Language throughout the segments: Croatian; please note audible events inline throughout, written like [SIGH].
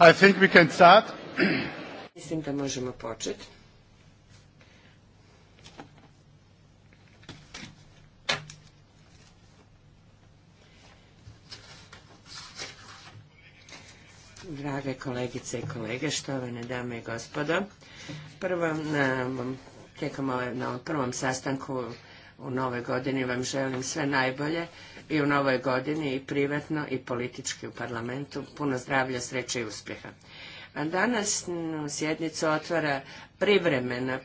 I think we can start. Mislim da možemo početi. Drage kolegice i kolege, štovane dame i gospodo, prvo na, tijekom na prvom sastanku u novoj godini vam želim sve najbolje i u novoj godini i privatno i politički u parlamentu. Puno zdravlja, sreće i uspjeha. A danas sjednicu otvara privremeni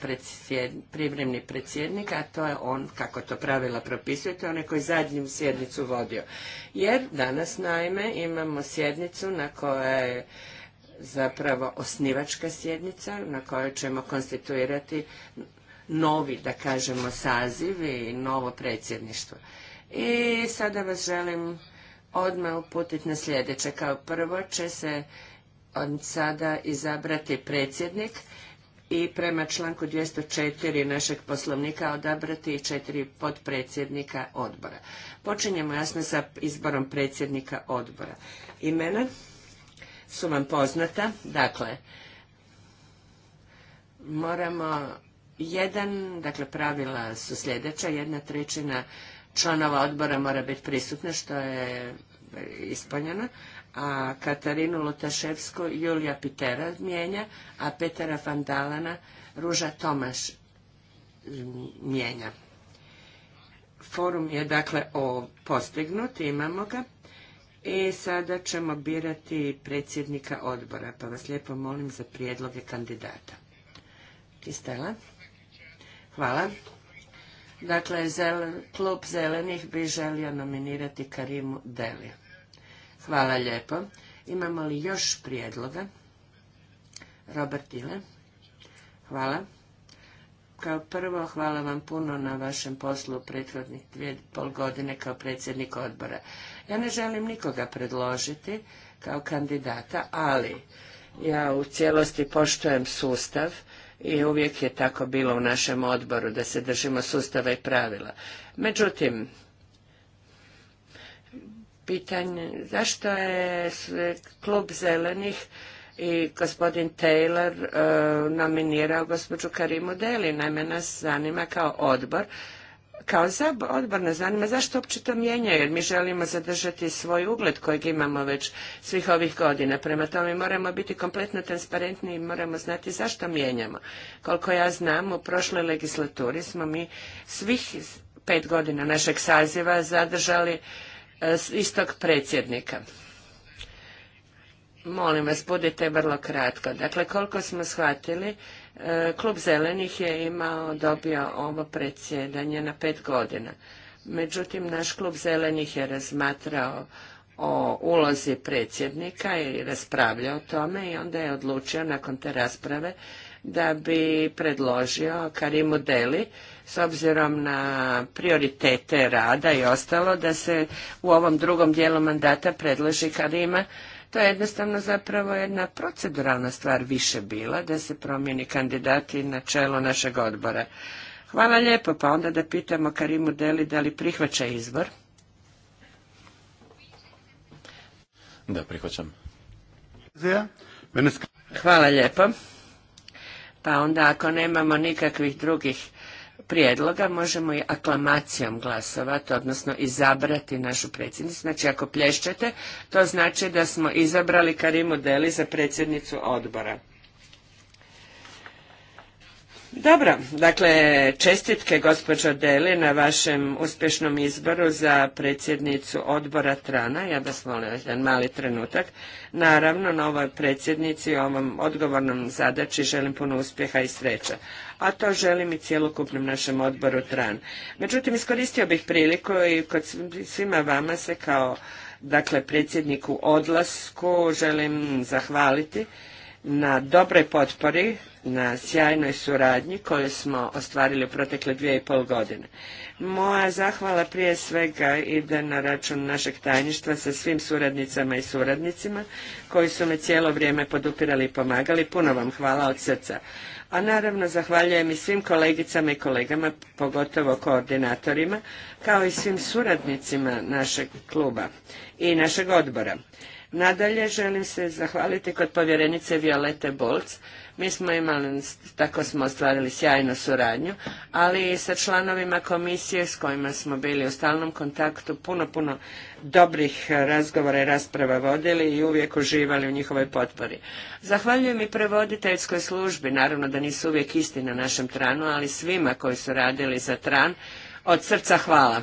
predsjednik, a to je on, kako to pravila propisuje, onaj koji zadnju sjednicu vodio. Jer danas naime imamo sjednicu na kojoj je zapravo osnivačka sjednica na kojoj ćemo konstituirati novi, da kažemo, saziv i novo predsjedništvo. I sada vas želim odmah uputiti na sljedeće. Kao prvo će se od sada izabrati predsjednik i prema članku 204 našeg poslovnika odabrati četiri podpredsjednika odbora. Počinjemo jasno sa izborom predsjednika odbora. Imena su vam poznata, dakle, moramo jedan, dakle pravila su sljedeća, jedna trećina članova odbora mora biti prisutna, što je ispunjeno, a Katarinu Lutaševsku Julija Pitera mijenja, a Petera Fandalana Ruža Tomaš mijenja. Forum je dakle o postignut, imamo ga. I e, sada ćemo birati predsjednika odbora, pa vas lijepo molim za prijedloge kandidata. Kistela. Hvala. Dakle, klub zelenih bi želio nominirati Karimu Deli. Hvala lijepo. Imamo li još prijedloga? Robert Ile. Hvala. Kao prvo, hvala vam puno na vašem poslu u prethodnih dvije pol godine kao predsjednik odbora. Ja ne želim nikoga predložiti kao kandidata, ali ja u cijelosti poštujem sustav i uvijek je tako bilo u našem odboru da se držimo sustava i pravila. Međutim, pitanje zašto je klub zelenih i gospodin Taylor e, nominirao gospođu Karimu Deli. Naime, nas zanima kao odbor kao odbor nas zanima zašto uopće to mijenjaju, jer mi želimo zadržati svoj ugled kojeg imamo već svih ovih godina. Prema tome moramo biti kompletno transparentni i moramo znati zašto mijenjamo. Koliko ja znam, u prošloj legislaturi smo mi svih pet godina našeg saziva zadržali e, istog predsjednika. Molim vas, budite vrlo kratko. Dakle, koliko smo shvatili, Klub zelenih je imao, dobio ovo predsjedanje na pet godina. Međutim, naš klub zelenih je razmatrao o ulozi predsjednika i raspravljao o tome i onda je odlučio nakon te rasprave da bi predložio Karimu Deli s obzirom na prioritete rada i ostalo da se u ovom drugom dijelu mandata predloži Karima to je jednostavno zapravo jedna proceduralna stvar više bila da se promijeni kandidati na čelo našeg odbora. Hvala lijepo, pa onda da pitamo Karimu Deli da li prihvaća izbor. Da, prihvaćam. Hvala lijepo. Pa onda ako nemamo nikakvih drugih prijedloga možemo i aklamacijom glasovati, odnosno izabrati našu predsjednicu. Znači, ako plješćete, to znači da smo izabrali Karimu Deli za predsjednicu odbora. Dobro, dakle, čestitke gospođo Deli na vašem uspješnom izboru za predsjednicu odbora Trana. Ja vas molim jedan mali trenutak. Naravno, na ovoj predsjednici, ovom odgovornom zadaći želim puno uspjeha i sreća a to želim i cjelokupnom našem odboru TRAN. Međutim, iskoristio bih priliku i kod svima vama se kao dakle predsjedniku odlasku želim zahvaliti na dobroj potpori, na sjajnoj suradnji koju smo ostvarili u protekle dvije i pol godine. Moja zahvala prije svega ide na račun našeg tajništva sa svim suradnicama i suradnicima koji su me cijelo vrijeme podupirali i pomagali. Puno vam hvala od srca. A naravno zahvaljujem i svim kolegicama i kolegama, pogotovo koordinatorima, kao i svim suradnicima našeg kluba i našeg odbora. Nadalje želim se zahvaliti kod povjerenice Violete Bolc. Mi smo imali, tako smo ostvarili sjajnu suradnju, ali i sa članovima komisije s kojima smo bili u stalnom kontaktu, puno, puno dobrih razgovora i rasprava vodili i uvijek uživali u njihovoj potpori. Zahvaljujem i prevoditeljskoj službi, naravno da nisu uvijek isti na našem tranu, ali svima koji su radili za tran, od srca hvala.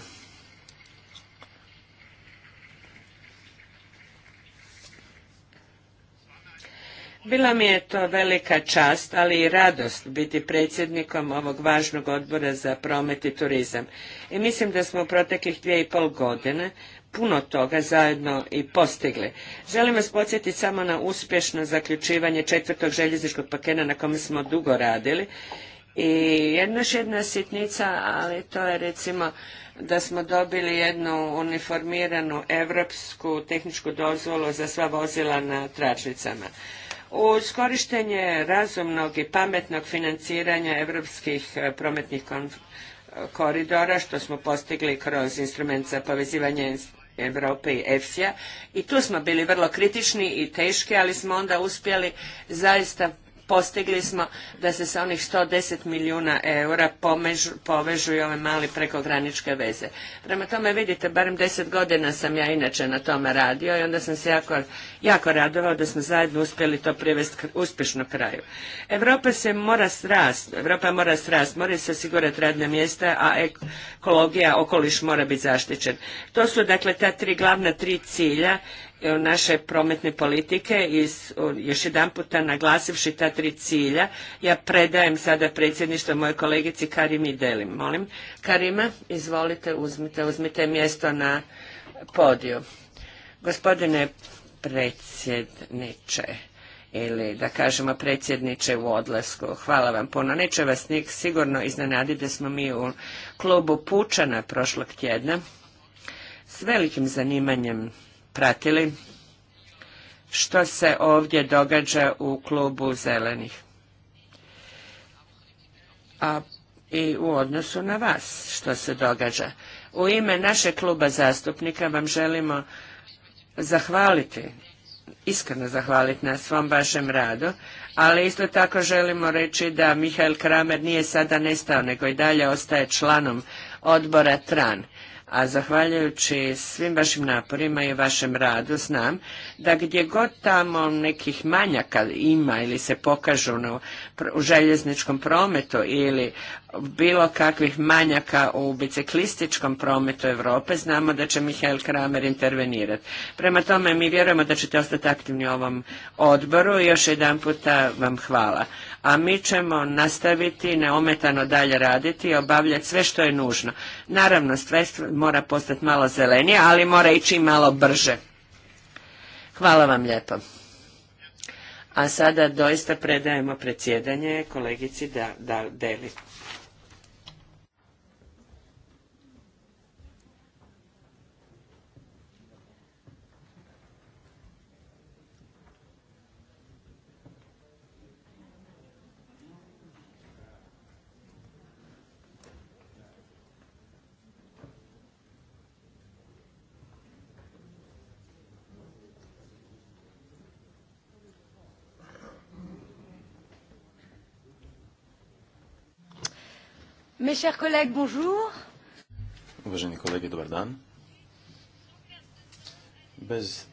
Bila mi je to velika čast, ali i radost biti predsjednikom ovog važnog odbora za promet i turizam. I mislim da smo u proteklih dvije i pol godine puno toga zajedno i postigli. Želim vas podsjetiti samo na uspješno zaključivanje četvrtog željezničkog paketa na kome smo dugo radili. I jedna jedna sitnica, ali to je recimo da smo dobili jednu uniformiranu evropsku tehničku dozvolu za sva vozila na tračnicama. Uz korištenje razumnog i pametnog financiranja evropskih e, prometnih koridora, što smo postigli kroz instrument za povezivanje Europe i EFSI-a i tu smo bili vrlo kritični i teški, ali smo onda uspjeli zaista postigli smo da se sa onih 110 milijuna eura povežu i ove mali prekograničke veze. Prema tome vidite, barem 10 godina sam ja inače na tome radio i onda sam se jako, jako radovao da smo zajedno uspjeli to privesti uspješno kraju. Europa se mora srast, Europa mora srast, mora se osigurati radna mjesta, a ekologija, okoliš mora biti zaštićen. To su dakle ta tri glavna tri cilja E, naše prometne politike i još jedan naglasivši ta tri cilja, ja predajem sada predsjedništvo moje kolegici Karimi Delim. Molim, Karima, izvolite, uzmite, uzmite mjesto na podiju. Gospodine predsjedniče, ili da kažemo predsjedniče u odlasku. Hvala vam puno. Neće vas nik sigurno iznenaditi da smo mi u klubu Pučana prošlog tjedna s velikim zanimanjem pratili što se ovdje događa u klubu zelenih. A i u odnosu na vas što se događa. U ime naše kluba zastupnika vam želimo zahvaliti, iskreno zahvaliti na svom vašem radu, ali isto tako želimo reći da Mihael Kramer nije sada nestao, nego i dalje ostaje članom odbora TRAN a zahvaljujući svim vašim naporima i vašem radu znam da gdje god tamo nekih manjaka ima ili se pokažu u željezničkom prometu ili bilo kakvih manjaka u biciklističkom prometu Europe, znamo da će Mihael Kramer intervenirati. Prema tome mi vjerujemo da ćete ostati aktivni u ovom odboru i još jedan puta vam hvala a mi ćemo nastaviti neometano dalje raditi i obavljati sve što je nužno. Naravno, sve mora postati malo zelenije, ali mora ići malo brže. Hvala vam lijepo. A sada doista predajemo predsjedanje kolegici Deli. Mes chers collègues, bonjour. Uvaženi kolege, dobar dan. Bez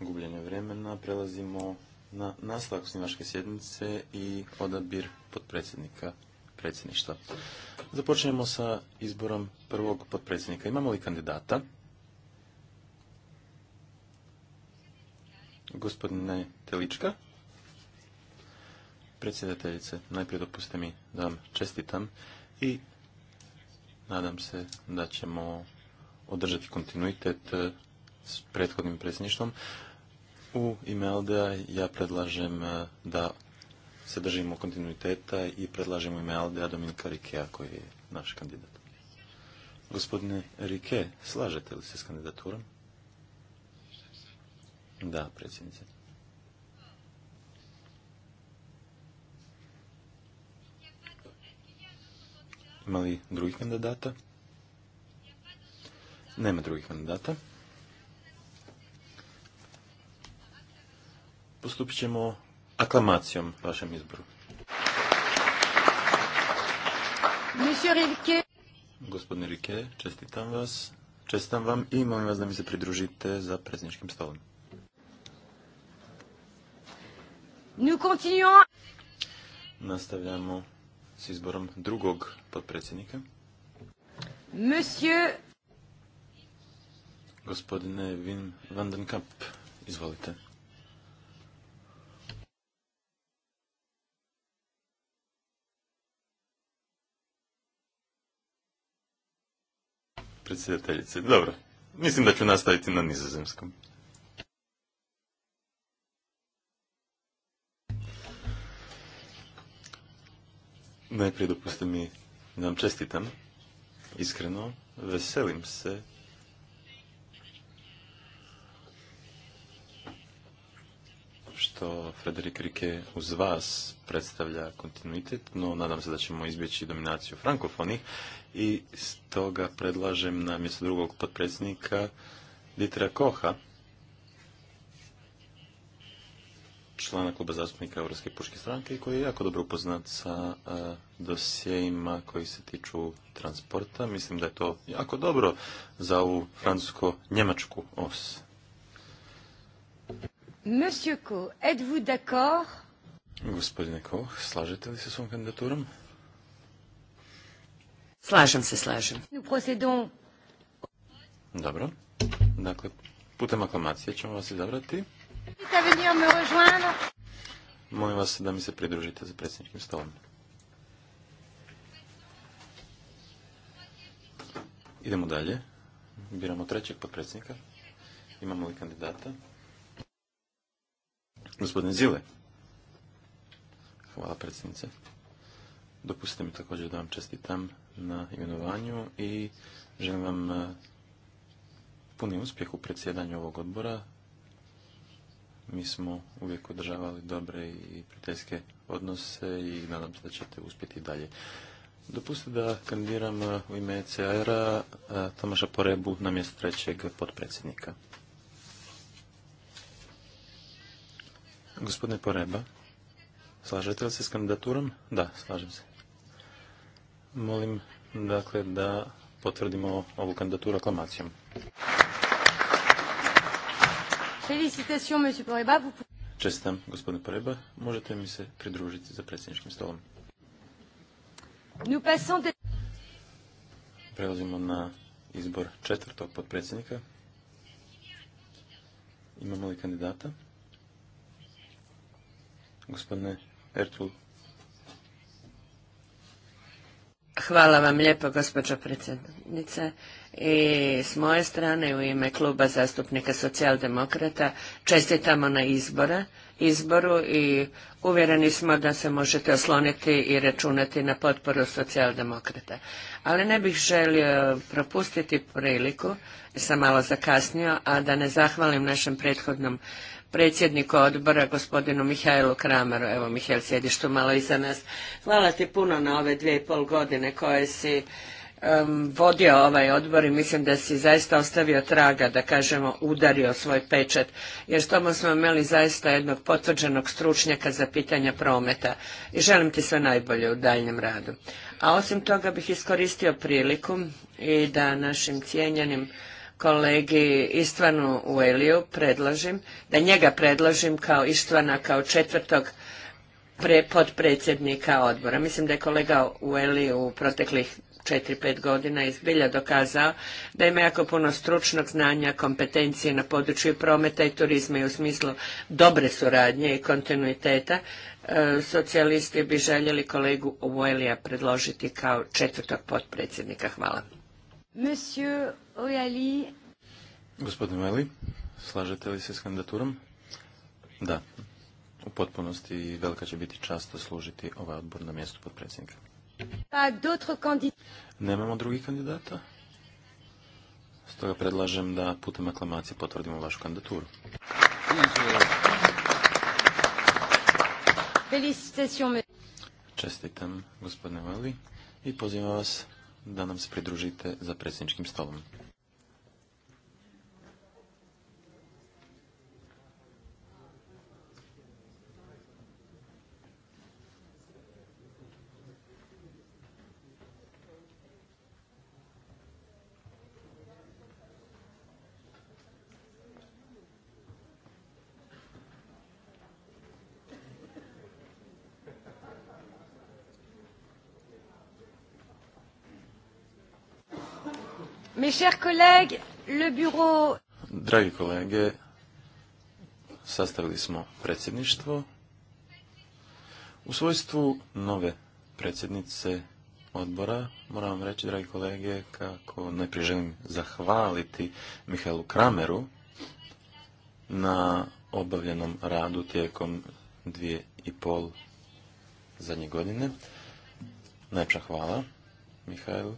gubljenja vremena prelazimo na nastavak snimaške sjednice i odabir potpredsjednika predsjedništva. Započnemo sa izborom prvog potpredsjednika. Imamo li kandidata? Gospodine Telička, predsjedateljice, najprije dopustite mi da vam čestitam i nadam se da ćemo održati kontinuitet eh, s prethodnim predsjedništvom. U ime Aldea ja predlažem eh, da se držimo kontinuiteta i predlažemo ime LDA Dominika Rikea koji je naš kandidat. Gospodine Rike, slažete li se s kandidaturom? Da, predsjednice. li drugih kandidata? Nema drugih kandidata. Postupit ćemo aklamacijom vašem izboru. Gospodine Rike, čestitam vas. Čestitam vam i molim vas da mi se pridružite za predsjedničkim stolom. Nastavljamo s izborom drugog potpredsjednika. Monsieur... Gospodine Wim van den Kamp, izvolite. Predsjedateljice, dobro. Mislim da ću nastaviti na nizozemskom. Najprije dopustite mi da vam čestitam. Iskreno, veselim se što Frederik Rike uz vas predstavlja kontinuitet, no nadam se da ćemo izbjeći dominaciju frankofonih i stoga predlažem na mjesto drugog potpredsjednika Ditera Koha, člana kluba zastupnika Europske puške stranke i koji je jako dobro upoznat sa e, dosjeima koji se tiču transporta. Mislim da je to jako dobro za ovu francusko-njemačku os. Monsieur êtes-vous d'accord? Gospodine Ko, slažete li se s ovom kandidaturom? Slažem se, slažem. Dobro. Dakle, putem aklamacije ćemo vas izabrati. Molim vas da mi se pridružite za predsjedničkim stolom. Idemo dalje. Biramo trećeg podpredsjednika. Imamo li kandidata? Gospodin Zile. Hvala predsjednice. Dopustite mi također da vam čestitam na imenovanju i želim vam eh, puni uspjeh u predsjedanju ovog odbora mi smo uvijek održavali dobre i prijateljske odnose i nadam se da ćete uspjeti dalje. Dopustite da kandidiram uh, u ime ECR-a uh, Tomaša Porebu na mjesto trećeg potpredsjednika. Gospodine Poreba, slažete li se s kandidaturom? Da, slažem se. Molim, dakle, da potvrdimo ovu kandidaturu aklamacijom. Félicitations, monsieur Poreba. Čestam, gospodine Poreba. Možete mi se pridružiti za predsjedničkim stolom. Prelazimo na izbor četvrtog potpredsjednika. Imamo li kandidata? Gospodine Ertul. Hvala vam lijepo, gospođo predsjednice i s moje strane u ime kluba zastupnika socijaldemokrata čestitamo na izbora, izboru i uvjereni smo da se možete osloniti i računati na potporu socijaldemokrata. Ali ne bih želio propustiti priliku, sam malo zakasnio, a da ne zahvalim našem prethodnom predsjedniku odbora, gospodinu Mihajlu Kramaru. Evo, Mihajl, sjediš tu malo iza nas. Hvala ti puno na ove dvije i pol godine koje si vodio ovaj odbor i mislim da si zaista ostavio traga, da kažemo udario svoj pečat, jer s smo imali zaista jednog potvrđenog stručnjaka za pitanja prometa i želim ti sve najbolje u daljnjem radu. A osim toga bih iskoristio priliku i da našim cijenjenim kolegi Istvanu Ueliju predlažim, da njega predlažim kao Istvana, kao četvrtog pre, podpredsjednika odbora. Mislim da je kolega Ueli u proteklih 4-5 godina je zbilja dokazao da ima jako puno stručnog znanja, kompetencije na području prometa i turizma i u smislu dobre suradnje i kontinuiteta. E, socijalisti bi željeli kolegu Uelija predložiti kao četvrtog potpredsjednika. Hvala. Gospodin slažete li se s kandidaturom? Da, u potpunosti velika će biti čast služiti ovaj odbor na mjestu potpredsjednika. Nemamo drugih kandidata? Stoga predlažem da putem aklamacije potvrdimo vašu kandidaturu. Čestitam, gospodine Vali, i pozivam vas da nam se pridružite za predsjedničkim stolom. Mes chers collègues, Dragi kolege, sastavili smo predsjedništvo. U svojstvu nove predsjednice odbora moram vam reći, dragi kolege, kako najprije želim zahvaliti Mihaelu Krameru na obavljenom radu tijekom dvije i pol zadnje godine. Najpša hvala, Mihajlu.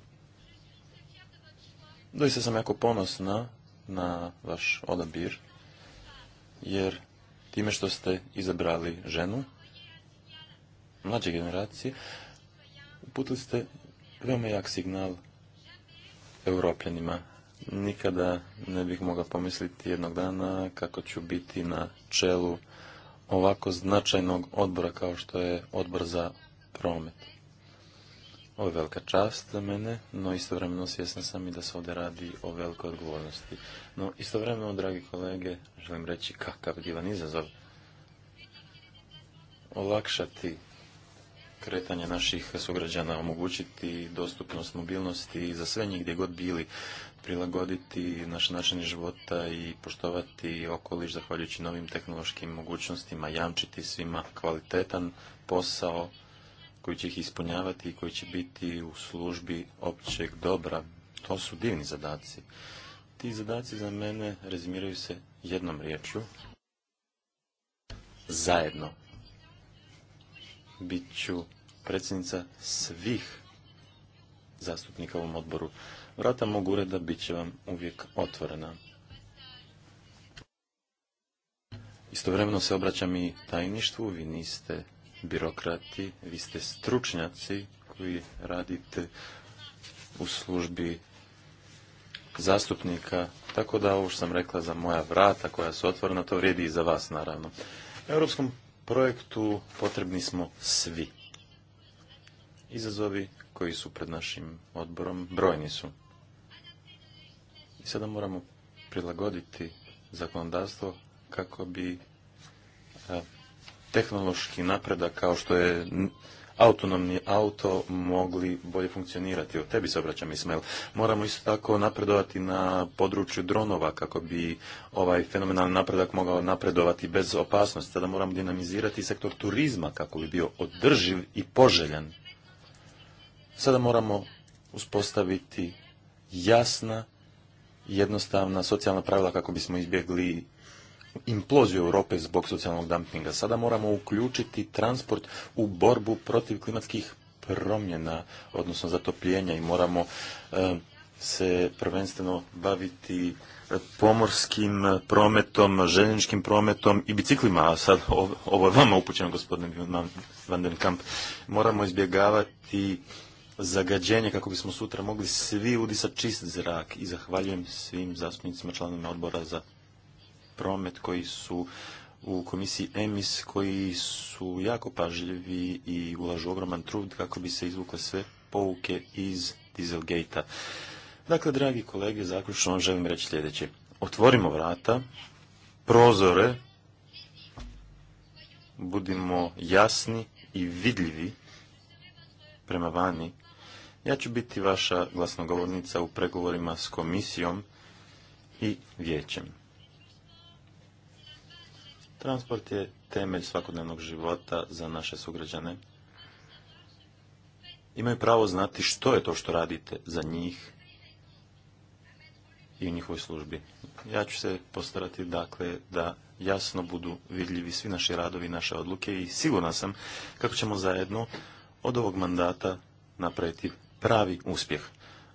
Doista sam jako ponosna na vaš odabir, jer time što ste izabrali ženu, mlađe generacije, uputili ste veoma jak signal europljanima. Nikada ne bih mogao pomisliti jednog dana kako ću biti na čelu ovako značajnog odbora kao što je odbor za promet. Ovo je velika čast za mene, no istovremeno svjesna sam i da se ovdje radi o velikoj odgovornosti. No istovremeno, dragi kolege, želim reći kakav divan izazov olakšati kretanje naših sugrađana, omogućiti dostupnost mobilnosti za sve njih gdje god bili, prilagoditi naš način života i poštovati okoliš zahvaljujući novim tehnološkim mogućnostima, jamčiti svima kvalitetan posao, koji će ih ispunjavati i koji će biti u službi općeg dobra. To su divni zadaci. Ti zadaci za mene rezimiraju se jednom riječju. Zajedno. ću predsjednica svih zastupnika u ovom odboru. Vrata mog ureda bit će vam uvijek otvorena. Istovremeno se obraćam i tajništvu, vi niste birokrati, vi ste stručnjaci koji radite u službi zastupnika, tako da ovo što sam rekla za moja vrata koja su otvorena, to vrijedi i za vas naravno. U europskom projektu potrebni smo svi. Izazovi koji su pred našim odborom brojni su. I sada moramo prilagoditi zakonodavstvo kako bi tehnološki napredak kao što je autonomni auto mogli bolje funkcionirati. O tebi se obraćam, Ismail. Moramo isto tako napredovati na području dronova kako bi ovaj fenomenalni napredak mogao napredovati bez opasnosti. Sada moramo dinamizirati sektor turizma kako bi bio održiv i poželjan. Sada moramo uspostaviti jasna, jednostavna socijalna pravila kako bismo izbjegli imploziju Europe zbog socijalnog dumpinga. Sada moramo uključiti transport u borbu protiv klimatskih promjena, odnosno zatopljenja i moramo e, se prvenstveno baviti e, pomorskim prometom, željezničkim prometom i biciklima, a sad ovo je vama upućeno gospodine Van den Kamp, moramo izbjegavati zagađenje kako bismo sutra mogli svi udisati čist zrak i zahvaljujem svim zastupnicima članovima odbora za promet koji su u komisiji EMIS koji su jako pažljivi i ulažu ogroman trud kako bi se izvukle sve pouke iz Dieselgate-a. Dakle, dragi kolege, zaključno vam želim reći sljedeće. Otvorimo vrata, prozore, budimo jasni i vidljivi prema vani. Ja ću biti vaša glasnogovornica u pregovorima s komisijom i vijećem. Transport je temelj svakodnevnog života za naše sugrađane. Imaju pravo znati što je to što radite za njih i u njihovoj službi. Ja ću se postarati dakle da jasno budu vidljivi svi naši radovi, naše odluke i sigurna sam kako ćemo zajedno od ovog mandata napraviti pravi uspjeh.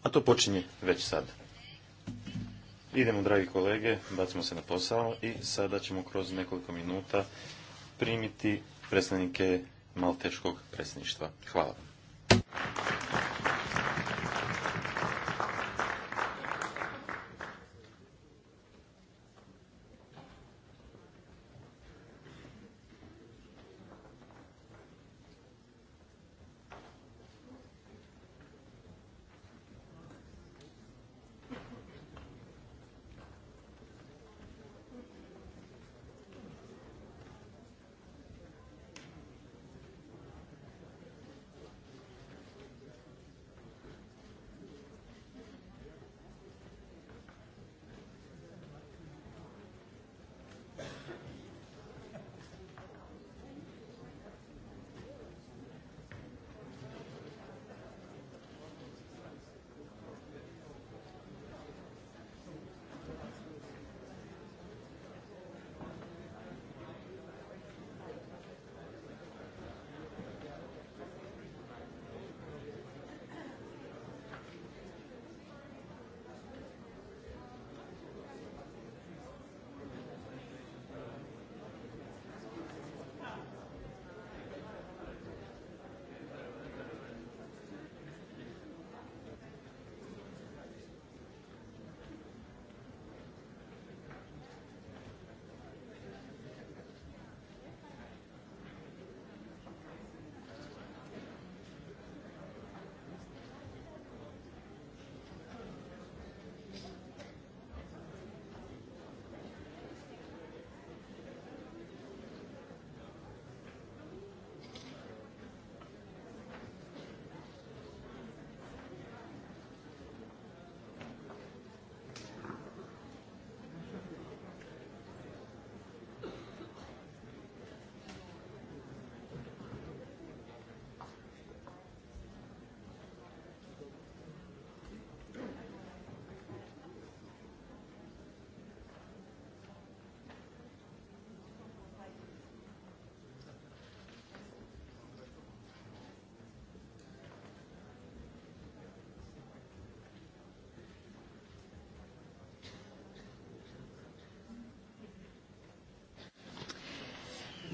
A to počinje već sad. Idemo, dragi kolege, bacimo se na posao i sada ćemo kroz nekoliko minuta primiti predstavnike Malteškog predstavništva. Hvala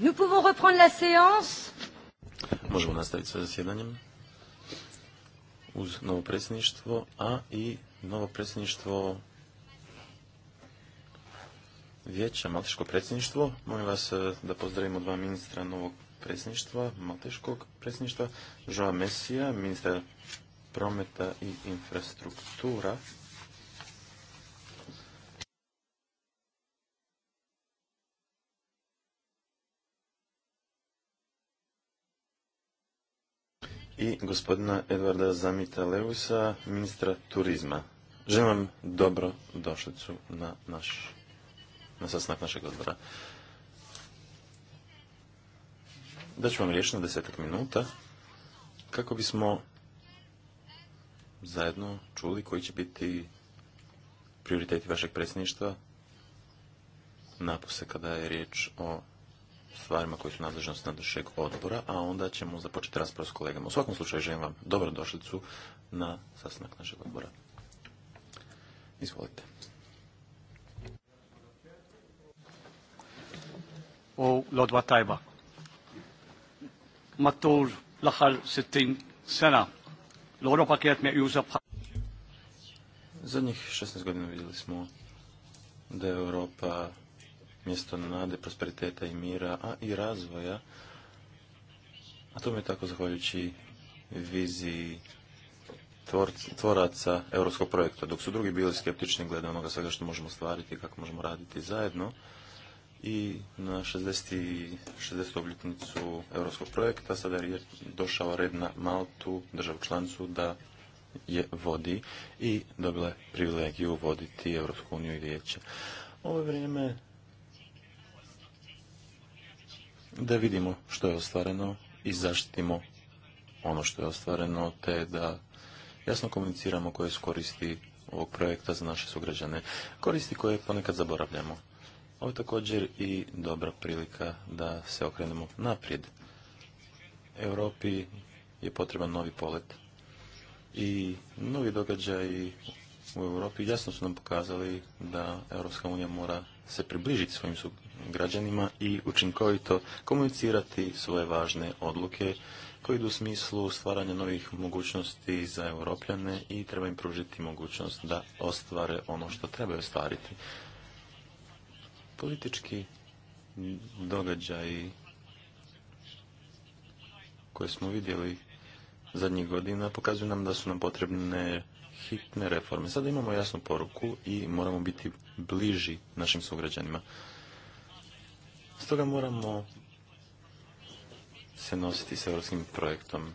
Nous pouvons reprendre la séance. Možemo nastaviti sa zasjedanjem uz novo predsjedništvo, a i novo predsjedništvo vijeća, malteško predsjedništvo. Molim vas eh, da pozdravimo dva ministra novog predsjedništva, malteškog predsjedništva, Joa Mesija, ministra prometa i infrastruktura gospodina Edvarda Zamita Leusa, ministra turizma. Želim vam dobro došlicu na naš na sastanak našeg odbora. Da ću vam riječ na desetak minuta kako bismo zajedno čuli koji će biti prioriteti vašeg predsjedništva napose kada je riječ o stvarima koje su nadležnost nadležnjeg odbora, a onda ćemo započeti raspravu s kolegama. U svakom slučaju želim vam dobrodošlicu na sastanak našeg odbora. Izvolite. O Lodva tajba. Matur lahar sena, Loro paket me pa... Zadnjih 16 godina vidjeli smo da je Europa mjesto nade, prosperiteta i mira, a i razvoja. A to mi je tako zahvaljujući viziji tvoraca europskog projekta, dok su drugi bili skeptični glede onoga svega što možemo stvariti, kako možemo raditi zajedno. I na 60. 60. obljetnicu europskog projekta sada je došao red na Maltu, državu člancu, da je vodi i dobila privilegiju voditi Europsku uniju i vijeće. Ovo je vrijeme da vidimo što je ostvareno i zaštitimo ono što je ostvareno, te da jasno komuniciramo koje su koristi ovog projekta za naše sugrađane. Koristi koje ponekad zaboravljamo. Ovo je također i dobra prilika da se okrenemo naprijed. Europi je potreban novi polet i novi događaji u Europi jasno su nam pokazali da Europska unija mora se približiti svojim građanima i učinkovito komunicirati svoje važne odluke koji idu u smislu stvaranja novih mogućnosti za europljane i treba im pružiti mogućnost da ostvare ono što trebaju ostvariti. Politički događaji koje smo vidjeli zadnjih godina pokazuju nam da su nam potrebne hitne reforme. Sada imamo jasnu poruku i moramo biti bliži našim sugrađanima. Stoga moramo se nositi s europskim projektom.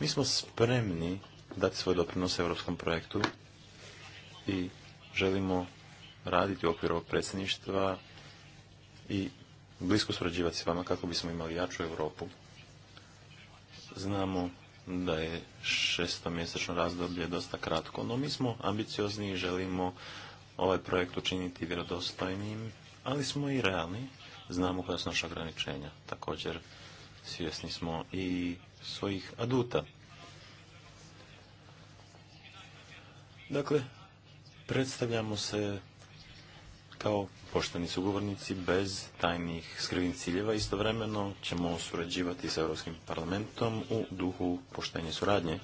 Mi smo spremni dati svoj doprinos europskom projektu i želimo raditi u okviru ovog predsjedništva i blisko surađivati s vama kako bismo imali jaču Europu. Znamo da je šestomjesečno razdoblje dosta kratko, no mi smo ambiciozni i želimo ovaj projekt učiniti vjerodostojnim, ali smo i realni, znamo koja su naša ograničenja. Također svjesni smo i svojih aduta. Dakle, predstavljamo se kao pošteni sugovornici bez tajnih skrivnih ciljeva. Istovremeno ćemo surađivati sa Europskim parlamentom u duhu poštenje suradnje.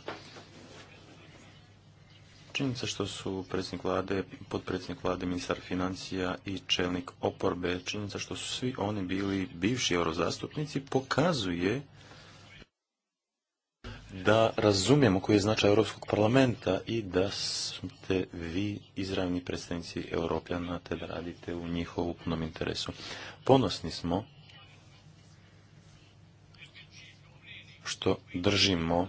Činjenica što su predsjednik vlade, potpredsjednik vlade, ministar financija i čelnik oporbe, činjenica što su svi oni bili bivši eurozastupnici, pokazuje da razumijemo koji je značaj Europskog parlamenta i da ste vi izravni predstavnici Europljana te da radite u njihovu punom interesu. Ponosni smo što držimo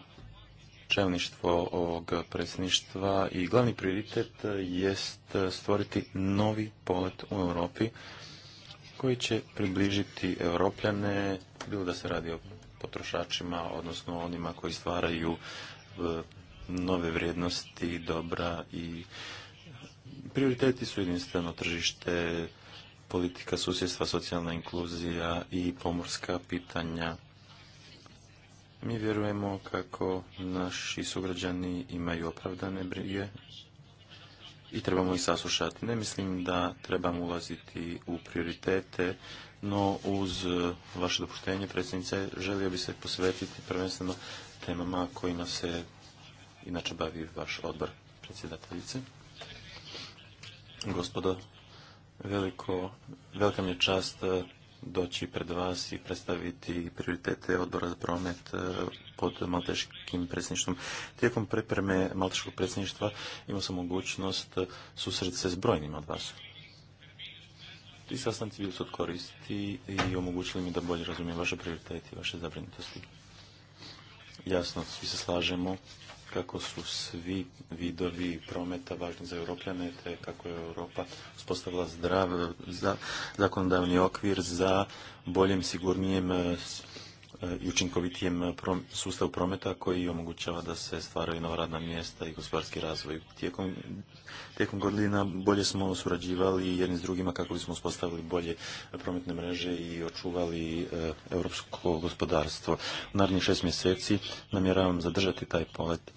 čelništvo ovog predsjedništva i glavni prioritet jest stvoriti novi polet u Europi koji će približiti Europljane, bilo da se radi o potrošačima, odnosno onima koji stvaraju e, nove vrijednosti, dobra i e, prioriteti su jedinstveno tržište, politika susjedstva, socijalna inkluzija i pomorska pitanja. Mi vjerujemo kako naši sugrađani imaju opravdane brige i trebamo ih saslušati. Ne mislim da trebamo ulaziti u prioritete, no uz e, vaše dopuštenje predsjednice želio bi se posvetiti prvenstveno temama kojima se inače bavi vaš odbor predsjedateljice. Gospodo, veliko, velika mi je čast e, doći pred vas i predstaviti prioritete odbora za promet e, pod malteškim predsjedništvom. Tijekom prepreme malteškog predsjedništva imao sam mogućnost susreti se s brojnim od vas. Ti sastanci bili su od koristi i omogućili mi da bolje razumijem vaše prioritete i vaše zabrinutosti. Jasno, svi se slažemo kako su svi vidovi prometa važni za europljane, te kako je Europa uspostavila zdrav zakonodavni okvir za boljim, sigurnijim E, i učinkovitijem e, sustavu prometa koji omogućava da se stvaraju nova radna mjesta i gospodarski razvoj. Tijekom, godina bolje smo surađivali jedni s drugima kako bismo uspostavili bolje prometne mreže i očuvali e, europsko gospodarstvo. U narednih šest mjeseci namjeravam zadržati taj polet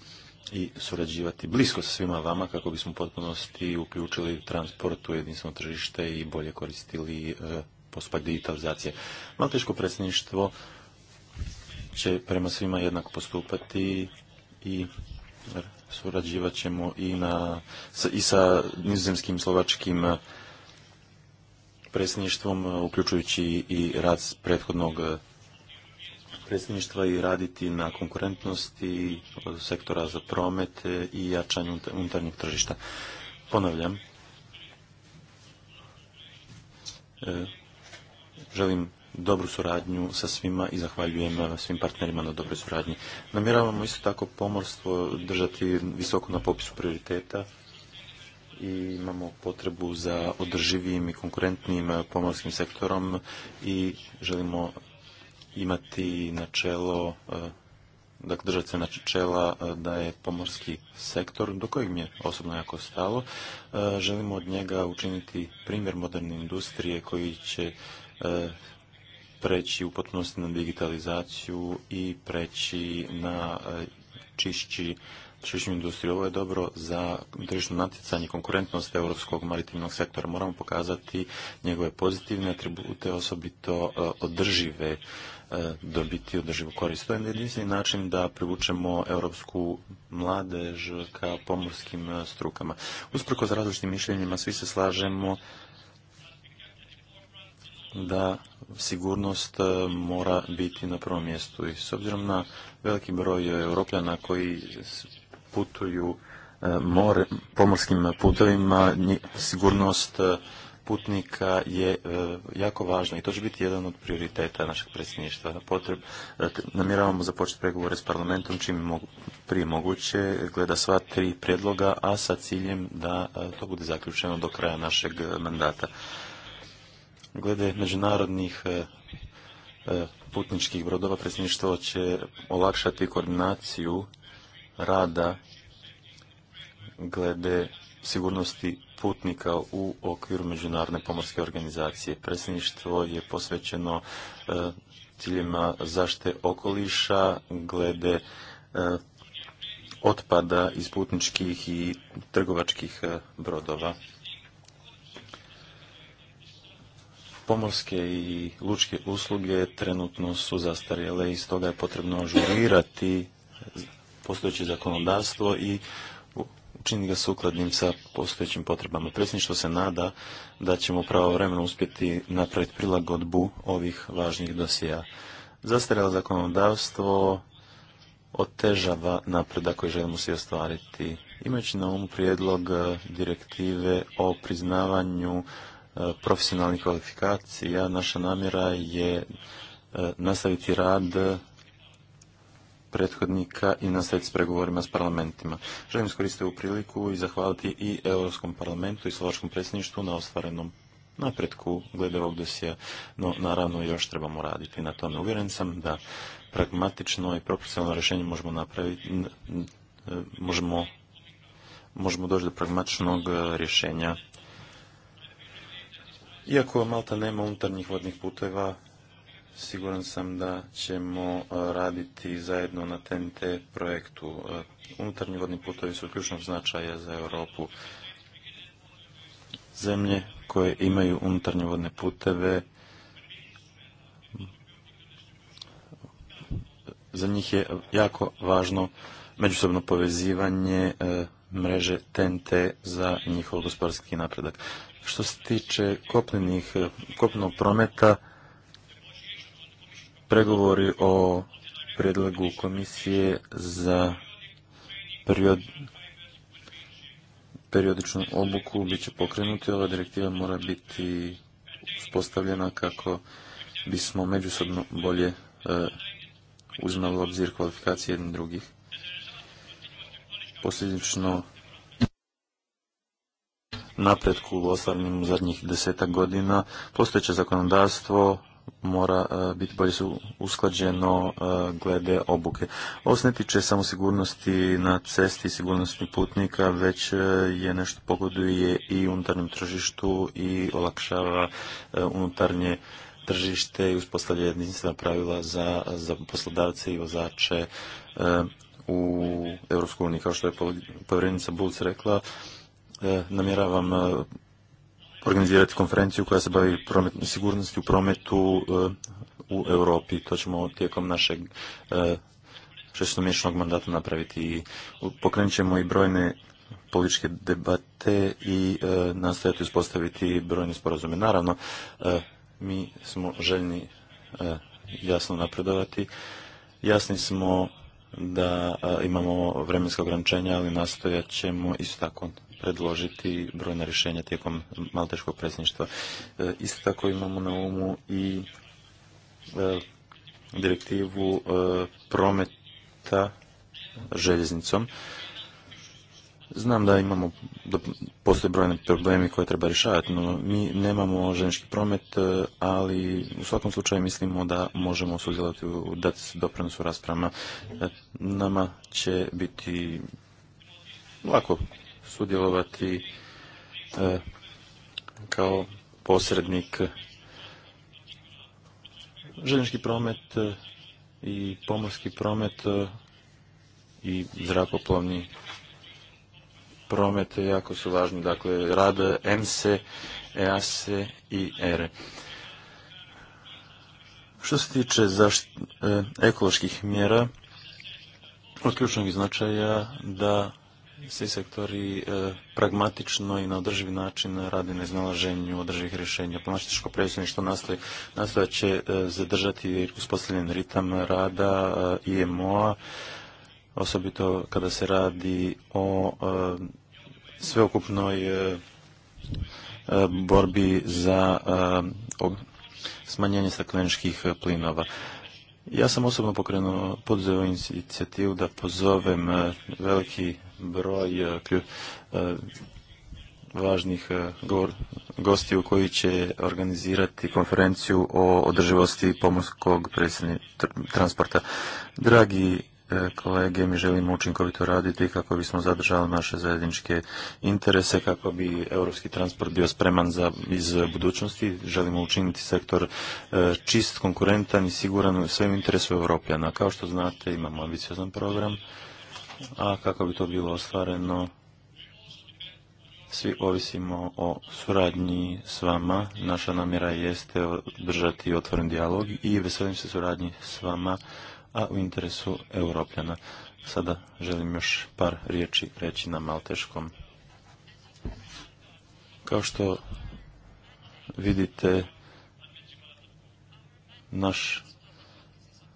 i surađivati blisko sa svima vama kako bismo u potpunosti uključili transport u jedinstveno tržište i bolje koristili e, postupak digitalizacije. Malteško predsjedništvo će prema svima jednako postupati i surađivat ćemo i, na, i sa nizozemskim slovačkim eh, predsjedništvom, eh, uključujući i rad prethodnog eh, predsjedništva i raditi na konkurentnosti sektora za promet i jačanju unutarnjeg tržišta. Ponavljam, želim dobru suradnju sa svima i zahvaljujem svim partnerima na dobroj suradnji. Namjeravamo isto tako pomorstvo držati visoko na popisu prioriteta i imamo potrebu za održivijim i konkurentnim pomorskim sektorom i želimo imati načelo eh, dakle držati se načela eh, da je pomorski sektor, do kojeg mi je osobno jako stalo, eh, želimo od njega učiniti primjer moderne industrije koji će preći u potpunosti na digitalizaciju i preći na e, čišći čišću industriju. Ovo je dobro za tržišno natjecanje konkurentnost europskog maritimnog sektora. Moramo pokazati njegove pozitivne atribute, osobito e, održive e, dobiti održivu korist. To je jedinstveni način da privučemo europsku mladež ka pomorskim strukama. za različitim mišljenjima svi se slažemo da sigurnost e, mora biti na prvom mjestu. I s obzirom na veliki broj e, europljana koji putuju e, more, pomorskim putovima, sigurnost putnika je jako važna i to će biti jedan od prioriteta našeg predsjedništva. namjeravamo započeti pregovore s parlamentom čim prije moguće, gleda sva tri prijedloga, a sa ciljem da to bude zaključeno do kraja našeg mandata. Glede međunarodnih e, e, putničkih brodova predsjedništvo će olakšati koordinaciju rada glede sigurnosti putnika u okviru Međunarodne pomorske organizacije. Predsjedništvo je posvećeno e, ciljima zaštite okoliša glede otpada iz putničkih i trgovačkih brodova. pomorske i lučke usluge trenutno su zastarjele i stoga je potrebno ažurirati postojeće zakonodavstvo i učiniti ga sukladnim sa postojećim potrebama. Predsjedništvo se nada da ćemo pravovremeno uspjeti napraviti prilagodbu ovih važnih dosija. Zastarjelo zakonodavstvo otežava napredak koji želimo svi ostvariti. Imajući na umu prijedlog eh, direktive o priznavanju E, profesionalnih kvalifikacija. Naša namjera je e, nastaviti rad prethodnika i nastaviti s pregovorima s parlamentima. Želim skoristiti ovu priliku i zahvaliti i Europskom parlamentu i Slovačkom predsjedništvu na ostvarenom napretku glede ovog dosija, no naravno još trebamo raditi na tome. Uvjeren sam da pragmatično i profesionalno rješenje možemo napraviti, e, možemo, možemo doći do pragmatičnog rješenja iako Malta nema unutarnjih vodnih puteva, siguran sam da ćemo e, raditi zajedno na TNT projektu. E, unutarnji vodni putevi su ključnog značaja za Europu. Zemlje koje imaju unutarnje vodne puteve, za njih je jako važno međusobno povezivanje e, mreže TNT za njihov gospodarski napredak. Što se tiče kopnog prometa, pregovori o predlogu komisije za periodičnu obuku bit će pokrenuti. Ova direktiva mora biti uspostavljena kako bismo međusobno bolje e, uznali uzmali obzir kvalifikacije jednih drugih. Posljedično napretku u u zadnjih desetak godina. Postojeće zakonodavstvo mora e, biti bolje usklađeno e, glede obuke. Ovo se ne tiče samo sigurnosti na cesti i sigurnosti putnika, već e, je nešto pogoduje i unutarnjem tržištu i olakšava unutarnje tržište i uspostavlja jedinstvena pravila za, za poslodavce i vozače u EU. Kao što je povjerenica Bulc rekla, E, namjeravam e, organizirati konferenciju koja se bavi sigurnosti u prometu e, u Europi. To ćemo tijekom našeg šestomješnog mandata napraviti i pokrenut ćemo i brojne političke debate i nastojati uspostaviti brojne sporazume. Naravno, mi smo željni jasno napredovati. Jasni smo da imamo vremenska ograničenja, ali nastojat ćemo isto tako predložiti brojna rješenja tijekom malteškog predsjedništva. E, isto tako imamo na umu i e, direktivu e, prometa željeznicom. Znam da imamo, postoje brojne problemi koje treba rješavati, no mi nemamo željeznički promet, ali u svakom slučaju mislimo da možemo sudjelovati u dati doprinos u raspravama. Nama će biti lako sudjelovati e, kao posrednik. Željeznički promet e, i pomorski promet e, i zrakoplovni promet jako su važni, dakle rad EMSE, EASE i ERE. Što se tiče ekoloških mjera, od ključnog značaja da svi sektori e, pragmatično i na održivi način rade na iznalaženju održivih rješenja. Planaštičko predsjedništvo nastoje, nastoje će e, zadržati uspostavljen ritam rada e, IMO-a, osobito kada se radi o sveukupnoj borbi za smanjenje stakleničkih plinova. Ja sam osobno pokrenuo, poduzeo inicijativu da pozovem veliki broj e, e, važnih e, gostiju koji će organizirati konferenciju o održivosti pomorskog transporta. Dragi kolege, mi želimo učinkovito raditi kako bismo zadržali naše zajedničke interese, kako bi europski transport bio spreman za, iz budućnosti. Želimo učiniti sektor čist, konkurentan i siguran u svem interesu Europljana. Kao što znate, imamo ambiciozan program a kako bi to bilo ostvareno, svi ovisimo o suradnji s vama. Naša namjera jeste držati otvoren dijalog i veselim se suradnji s vama, a u interesu Europljana. Sada želim još par riječi reći na malteškom. Kao što vidite, naš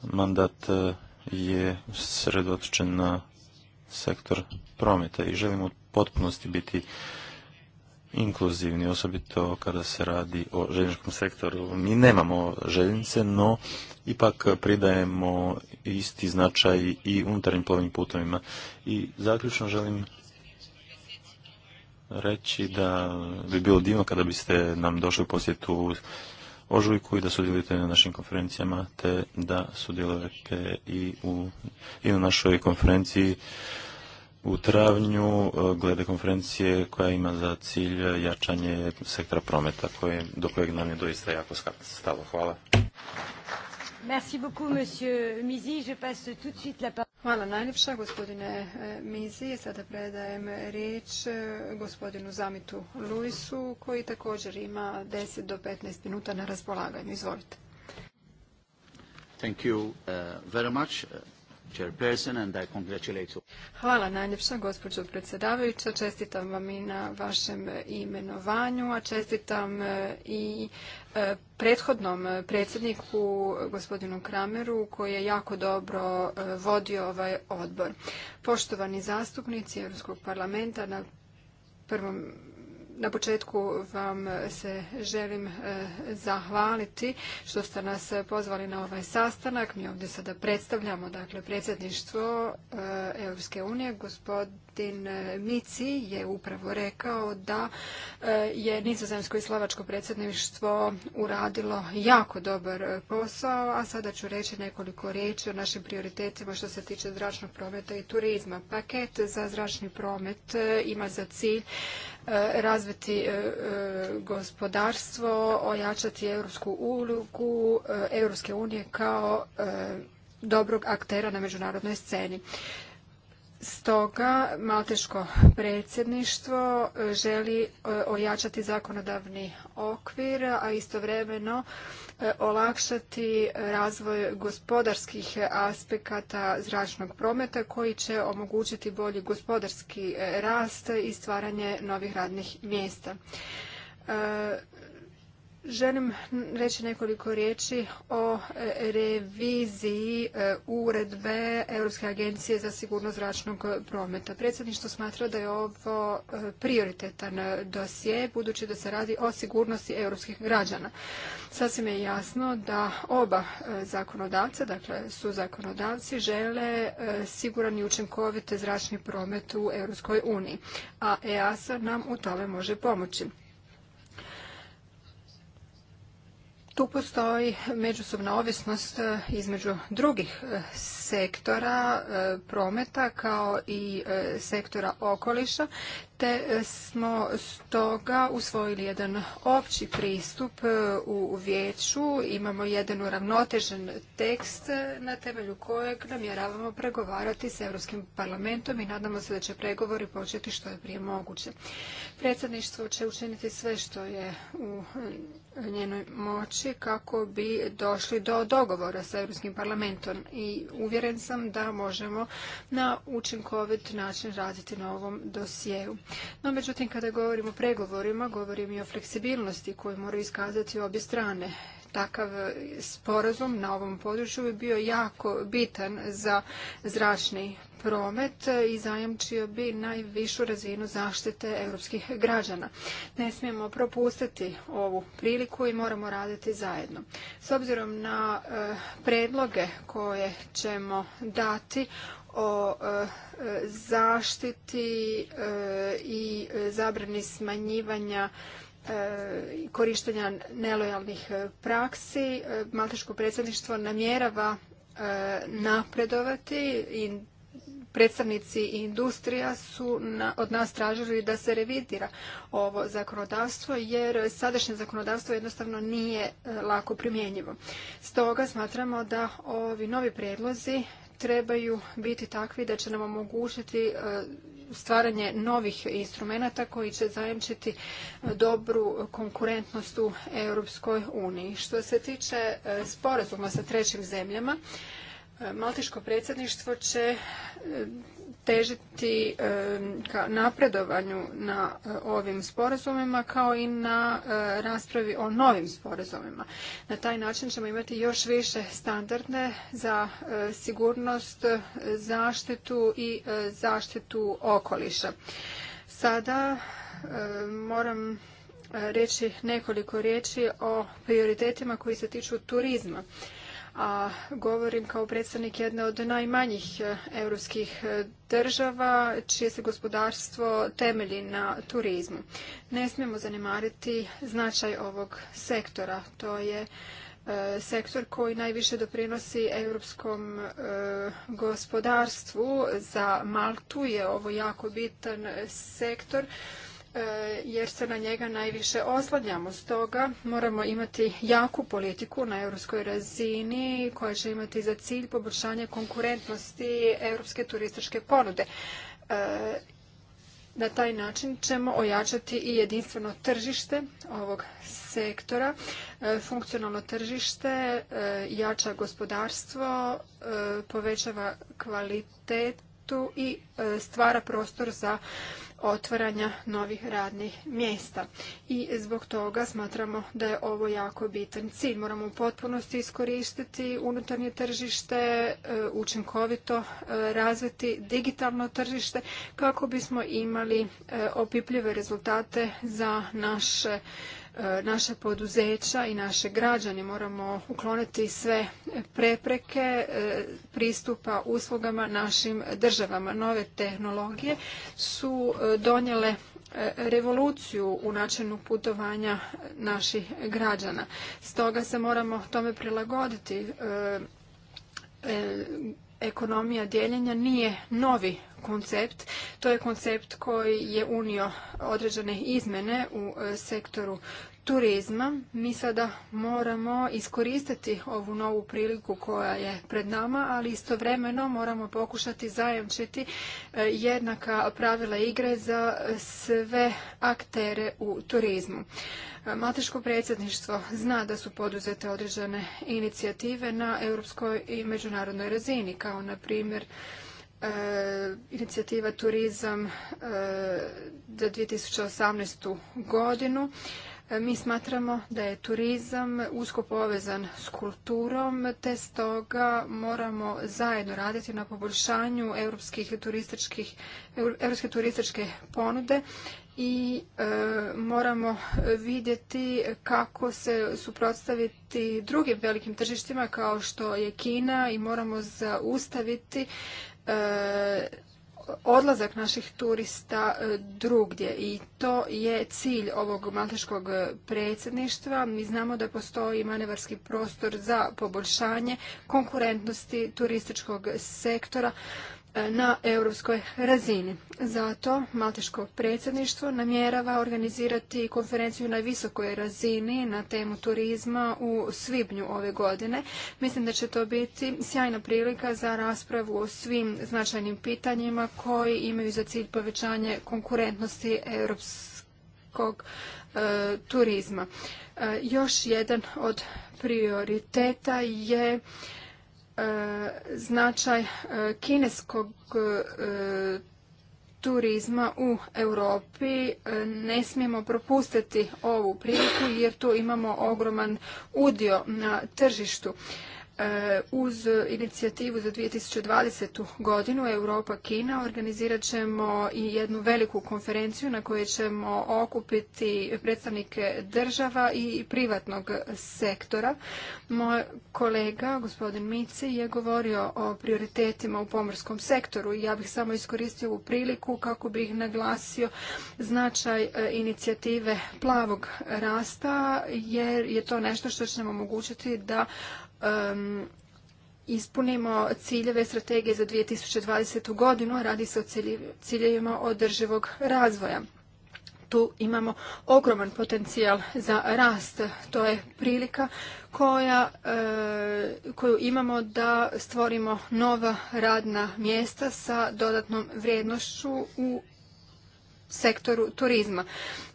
mandat eh, je sredotočen na sektor prometa i želimo potpunosti biti inkluzivni, osobito kada se radi o željezničkom sektoru. Mi nemamo željeznice, no ipak pridajemo isti značaj i unutarnjim plovnim putovima. I zaključno želim reći da bi bilo divno kada biste nam došli u posjetu ožujku i da sudjelujete na našim konferencijama te da sudjelujete i, u, i na našoj konferenciji u travnju e, glede konferencije koja ima za cilj jačanje sektora prometa koje, do kojeg nam je doista jako stalo. Hvala. Hvala najljepša, gospodine e, Mizi. Sada predajem riječ e, gospodinu Zamitu Luisu, koji također ima 10 do 15 minuta na raspolaganju. Izvolite. Thank you e, very much. Hvala najljepša gospođo predsjedavajuća. Čestitam vam i na vašem imenovanju, a čestitam e, i e, prethodnom predsjedniku gospodinu Krameru koji je jako dobro e, vodio ovaj odbor. Poštovani zastupnici Europskog parlamenta na prvom na početku vam se želim e, zahvaliti što ste nas pozvali na ovaj sastanak. Mi ovdje sada predstavljamo dakle predsjedništvo e, Europske unije. Gospod Gospodin e, Mici je upravo rekao da e, je nizozemsko i slovačko predsjedništvo uradilo jako dobar e, posao, a sada ću reći nekoliko riječi o našim prioritetima što se tiče zračnog prometa i turizma. Paket za zračni promet ima za cilj razviti gospodarstvo, ojačati europsku ulogu Europske unije kao dobrog aktera na međunarodnoj sceni. Stoga Malteško predsjedništvo e, želi e, ojačati zakonodavni okvir, a istovremeno e, olakšati razvoj gospodarskih aspekata zračnog prometa koji će omogućiti bolji gospodarski rast i stvaranje novih radnih mjesta. Želim reći nekoliko riječi o e, reviziji e, uredbe Europske agencije za sigurnost zračnog prometa. Predsjedništvo smatra da je ovo e, prioritetan dosje, budući da se radi o sigurnosti europskih građana. Sasvim je jasno da oba zakonodavca, dakle su zakonodavci, žele siguran i učinkovit zračni promet u Europskoj uniji, a EASA nam u tome može pomoći. tu postoji međusobna ovisnost e, između drugih e, sektora e, prometa kao i sektora okoliša te e, smo stoga usvojili jedan opći pristup e, u vijeću. Imamo jedan uravnotežen tekst e, na temelju kojeg namjeravamo pregovarati s Europskim parlamentom i nadamo se da će pregovori početi što je prije moguće. Predsjedništvo će učiniti sve što je u njenoj moći kako bi došli do dogovora sa Europskim parlamentom i uvjeren sam da možemo na učinkovit način raditi na ovom dosjeu. No, međutim, kada govorimo o pregovorima, govorim i o fleksibilnosti koju moraju iskazati obje strane. Takav sporazum na ovom području bi bio jako bitan za zračni promet i zajamčio bi najvišu razinu zaštite europskih građana. Ne smijemo propustiti ovu priliku i moramo raditi zajedno. S obzirom na eh, predloge koje ćemo dati o e, zaštiti e, i zabrani smanjivanja e, korištenja nelojalnih praksi. Malteško predsjedništvo namjerava napredovati i predstavnici industrija su od nas tražili da se revidira ovo zakonodavstvo jer sadašnje zakonodavstvo jednostavno nije lako primjenjivo. Stoga smatramo da ovi novi prijedlozi trebaju biti takvi da će nam omogućiti e, stvaranje novih instrumenata koji će zajamčiti e, dobru konkurentnost u Europskoj Što se tiče e, sporazuma sa trećim zemljama, Maltiško predsjedništvo će težiti e, ka napredovanju na e, ovim sporazumima kao i na e, raspravi o novim sporazumima. Na taj način ćemo imati još više standardne za sigurnost, zaštitu i zaštitu okoliša. Sada moram reći nekoliko riječi o prioritetima koji se tiču turizma a govorim kao predstavnik jedne od najmanjih e, europskih e, država čije se gospodarstvo temelji na turizmu. Ne smijemo zanemariti značaj ovog sektora. To je e, sektor koji najviše doprinosi europskom gospodarstvu. Za Maltu je ovo jako bitan sektor E, jer se na njega najviše oslanjamo. Stoga moramo imati jaku politiku na europskoj razini koja će imati za cilj poboljšanje konkurentnosti europske turističke ponude. E, na taj način ćemo ojačati i jedinstveno tržište ovog sektora, e, funkcionalno tržište, jača gospodarstvo, povećava kvalitetu i stvara prostor za otvaranja novih radnih mjesta. I zbog toga smatramo da je ovo jako bitan cilj. Moramo u potpunosti iskoristiti unutarnje tržište, e, učinkovito e, razviti digitalno tržište kako bismo imali e, opipljive rezultate za naše E, naša poduzeća i naše građane. Moramo ukloniti sve prepreke e, pristupa uslugama našim državama. Nove tehnologije su e, donijele revoluciju u načinu putovanja naših građana. Stoga se moramo tome prilagoditi ekonomija dijeljenja nije novi koncept. To je koncept koji je unio određene izmjene u e, sektoru turizma. Mi sada moramo iskoristiti ovu novu priliku koja je pred nama, ali istovremeno moramo pokušati zajamčiti e, jednaka pravila igre za sve aktere u turizmu. E, Mateško predsjedništvo zna da su poduzete određene inicijative na europskoj i međunarodnoj razini, kao na primjer e, inicijativa Turizam za 2018. godinu E, mi smatramo da je turizam usko povezan s kulturom, te stoga moramo zajedno raditi na poboljšanju europskih turističkih, europske turističke ponude i e, moramo vidjeti kako se suprotstaviti drugim velikim tržištima kao što je Kina i moramo zaustaviti e, odlazak naših turista e, drugdje i to je cilj ovog malteškog predsjedništva. Mi znamo da postoji manevarski prostor za poboljšanje konkurentnosti turističkog sektora na europskoj razini. Zato Malteško predsjedništvo namjerava organizirati konferenciju na visokoj razini na temu turizma u svibnju ove godine. Mislim da će to biti sjajna prilika za raspravu o svim značajnim pitanjima koji imaju za cilj povećanje konkurentnosti europskog e, turizma. E, još jedan od prioriteta je E, značaj e, kineskog e, turizma u Europi. Ne smijemo propustiti ovu priliku jer tu imamo ogroman udio na tržištu. E, uz inicijativu za 2020. godinu Europa Kina organizirat ćemo i jednu veliku konferenciju na kojoj ćemo okupiti predstavnike država i privatnog sektora. Moj kolega, gospodin Mici, je govorio o prioritetima u pomorskom sektoru i ja bih samo iskoristio ovu priliku kako bih naglasio značaj e, inicijative plavog rasta jer je to nešto što će nam omogućiti da ispunimo ciljeve strategije za 2020. godinu, a radi se o ciljevima održivog razvoja. Tu imamo ogroman potencijal za rast. To je prilika koja, e, koju imamo da stvorimo nova radna mjesta sa dodatnom vrijednošću u sektoru turizma.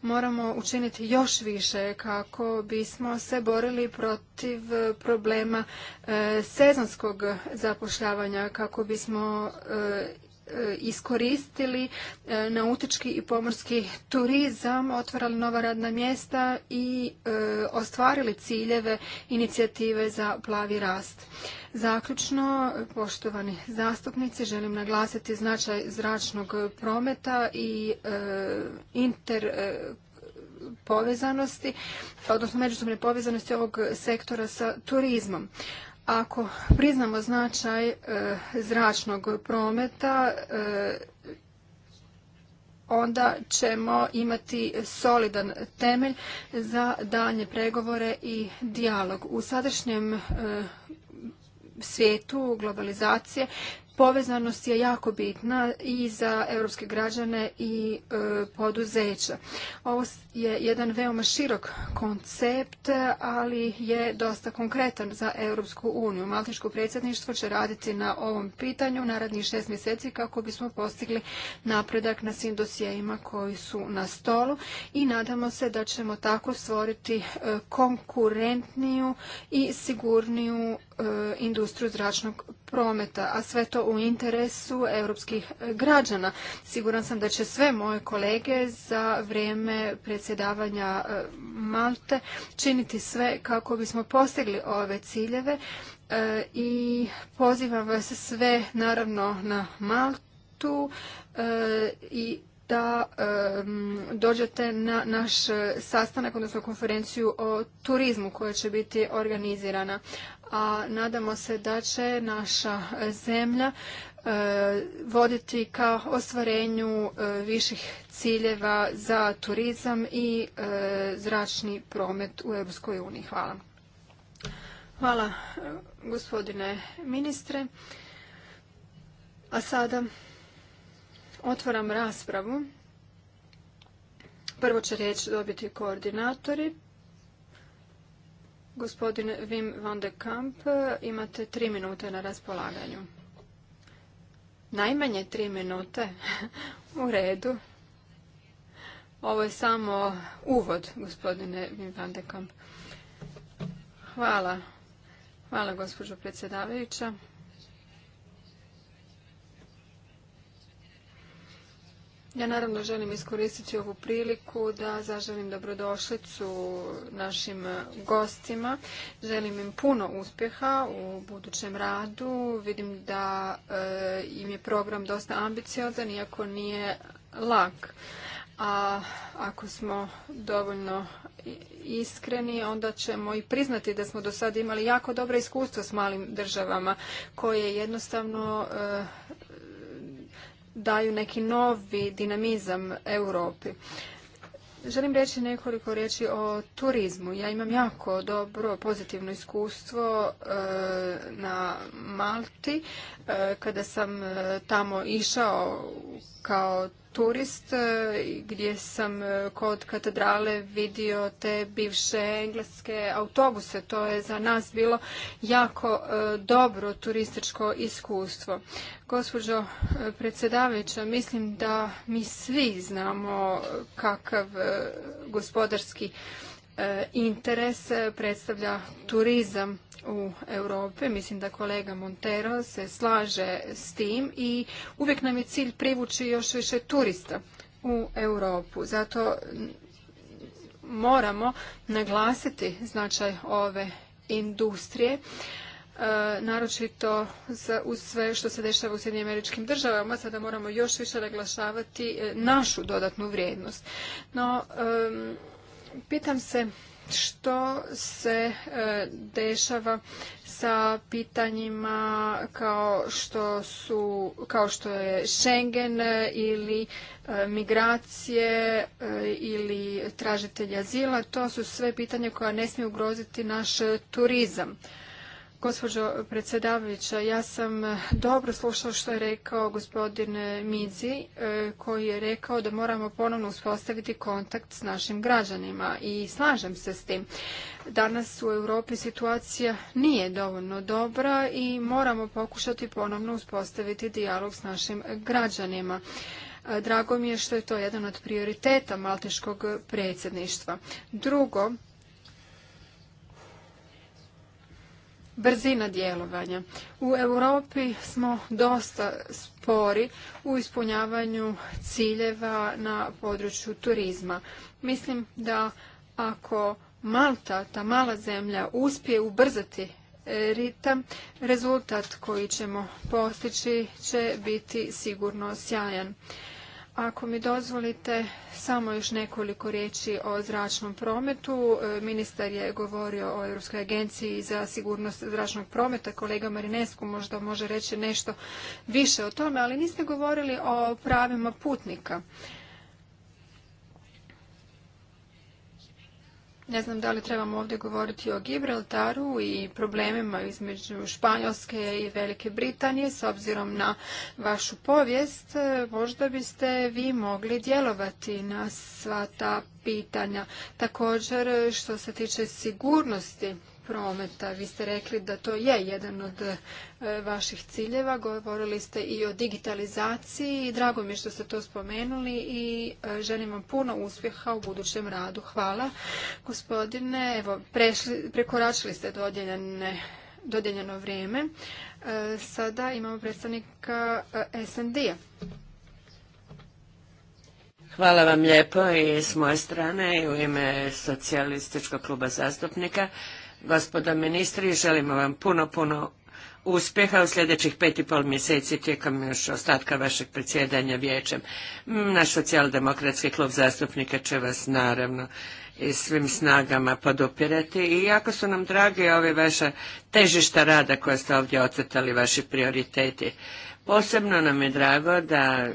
Moramo učiniti još više kako bismo se borili protiv e, problema e, sezonskog zapošljavanja, kako bismo e, Eh, iskoristili eh, nautički i pomorski turizam, otvarali nova radna mjesta i eh, ostvarili ciljeve inicijative za plavi rast. Zaključno, poštovani zastupnici, želim naglasiti značaj zračnog prometa i inter povezanosti, odnosno međusobne povezanosti ovog sektora sa turizmom. Ako priznamo značaj e, zračnog prometa, e, onda ćemo imati solidan temelj za daljnje pregovore i dijalog. U sadašnjem e, svijetu globalizacije povezanost je jako bitna i za europske građane i poduzeća. Ovo je jedan veoma širok koncept, ali je dosta konkretan za Europsku uniju. Maltiško predsjedništvo će raditi na ovom pitanju narednih šest mjeseci kako bismo postigli napredak na svim dosjejima koji su na stolu i nadamo se da ćemo tako stvoriti e, konkurentniju i sigurniju e, industriju zračnog prometa, a sve to u interesu europskih građana. Siguran sam da će sve moje kolege za vrijeme davanja e, Malte činiti sve kako bismo postigli ove ciljeve e, i pozivam vas sve naravno na Maltu e, i da dođete na naš sastanak, odnosno konferenciju o turizmu koja će biti organizirana. A nadamo se da će naša zemlja voditi ka ostvarenju viših ciljeva za turizam i e, zračni promet u Europskoj uniji. Hvala. Hvala e, gospodine ministre. A sada otvaram raspravu. Prvo će riječ dobiti koordinatori. Gospodin Wim van de Kamp, e, imate tri minute na raspolaganju. Najmanje tri minute. [LAUGHS] U redu, ovo je samo uvod, gospodine Van de Kamp. Hvala. Hvala, gospođo predsjedavajuća. Ja naravno želim iskoristiti ovu priliku da zaželim dobrodošlicu našim gostima. Želim im puno uspjeha u budućem radu. Vidim da e, im je program dosta ambiciozan, iako nije lak a ako smo dovoljno iskreni, onda ćemo i priznati da smo do sada imali jako dobro iskustvo s malim državama koje jednostavno e, daju neki novi dinamizam Europi. Želim reći nekoliko riječi o turizmu. Ja imam jako dobro pozitivno iskustvo e, na Malti. E, kada sam tamo išao kao turist e, gdje sam e, kod katedrale vidio te bivše engleske autobuse. To je za nas bilo jako e, dobro turističko iskustvo. Gospođo predsjedavajuća, mislim da mi svi znamo kakav gospodarski interes predstavlja turizam u Europi. Mislim da kolega Montero se slaže s tim i uvijek nam je cilj privući još više turista u Europu. Zato moramo naglasiti značaj ove industrije e, naročito uz sve što se dešava u Sjedinim američkim državama, sada moramo još više naglašavati e, našu dodatnu vrijednost. No, pitam se što se e, dešava sa pitanjima kao što, su, kao što je Schengen ili e, migracije e, ili tražitelj azila. To su sve pitanja koja ne smiju ugroziti naš turizam. Gospođo predsjedavajuća, ja sam dobro slušao što je rekao gospodin Mizi, e, koji je rekao da moramo ponovno uspostaviti kontakt s našim građanima i slažem se s tim. Danas u Europi situacija nije dovoljno dobra i moramo pokušati ponovno uspostaviti dijalog s našim građanima. E, drago mi je što je to jedan od prioriteta Malteškog predsjedništva. Drugo, Brzina djelovanja. U Europi smo dosta spori u ispunjavanju ciljeva na području turizma. Mislim da ako Malta, ta mala zemlja, uspije ubrzati ritam, rezultat koji ćemo postići će biti sigurno sjajan. Ako mi dozvolite samo još nekoliko riječi o zračnom prometu. E, ministar je govorio o Europskoj agenciji za sigurnost zračnog prometa. Kolega Marinesku možda može reći nešto više o tome, ali niste govorili o pravima putnika. Ne znam da li trebamo ovdje govoriti o Gibraltaru i problemima između Španjolske i Velike Britanije s obzirom na vašu povijest. Možda biste vi mogli djelovati na sva ta pitanja. Također što se tiče sigurnosti prometa. Vi ste rekli da to je jedan od e, vaših ciljeva. Govorili ste i o digitalizaciji. i Drago mi je što ste to spomenuli i e, želim vam puno uspjeha u budućem radu. Hvala. Gospodine, evo, prekoračili ste dodjeljene dodijeljeno vrijeme. E, sada imamo predstavnika SND-a. Hvala vam lijepo i s moje strane i u ime socijalističkog kluba zastupnika gospodo ministri. Želimo vam puno, puno uspjeha u sljedećih pet i pol mjeseci tijekom još ostatka vašeg predsjedanja vijećem. Naš socijaldemokratski klub zastupnika će vas naravno i svim snagama podupirati i jako su nam dragi ove vaša težišta rada koja ste ovdje ocrtali, vaši prioriteti. Posebno nam je drago da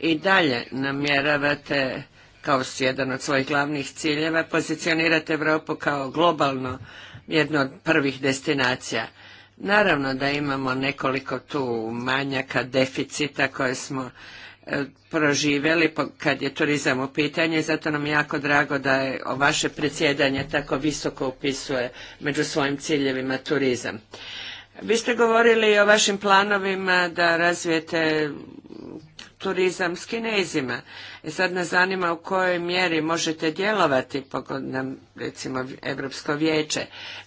i dalje namjeravate kao jedan od svojih glavnih ciljeva pozicionirati Europu kao globalno jednu od prvih destinacija. Naravno da imamo nekoliko tu manjaka, deficita koje smo e, proživjeli kad je turizam u pitanje, zato nam je jako drago da je vaše predsjedanje tako visoko upisuje među svojim ciljevima turizam. Vi ste govorili o vašim planovima da razvijete turizam s Kinezima. I e sad nas zanima u kojoj mjeri možete djelovati, nam, recimo Europsko vijeće,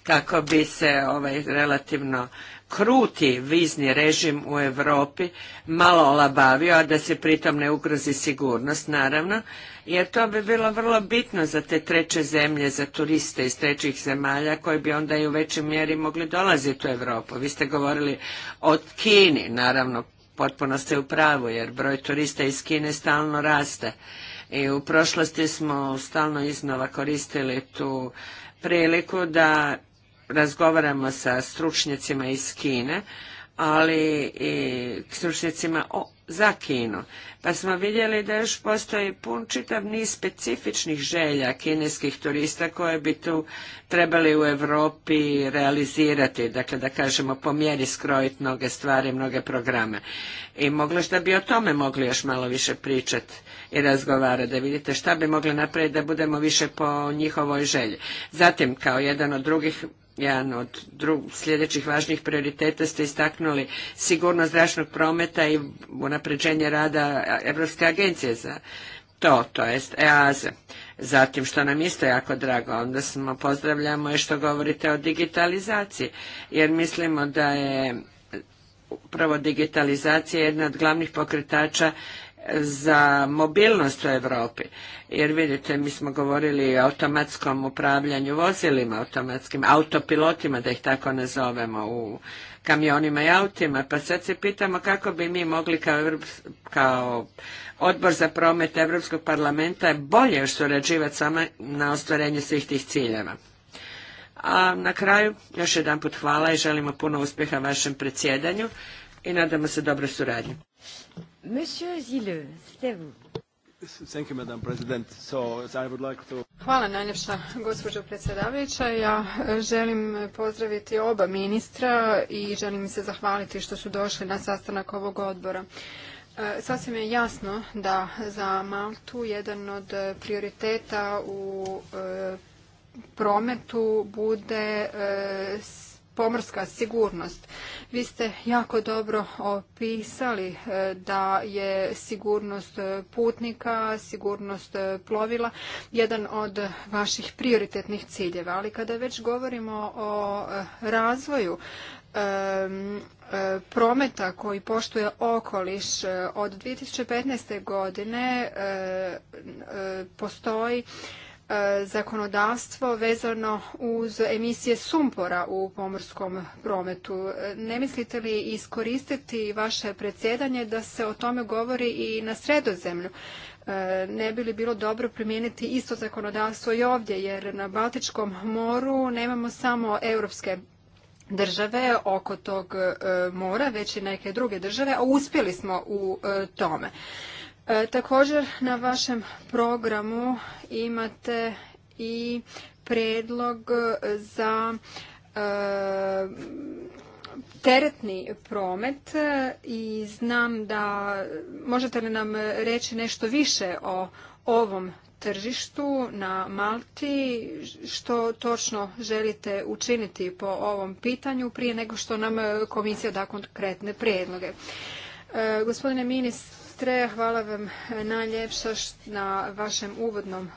kako bi se ovaj relativno kruti vizni režim u Europi malo olabavio, a da se pritom ne ugrozi sigurnost, naravno, jer to bi bilo vrlo bitno za te treće zemlje, za turiste iz trećih zemalja koji bi onda i u većoj mjeri mogli dolaziti u Europu. Vi ste govorili o Kini, naravno, potpuno ste u pravu jer broj turista iz Kine stalno raste i u prošlosti smo stalno iznova koristili tu priliku da razgovaramo sa stručnjacima iz Kine ali i stručnjacima za Kino. Pa smo vidjeli da još postoji pun čitav niz specifičnih želja kineskih turista koje bi tu trebali u Europi realizirati, dakle da kažemo po mjeri skrojiti mnoge stvari, mnoge programe. I mogli da bi o tome mogli još malo više pričati i razgovarati, da vidite šta bi mogli napraviti da budemo više po njihovoj želji. Zatim, kao jedan od drugih jedan od sljedećih važnih prioriteta ste istaknuli sigurnost zračnog prometa i unapređenje rada Europske agencije za to, to jest EASE. Zatim, što nam isto jako drago, onda smo pozdravljamo i što govorite o digitalizaciji, jer mislimo da je upravo digitalizacija jedna od glavnih pokretača za mobilnost u Europi. Jer vidite, mi smo govorili o automatskom upravljanju vozilima, automatskim autopilotima, da ih tako nazovemo, u kamionima i autima. Pa sad se pitamo kako bi mi mogli kao, kao odbor za promet Europskog parlamenta bolje još surađivati sama na ostvarenju svih tih ciljeva. A na kraju, još jedan put hvala i želimo puno uspjeha vašem predsjedanju i nadamo se dobro suradnju. Hvala najljepša, gospođo predsjedavajuća. Ja e, želim pozdraviti oba ministra i želim se zahvaliti što su došli na sastanak ovog odbora. E, sasvim je jasno da za Maltu jedan od prioriteta u e, prometu bude pomorska sigurnost. Vi ste jako dobro opisali e, da je sigurnost putnika, sigurnost plovila jedan od vaših prioritetnih ciljeva, ali kada već govorimo o e, razvoju e, prometa koji poštuje okoliš od 2015. godine postoji E, zakonodavstvo vezano uz emisije sumpora u pomorskom prometu. Ne mislite li iskoristiti vaše predsjedanje da se o tome govori i na sredozemlju? E, ne bi li bilo dobro primijeniti isto zakonodavstvo i ovdje, jer na Baltičkom moru nemamo samo europske države oko tog e, mora, već i neke druge države, a uspjeli smo u tome. E, također na vašem programu imate i predlog za e, teretni promet i znam da možete li nam reći nešto više o ovom tržištu na Malti, što točno želite učiniti po ovom pitanju prije nego što nam komisija da konkretne prijedloge. E, gospodine ministre, hvala vam najljepša na vašem uvodnom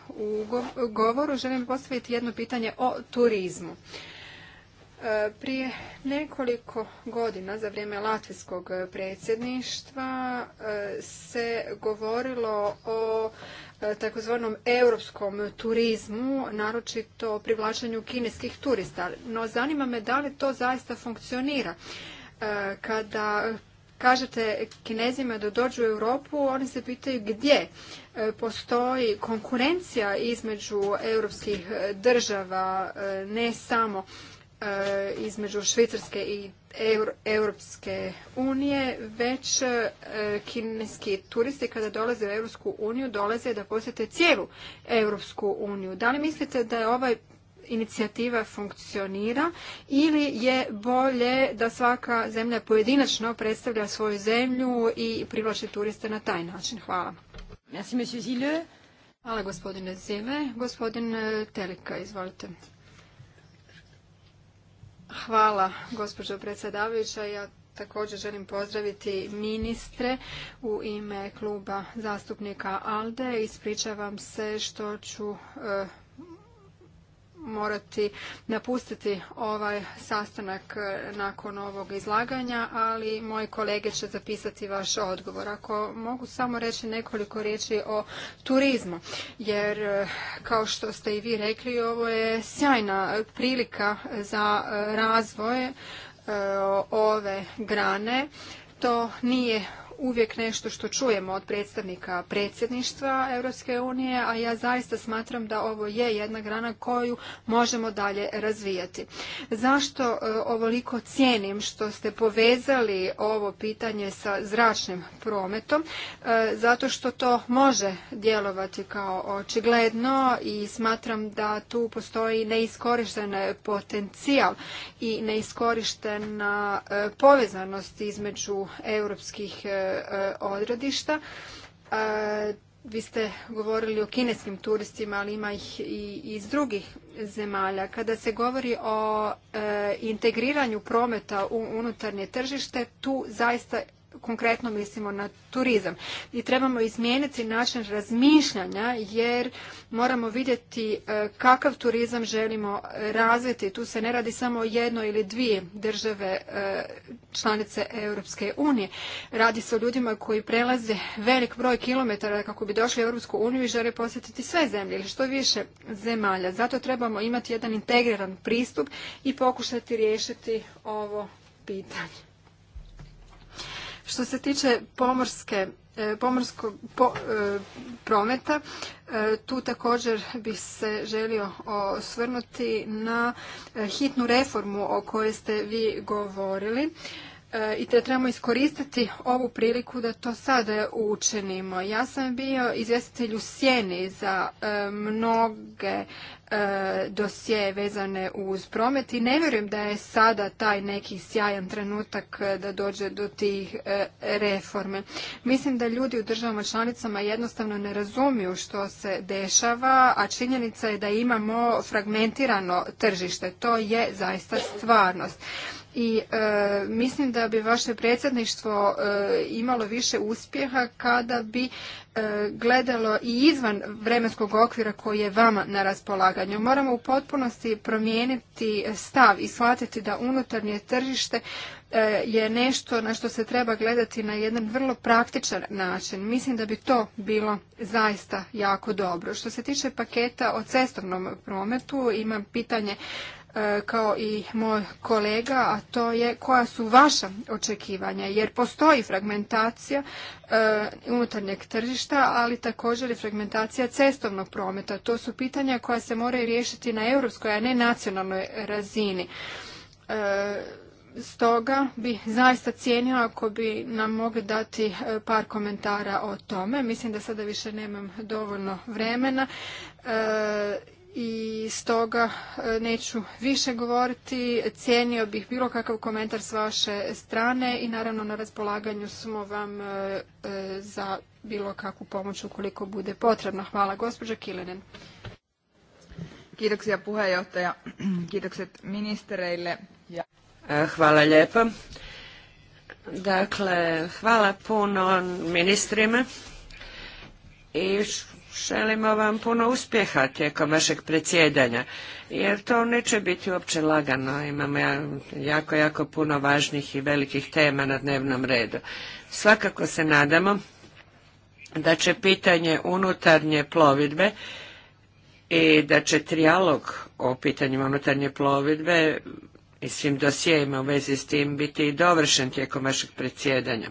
govoru. Želim postaviti jedno pitanje o turizmu. E, prije nekoliko godina, za vrijeme latvijskog predsjedništva, e, se govorilo o e, takozvanom europskom turizmu, naročito privlačenju kineskih turista. No zanima me da li to zaista funkcionira kada kažete kinezima da dođu u Europu, oni se pitaju gdje e, postoji konkurencija između europskih država, e, ne samo e, između Švicarske i Europske unije, već kineski turisti kada dolaze u Europsku uniju dolaze da posjete cijelu Europsku uniju. Da li mislite da je ovaj inicijativa funkcionira ili je bolje da svaka zemlja pojedinačno predstavlja svoju zemlju i privlači turiste na taj način? Hvala. Merci, monsieur Zille. Hvala gospodine Zime. Gospodin e, Telika, izvolite. Hvala gospođo predsjedavajuća. Ja također želim pozdraviti ministre u ime kluba zastupnika ALDE. Ispričavam se što ću e, morati napustiti ovaj sastanak nakon ovog izlaganja, ali moji kolege će zapisati vaš odgovor. Ako mogu samo reći nekoliko riječi o turizmu, jer e, kao što ste i vi rekli, ovo je sjajna prilika za razvoj e, ove grane. To nije uvijek nešto što čujemo od predstavnika predsjedništva Europske unije, a ja zaista smatram da ovo je jedna grana koju možemo dalje razvijati. Zašto e, ovoliko cijenim što ste povezali ovo pitanje sa zračnim prometom? E, zato što to može djelovati kao očigledno i smatram da tu postoji neiskorišten potencijal i neiskorištena e, povezanost između europskih E, odredišta. E, vi ste govorili o kineskim turistima, ali ima ih i iz drugih zemalja. Kada se govori o e, integriranju prometa u unutarnje tržište, tu zaista konkretno mislimo na turizam. I trebamo izmijeniti način razmišljanja jer moramo vidjeti e, kakav turizam želimo razviti. Tu se ne radi samo o jednoj ili dvije države e, članice Europske unije. Radi se o ljudima koji prelaze velik broj kilometara kako bi došli u Europsku uniju i žele posjetiti sve zemlje ili što više zemalja. Zato trebamo imati jedan integriran pristup i pokušati riješiti ovo pitanje. Što se tiče pomorske e, pomorskog e, prometa. E, tu također bih se želio osvrnuti na hitnu reformu o kojoj ste vi govorili. E, i te trebamo iskoristiti ovu priliku da to sada učinimo. Ja sam bio izvjestitelj u Sjeni za e, mnoge e, dosje vezane uz promet i ne vjerujem da je sada taj neki sjajan trenutak da dođe do tih reforme. Mislim da ljudi u državama članicama jednostavno ne razumiju što se dešava, a činjenica je da imamo fragmentirano tržište. To je zaista stvarnost i e, mislim da bi vaše predsjedništvo e, imalo više uspjeha kada bi e, gledalo i izvan vremenskog okvira koji je vama na raspolaganju. Moramo u potpunosti promijeniti stav i shvatiti da unutarnje tržište je nešto na što se treba gledati na jedan vrlo praktičan način. Mislim da bi to bilo zaista jako dobro. Što se tiče paketa o cestovnom prometu, imam pitanje E, kao i moj kolega, a to je koja su vaša očekivanja, jer postoji fragmentacija e, unutarnjeg tržišta, ali također i fragmentacija cestovnog prometa. To su pitanja koja se moraju riješiti na europskoj, a ne nacionalnoj razini. E, stoga bi zaista cijenila ako bi nam mogli dati par komentara o tome. Mislim da sada više nemam dovoljno vremena i stoga e, neću više govoriti. Cijenio bih bilo kakav komentar s vaše strane i naravno na raspolaganju smo vam e, e, za bilo kakvu pomoć ukoliko bude potrebno. Hvala. Gospođa Kilinen. Kiitoksia puheenjohtaja. [CLEARS THROAT] Kiitokset ministereille. Hvala lijepo. Dakle, hvala puno ministrima i Želimo vam puno uspjeha tijekom vašeg predsjedanja, jer to neće biti uopće lagano. Imamo jako, jako puno važnih i velikih tema na dnevnom redu. Svakako se nadamo da će pitanje unutarnje plovidbe i da će trijalog o pitanjima unutarnje plovidbe i svim dosijejima u vezi s tim biti dovršen tijekom vašeg predsjedanja.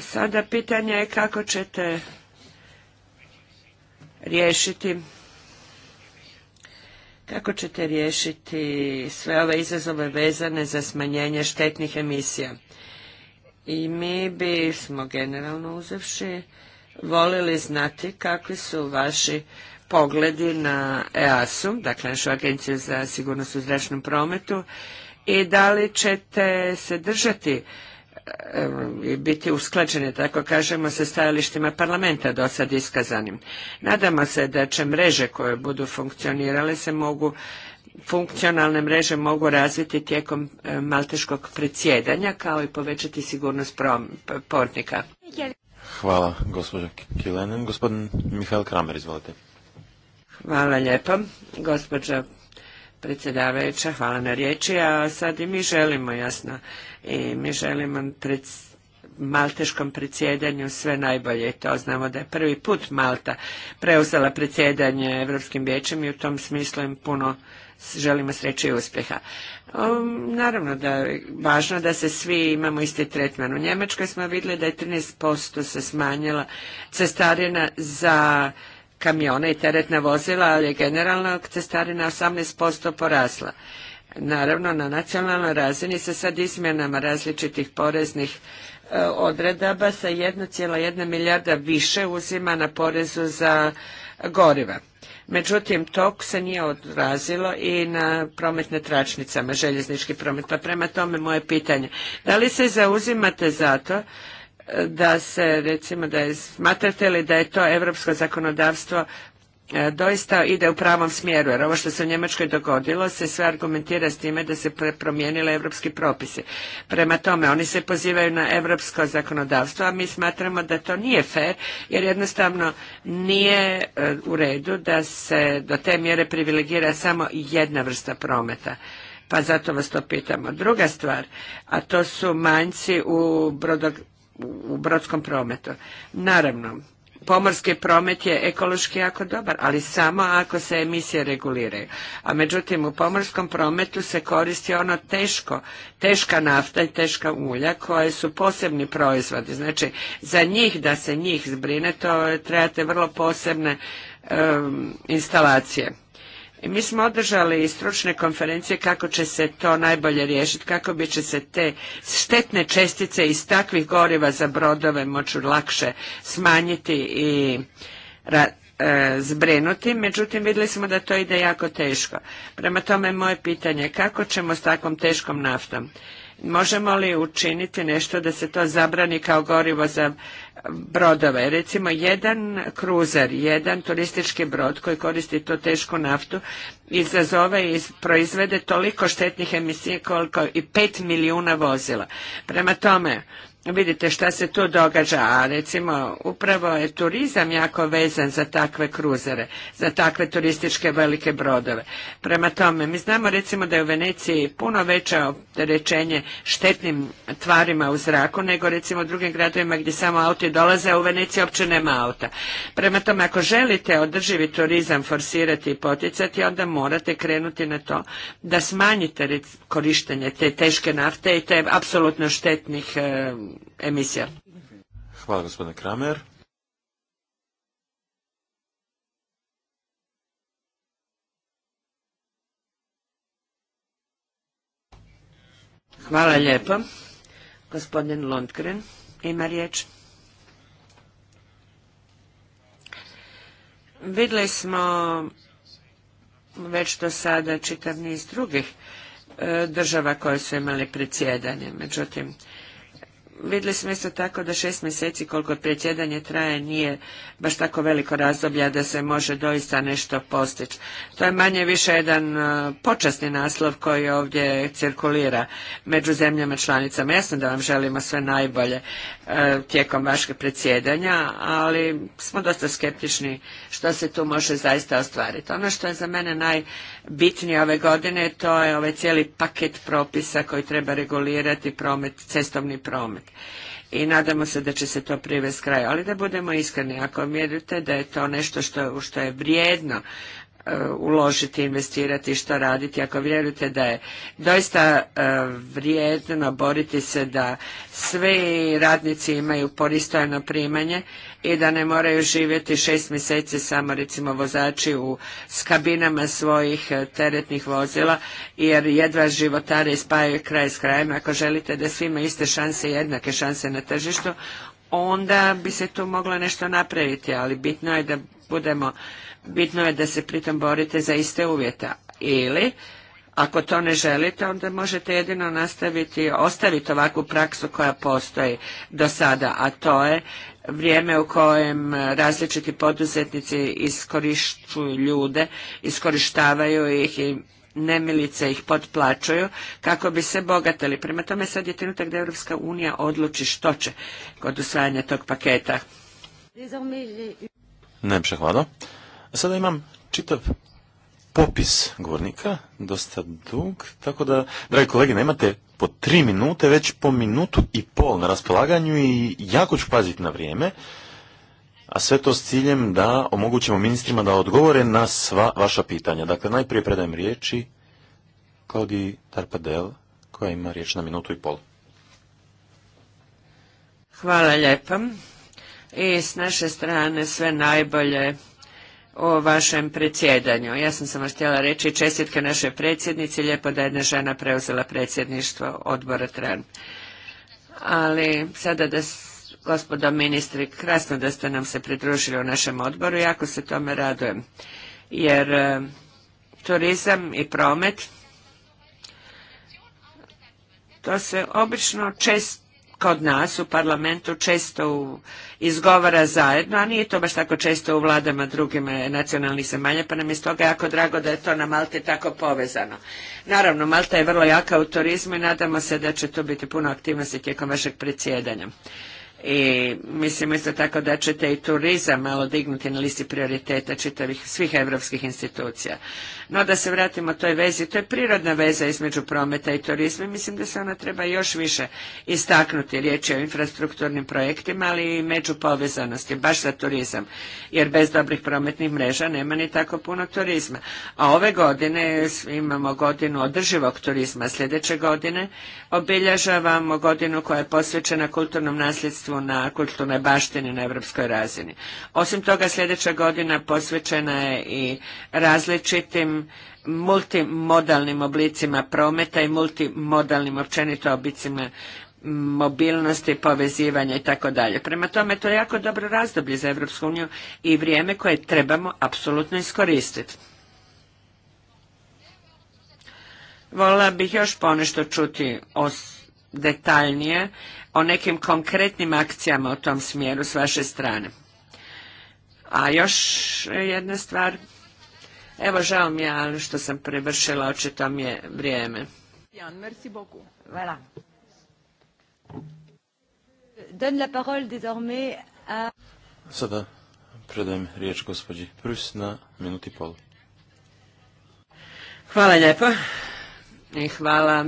sada pitanje je kako ćete riješiti kako ćete riješiti sve ove izazove vezane za smanjenje štetnih emisija. I mi bismo generalno uzevši volili znati kakvi su vaši pogledi na EAS-u, dakle našu agenciju za sigurnost u zračnom prometu, i da li ćete se držati E, biti usklađene, tako kažemo, sa stajalištima parlamenta do sad iskazanim. Nadamo se da će mreže koje budu funkcionirale se mogu funkcionalne mreže mogu razviti tijekom e, malteškog predsjedanja kao i povećati sigurnost portnika. Hvala, gospođo Kilenen. Gospodin Mihael Kramer, izvolite. Hvala lijepo, gospođo predsjedavajuća, hvala na riječi, a sad i mi želimo, jasno, i mi želimo pred malteškom predsjedanju sve najbolje. To znamo da je prvi put Malta preuzela predsjedanje Europskim vijećem i u tom smislu im puno želimo sreće i uspjeha. Um, naravno da je važno da se svi imamo isti tretman. U Njemačkoj smo vidjeli da je 13% se smanjila cestarina za kamione i teretna vozila, ali je generalno cestarina 18% porasla. Naravno, na nacionalnoj razini se sad izmjenama različitih poreznih e, odredaba sa 1,1 milijarda više uzima na porezu za goriva. Međutim, tok se nije odrazilo i na prometne tračnicama, željeznički promet. Pa prema tome moje pitanje, da li se zauzimate za to da se recimo da je, smatrate li da je to europsko zakonodavstvo e, doista ide u pravom smjeru, jer ovo što se u Njemačkoj dogodilo se sve argumentira s time da se promijenile evropski propisi. Prema tome, oni se pozivaju na evropsko zakonodavstvo, a mi smatramo da to nije fair, jer jednostavno nije e, u redu da se do te mjere privilegira samo jedna vrsta prometa pa zato vas to pitamo. Druga stvar, a to su manjci u brodog, u brodskom prometu. Naravno, pomorski promet je ekološki jako dobar, ali samo ako se emisije reguliraju. A međutim, u pomorskom prometu se koristi ono teško, teška nafta i teška ulja koje su posebni proizvodi. Znači, za njih, da se njih zbrine, to trebate vrlo posebne instalacije mi smo održali i stručne konferencije kako će se to najbolje riješiti, kako bi će se te štetne čestice iz takvih goriva za brodove moću lakše smanjiti i e, zbrinuti, međutim vidjeli smo da to ide jako teško. Prema tome moje pitanje je kako ćemo s takvom teškom naftom? Možemo li učiniti nešto da se to zabrani kao gorivo za brodove. Recimo jedan kruzer, jedan turistički brod koji koristi tu tešku naftu izazove i proizvede toliko štetnih emisija koliko i pet milijuna vozila. Prema tome, vidite šta se tu događa, a recimo upravo je turizam jako vezan za takve kruzere, za takve turističke velike brodove. Prema tome, mi znamo recimo da je u Veneciji puno veće opterećenje štetnim tvarima u zraku nego recimo u drugim gradovima gdje samo auti dolaze, a u Veneciji uopće nema auta. Prema tome, ako želite održivi turizam forsirati i poticati, onda morate krenuti na to da smanjite korištenje te teške nafte i te apsolutno štetnih e, emisija. Hvala gospodine Kramer. Hvala lijepo. Gospodin Lundgren ima riječ. Vidjeli smo već do sada čitav niz drugih e, država koje su imali predsjedanje. Međutim, Vidjeli smo isto tako da šest mjeseci koliko predsjedanje traje nije baš tako veliko razdoblja da se može doista nešto postići. To je manje više jedan e, počasni naslov koji ovdje cirkulira među zemljama članicama. Jasno da vam želimo sve najbolje e, tijekom vašeg predsjedanja, ali smo dosta skeptični što se tu može zaista ostvariti. Ono što je za mene najbitnije ove godine to je ovaj cijeli paket propisa koji treba regulirati promet, cestovni promet i nadamo se da će se to privesti kraju. Ali da budemo iskreni, ako vjerujete da je to nešto što, što je vrijedno E, uložiti, investirati, što raditi. Ako vjerujete da je doista e, vrijedno boriti se da svi radnici imaju poristojno primanje i da ne moraju živjeti šest mjeseci samo recimo vozači u s kabinama svojih e, teretnih vozila jer jedva životare spajaju kraj s krajem. Ako želite da svi imaju iste šanse, jednake šanse na tržištu, onda bi se tu moglo nešto napraviti, ali bitno je da budemo bitno je da se pritom borite za iste uvjete. Ili, ako to ne želite, onda možete jedino nastaviti, ostaviti ovakvu praksu koja postoji do sada, a to je vrijeme u kojem različiti poduzetnici iskorišćuju ljude, iskorištavaju ih i nemilice ih potplaćuju kako bi se bogatili. Prema tome sad je trenutak da Europska unija odluči što će kod usvajanja tog paketa. Najpše hvala. A sada imam čitav popis govornika, dosta dug, tako da, dragi kolege, nemate po tri minute, već po minutu i pol na raspolaganju i jako ću paziti na vrijeme, a sve to s ciljem da omogućimo ministrima da odgovore na sva vaša pitanja. Dakle, najprije predajem riječi Klaudi Tarpadel, koja ima riječ na minutu i pol. Hvala lijepa. I s naše strane sve najbolje o vašem predsjedanju. Ja sam samo htjela reći čestitke našoj predsjednici, lijepo da je jedna žena preuzela predsjedništvo odbora TRAN. Ali sada da gospodo ministri, krasno da ste nam se pridružili u našem odboru, jako se tome radujem. Jer e, turizam i promet, to se obično čest, kod nas u parlamentu često izgovara zajedno, a nije to baš tako često u vladama drugim eh, nacionalnih zemalja, pa nam je stoga jako drago da je to na Malti tako povezano. Naravno, Malta je vrlo jaka u turizmu i nadamo se da će tu biti puno aktivnosti tijekom vašeg predsjedanja. I mislim isto tako da ćete i turizam malo dignuti na listi prioriteta čitavih svih europskih institucija. No da se vratimo toj vezi, to je prirodna veza između prometa i turizma. Mislim da se ona treba još više istaknuti. Riječ je o infrastrukturnim projektima, ali i povezanosti baš za turizam. Jer bez dobrih prometnih mreža nema ni tako puno turizma. A ove godine imamo godinu održivog turizma. Sljedeće godine obilježavamo godinu koja je posvećena kulturnom nasljedstvu na kulturnoj baštini na europskoj razini. Osim toga, sljedeća godina posvećena je i različitim multimodalnim oblicima prometa i multimodalnim općenito oblicima mobilnosti, povezivanja i tako dalje. Prema tome, to je jako dobro razdoblje za Europsku uniju i vrijeme koje trebamo apsolutno iskoristiti. Vola bih još ponešto čuti o detaljnije o nekim konkretnim akcijama u tom smjeru s vaše strane. A još jedna stvar Evo, žao mi je, ali što sam prevršila, očito mi je vrijeme. Jan, merci beaucoup. Voilà. Donne la parole désormais à... Sada predajem riječ gospođi Prus na minuti pol. Hvala lijepo i hvala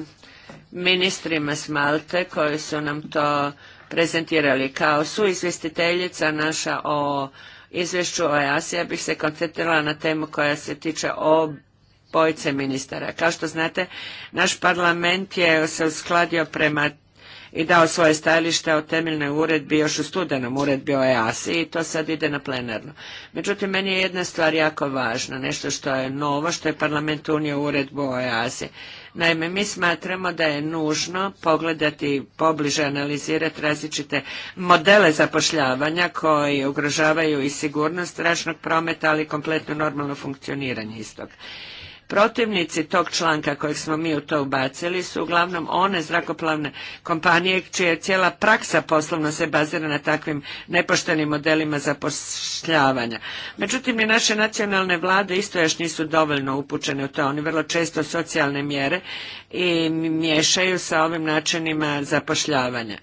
ministrima s Malte koji su nam to prezentirali kao suizvjestiteljica naša o izvješću o EASI, ja bih se koncentrirala na temu koja se tiče obojice ministara. Kao što znate, naš parlament je se uskladio prema i dao svoje stajalište o temeljnoj uredbi još u studenom uredbi o EASI i to sad ide na plenarno. Međutim, meni je jedna stvar jako važna, nešto što je novo, što je parlament unio uredbu o EASI. Naime, mi smatramo da je nužno pogledati, pobliže analizirati različite modele zapošljavanja koji ugrožavaju i sigurnost zračnog prometa, ali i kompletno normalno funkcioniranje istog. Protivnici tog članka kojeg smo mi u to ubacili su uglavnom one zrakoplavne kompanije čija je cijela praksa poslovno se bazira na takvim nepoštenim modelima zapošljavanja. Međutim, i naše nacionalne vlade isto još nisu dovoljno upućene u to. Oni vrlo često socijalne mjere i miješaju sa ovim načinima zapošljavanja.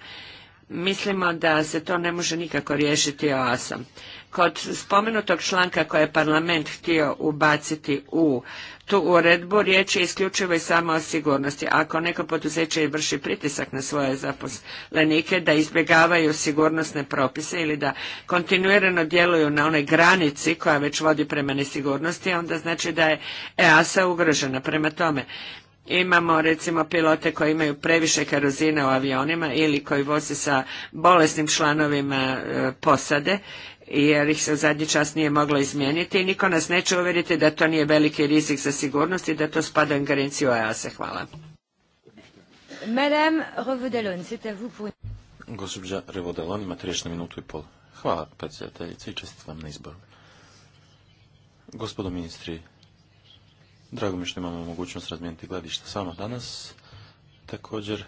Mislimo da se to ne može nikako riješiti oasom. Kod spomenutog članka koje je parlament htio ubaciti u tu uredbu riječ je isključivo i samo o sigurnosti. Ako neko poduzeće vrši pritisak na svoje zaposlenike da izbjegavaju sigurnosne propise ili da kontinuirano djeluju na onoj granici koja već vodi prema nesigurnosti, onda znači da je EASA ugrožena. Prema tome, Imamo recimo pilote koji imaju previše kerozina u avionima ili koji voze sa bolesnim članovima e, posade jer ih se u zadnji čas nije moglo izmijeniti i niko nas neće uvjeriti da to nije veliki rizik za sigurnost i da to spada u ingerenciju EASE. Hvala. Madame Gospođa imate riječ na minutu i pol. Hvala, predsjedateljice, i čestit vam na izboru. Gospodo ministri, drago mi što imamo mogućnost razmijeniti gledišta samo danas. Također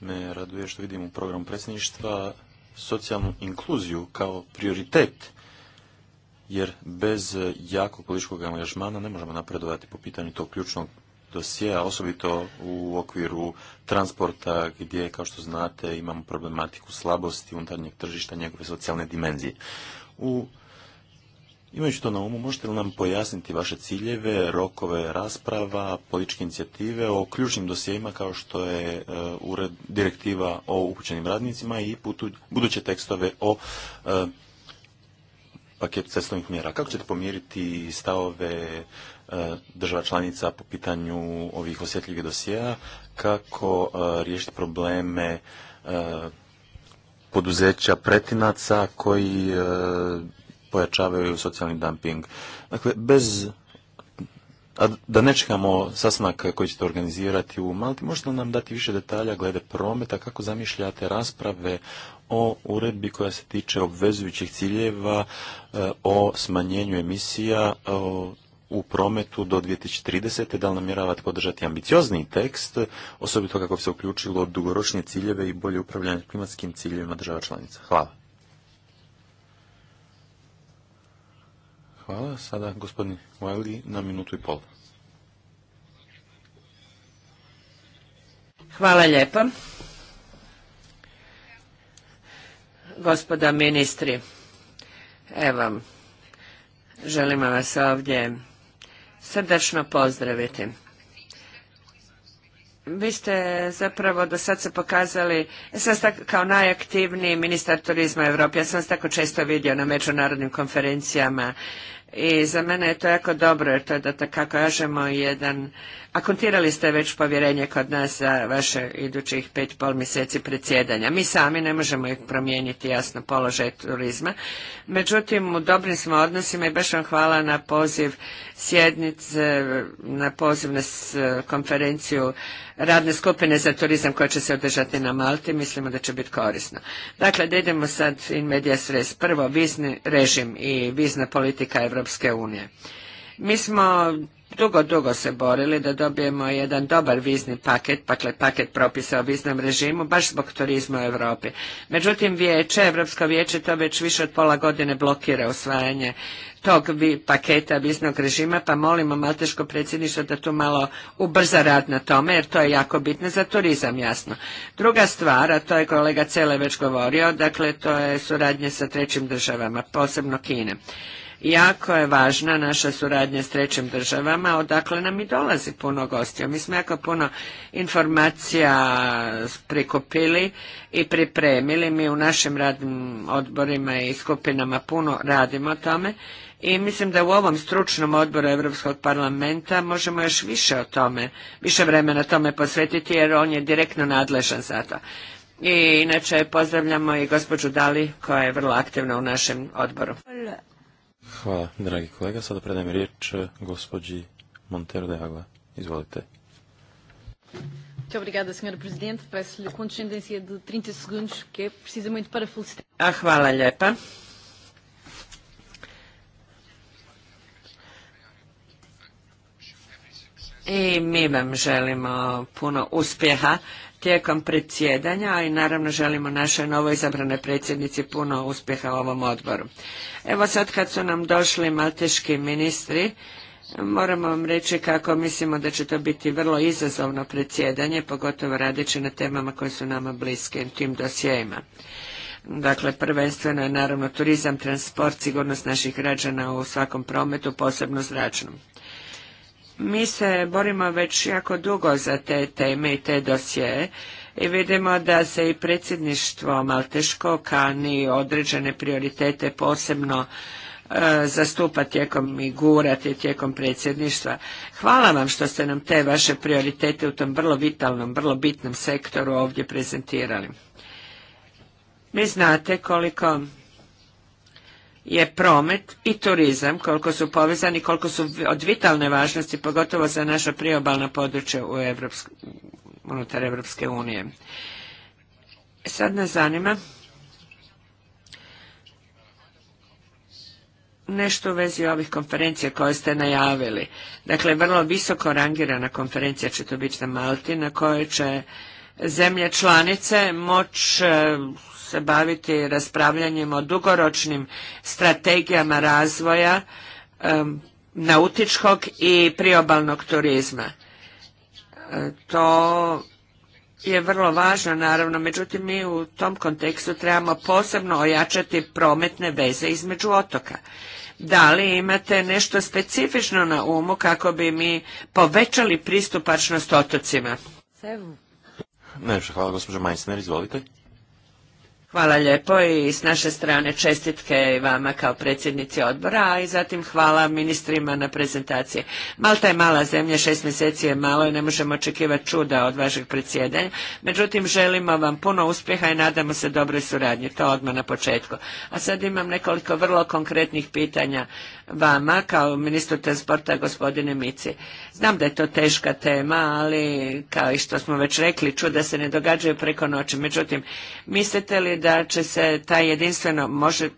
me raduje što vidim u programu predsjedništva socijalnu inkluziju kao prioritet, jer bez jakog političkog angažmana ne možemo napredovati po pitanju tog ključnog dosjea, osobito u okviru transporta gdje, kao što znate, imamo problematiku slabosti unutarnjeg tržišta, njegove socijalne dimenzije. U Imajući to na umu, možete li nam pojasniti vaše ciljeve, rokove rasprava, političke inicijative o ključnim dosjejima kao što je e, ured direktiva o upućenim radnicima i buduće tekstove o e, paketu cestovnih mjera? Kako ćete pomiriti stavove e, država članica po pitanju ovih osjetljivih dosjea, kako riješiti probleme poduzeća pretinaca koji pojačavaju socijalni dumping. Dakle, bez a da ne čekamo sastanak koji ćete organizirati u Malti, možete li nam dati više detalja glede prometa, kako zamišljate rasprave o uredbi koja se tiče obvezujućih ciljeva, eh, o smanjenju emisija eh, u prometu do 2030. Da li namjeravate podržati ambiciozni tekst, osobito kako bi se uključilo dugoročnije ciljeve i bolje upravljanje klimatskim ciljevima država članica? Hvala. Hvala. Sada gospodin Wiley na minutu i pol. Hvala lijepo. Gospoda ministri, evo, želimo vas ovdje srdačno pozdraviti. Vi ste zapravo do sad se pokazali, ja sam kao najaktivniji ministar turizma u ja sam vas tako često vidio na međunarodnim konferencijama i za mene je to jako dobro, jer to je da tako kažemo jedan, akontirali ste već povjerenje kod nas za vaše idućih pet pol mjeseci predsjedanja. Mi sami ne možemo ih promijeniti jasno položaj turizma. Međutim, u dobrim smo odnosima i baš vam hvala na poziv sjednice, na poziv na konferenciju radne skupine za turizam koja će se održati na Malti, mislimo da će biti korisno. Dakle, da idemo sad in media res. Prvo, vizni režim i vizna politika Evropske unije. Mi smo dugo, dugo se borili da dobijemo jedan dobar vizni paket, dakle paket propisa o viznom režimu, baš zbog turizma u Europi. Međutim, vijeće, Europsko vijeće to već više od pola godine blokira usvajanje tog paketa viznog režima, pa molimo Malteško predsjedništvo da tu malo ubrza rad na tome, jer to je jako bitno za turizam, jasno. Druga stvar, a to je kolega Cele već govorio, dakle to je suradnje sa trećim državama, posebno Kine. Jako je važna naša suradnja s trećim državama, odakle nam i dolazi puno gostija. Mi smo jako puno informacija prikupili i pripremili. Mi u našim radnim odborima i skupinama puno radimo o tome i mislim da u ovom stručnom odboru Europskog parlamenta možemo još više o tome, više vremena tome posvetiti jer on je direktno nadležan za to. I inače pozdravljamo i gospođu Dali koja je vrlo aktivna u našem odboru. Hvala, dragi kolega. Sada predajem riječ eh, gospođi Montero de Agla. Izvolite. Ah, hvala lijepa. I mi vam želimo puno uspjeha tijekom predsjedanja, a i naravno želimo našoj novoizabranoj predsjednici puno uspjeha u ovom odboru. Evo sad kad su nam došli malteški ministri, Moramo vam reći kako mislimo da će to biti vrlo izazovno predsjedanje, pogotovo radeći na temama koje su nama bliske, tim dosjejima. Dakle, prvenstveno je naravno turizam, transport, sigurnost naših građana u svakom prometu, posebno zračnom. Mi se borimo već jako dugo za te teme i te dosje i vidimo da se i predsjedništvo Malteško kani određene prioritete posebno e, zastupa tijekom i gurati tijekom predsjedništva. Hvala vam što ste nam te vaše prioritete u tom vrlo vitalnom, vrlo bitnom sektoru ovdje prezentirali. Mi znate koliko je promet i turizam, koliko su povezani, koliko su od vitalne važnosti, pogotovo za naša priobalna područja u unutar Evropske unije. Sad nas zanima nešto u vezi ovih konferencija koje ste najavili. Dakle, vrlo visoko rangirana konferencija će to biti na Malti, na kojoj će zemlje članice moći... E, se baviti raspravljanjem o dugoročnim strategijama razvoja nautičkog i priobalnog turizma. E, to je vrlo važno, naravno, međutim mi u tom kontekstu trebamo posebno ojačati prometne veze između otoka. Da li imate nešto specifično na umu kako bi mi povećali pristupačnost otocima? Najviše hvala, gospođo Majsner, izvolite. Hvala lijepo i s naše strane čestitke i vama kao predsjednici odbora, a i zatim hvala ministrima na prezentaciji. Malta je mala zemlja, šest mjeseci je malo i ne možemo očekivati čuda od vašeg predsjedanja. Međutim, želimo vam puno uspjeha i nadamo se dobroj suradnji. To odmah na početku. A sad imam nekoliko vrlo konkretnih pitanja vama kao ministru transporta gospodine Mici. Znam da je to teška tema, ali kao i što smo već rekli, čuda se ne događaju preko noći. Međutim, mislite li da će se taj jedinstveno može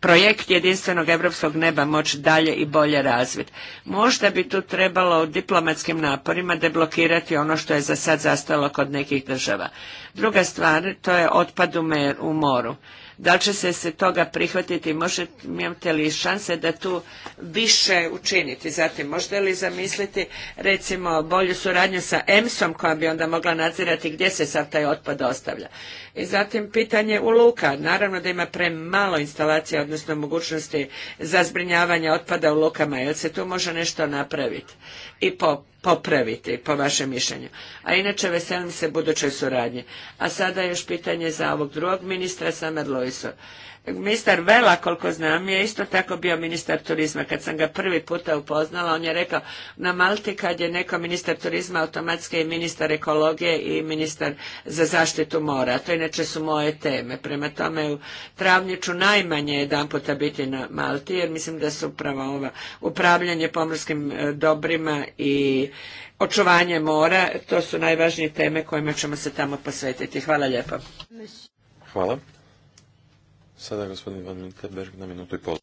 projekt jedinstvenog europskog neba moći dalje i bolje razviti. Možda bi tu trebalo diplomatskim naporima deblokirati ono što je za sad zastalo kod nekih država. Druga stvar, to je otpad u moru. Da li će se, se toga prihvatiti? Možete, imate li šanse da tu više učiniti? Zatim, možete li zamisliti recimo bolju suradnju sa EMS-om koja bi onda mogla nadzirati gdje se sad taj otpad ostavlja? I zatim pitanje u luka. Naravno da ima premalo instalacija, odnosno mogućnosti za zbrinjavanje otpada u lukama. Jel se tu može nešto napraviti? i popraviti, po vašem mišljenju. A inače, veselim se budućoj suradnji. A sada još pitanje za ovog drugog ministra, Samer Lojsov. Ministar Vela, koliko znam, je isto tako bio ministar turizma. Kad sam ga prvi puta upoznala, on je rekao na Malti kad je neko ministar turizma, automatski i ministar ekologije i ministar za zaštitu mora. To inače su moje teme. Prema tome u travnju ću najmanje jedan puta biti na Malti, jer mislim da su upravo ova upravljanje pomorskim e, dobrima i očuvanje mora, to su najvažnije teme kojima ćemo se tamo posvetiti. Hvala lijepo. Hvala. Sada gospodin Van na minutu i pol.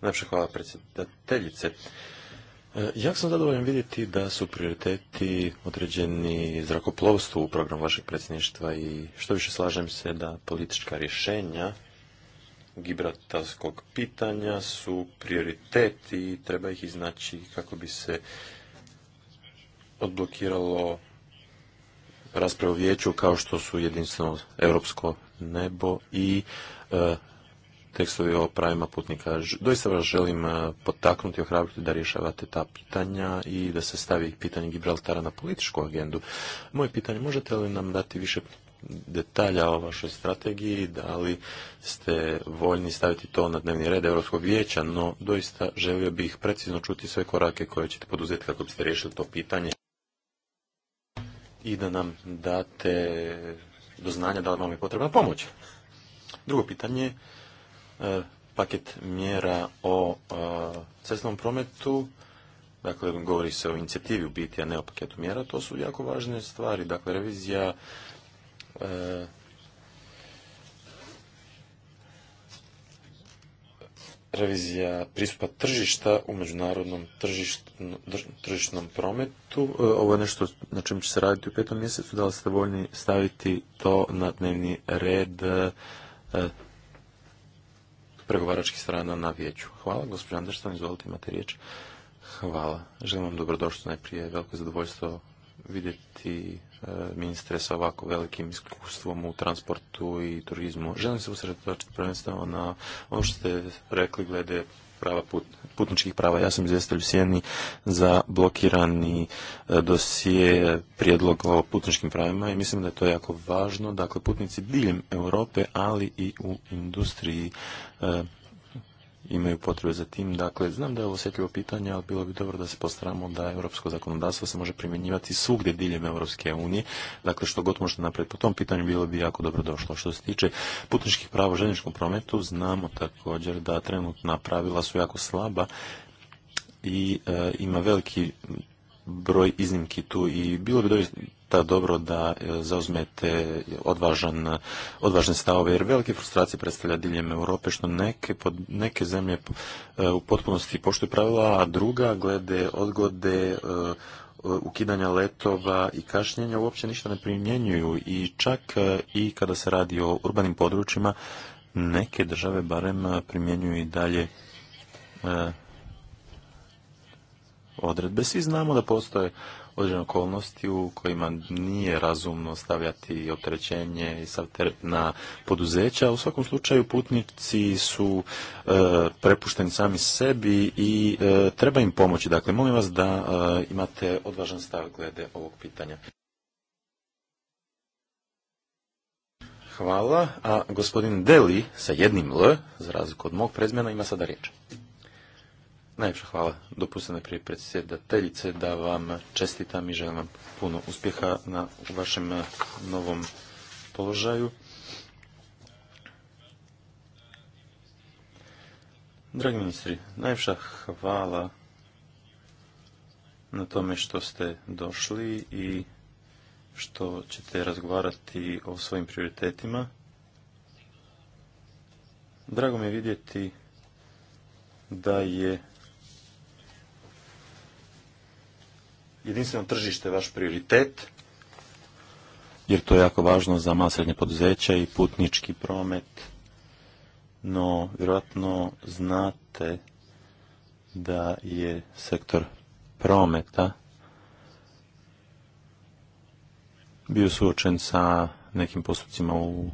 Najpše hvala predsjedateljice. E, Jak sam zadovoljan vidjeti da su prioriteti određeni zrakoplovstvu u programu vašeg predsjedništva i što više slažem se da politička rješenja gibratarskog pitanja su prioriteti i treba ih iznaći kako bi se odblokiralo rasprave vijeću kao što su jedinstveno europsko nebo i e, tekstovi o pravima putnika. Doista vas želim e, potaknuti i ohrabriti da rješavate ta pitanja i da se stavi pitanje Gibraltara na političku agendu. Moje pitanje, možete li nam dati više detalja o vašoj strategiji, da li ste voljni staviti to na dnevni red Europskog vijeća, no doista želio bih precizno čuti sve korake koje ćete poduzeti kako biste riješili to pitanje i da nam date do znanja da li vam je potrebna pomoć. Drugo pitanje, e, paket mjera o e, cestnom prometu, dakle govori se o inicijativi u biti, a ne o paketu mjera, to su jako važne stvari, dakle revizija e, revizija pristupa tržišta u međunarodnom tržišnom prometu. E, ovo je nešto na čem će se raditi u petom mjesecu. Da li ste voljni staviti to na dnevni red e, pregovaračkih strana na vijeću? Hvala. Gospođo Anderson, izvolite, imate riječ. Hvala. Želim vam dobrodošli. Najprije veliko zadovoljstvo vidjeti E, ministre sa ovako velikim iskustvom u transportu i turizmu. Želim se usredotočiti prvenstveno na ono što ste rekli glede prava putničkih prava. Ja sam izvjestitelj u Sjeni za blokirani e, dosije prijedlog o putničkim pravima i mislim da je to jako važno. Dakle, putnici diljem Europe, ali i u industriji e, imaju potrebe za tim. Dakle, znam da je ovo osjetljivo pitanje, ali bilo bi dobro da se postaramo da europsko zakonodavstvo se može primjenjivati svugdje diljem Europske unije. Dakle, što god možete napraviti po tom pitanju, bilo bi jako dobro došlo. Što se tiče putničkih prava u željezničkom prometu, znamo također da trenutna pravila su jako slaba i e, ima veliki broj iznimki tu i bilo bi doista dobro da e, zauzmete odvažan, odvažne stavove, jer velike frustracije predstavlja diljem Europe, što neke, neke zemlje e, u potpunosti poštuju pravila, a druga glede odgode e, ukidanja letova i kašnjenja uopće ništa ne primjenjuju i čak i kada se radi o urbanim područjima neke države barem primjenjuju i dalje odredbe. Svi znamo da postoje određene okolnosti u kojima nije razumno stavljati opterećenje i sav na poduzeća. U svakom slučaju putnici su e, prepušteni sami sebi i e, treba im pomoći. Dakle, molim vas da e, imate odvažan stav glede ovog pitanja. Hvala. A gospodin Deli sa jednim L, za razliku od mog prezmjena, ima sada riječ. Najljepša hvala. Dopustite najprije predsjedateljice da vam čestitam i želim vam puno uspjeha na vašem eh, novom položaju. Dragi ministri, najljepša hvala na tome što ste došli i što ćete razgovarati o svojim prioritetima. Drago mi je vidjeti da je jedinstveno tržište vaš prioritet? Jer to je jako važno za malo srednje poduzeća i putnički promet. No, vjerojatno znate da je sektor prometa bio suočen sa nekim postupcima u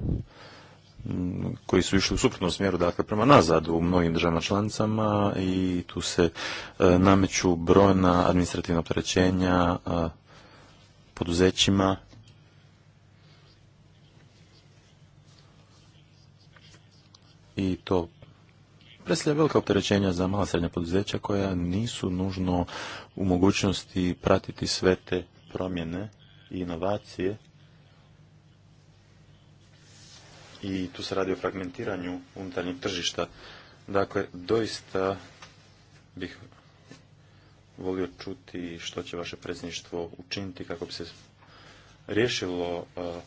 koji su išli u suprotnom smjeru, dakle prema nazad u mnogim državama članicama i tu se e, nameću brojna administrativna opterećenja e, poduzećima i to predstavlja velika opterećenja za mala srednja poduzeća koja nisu nužno u mogućnosti pratiti sve te promjene i inovacije i tu se radi o fragmentiranju unutarnjeg tržišta. Dakle, doista bih volio čuti što će vaše predsjedništvo učiniti kako bi se riješilo, e,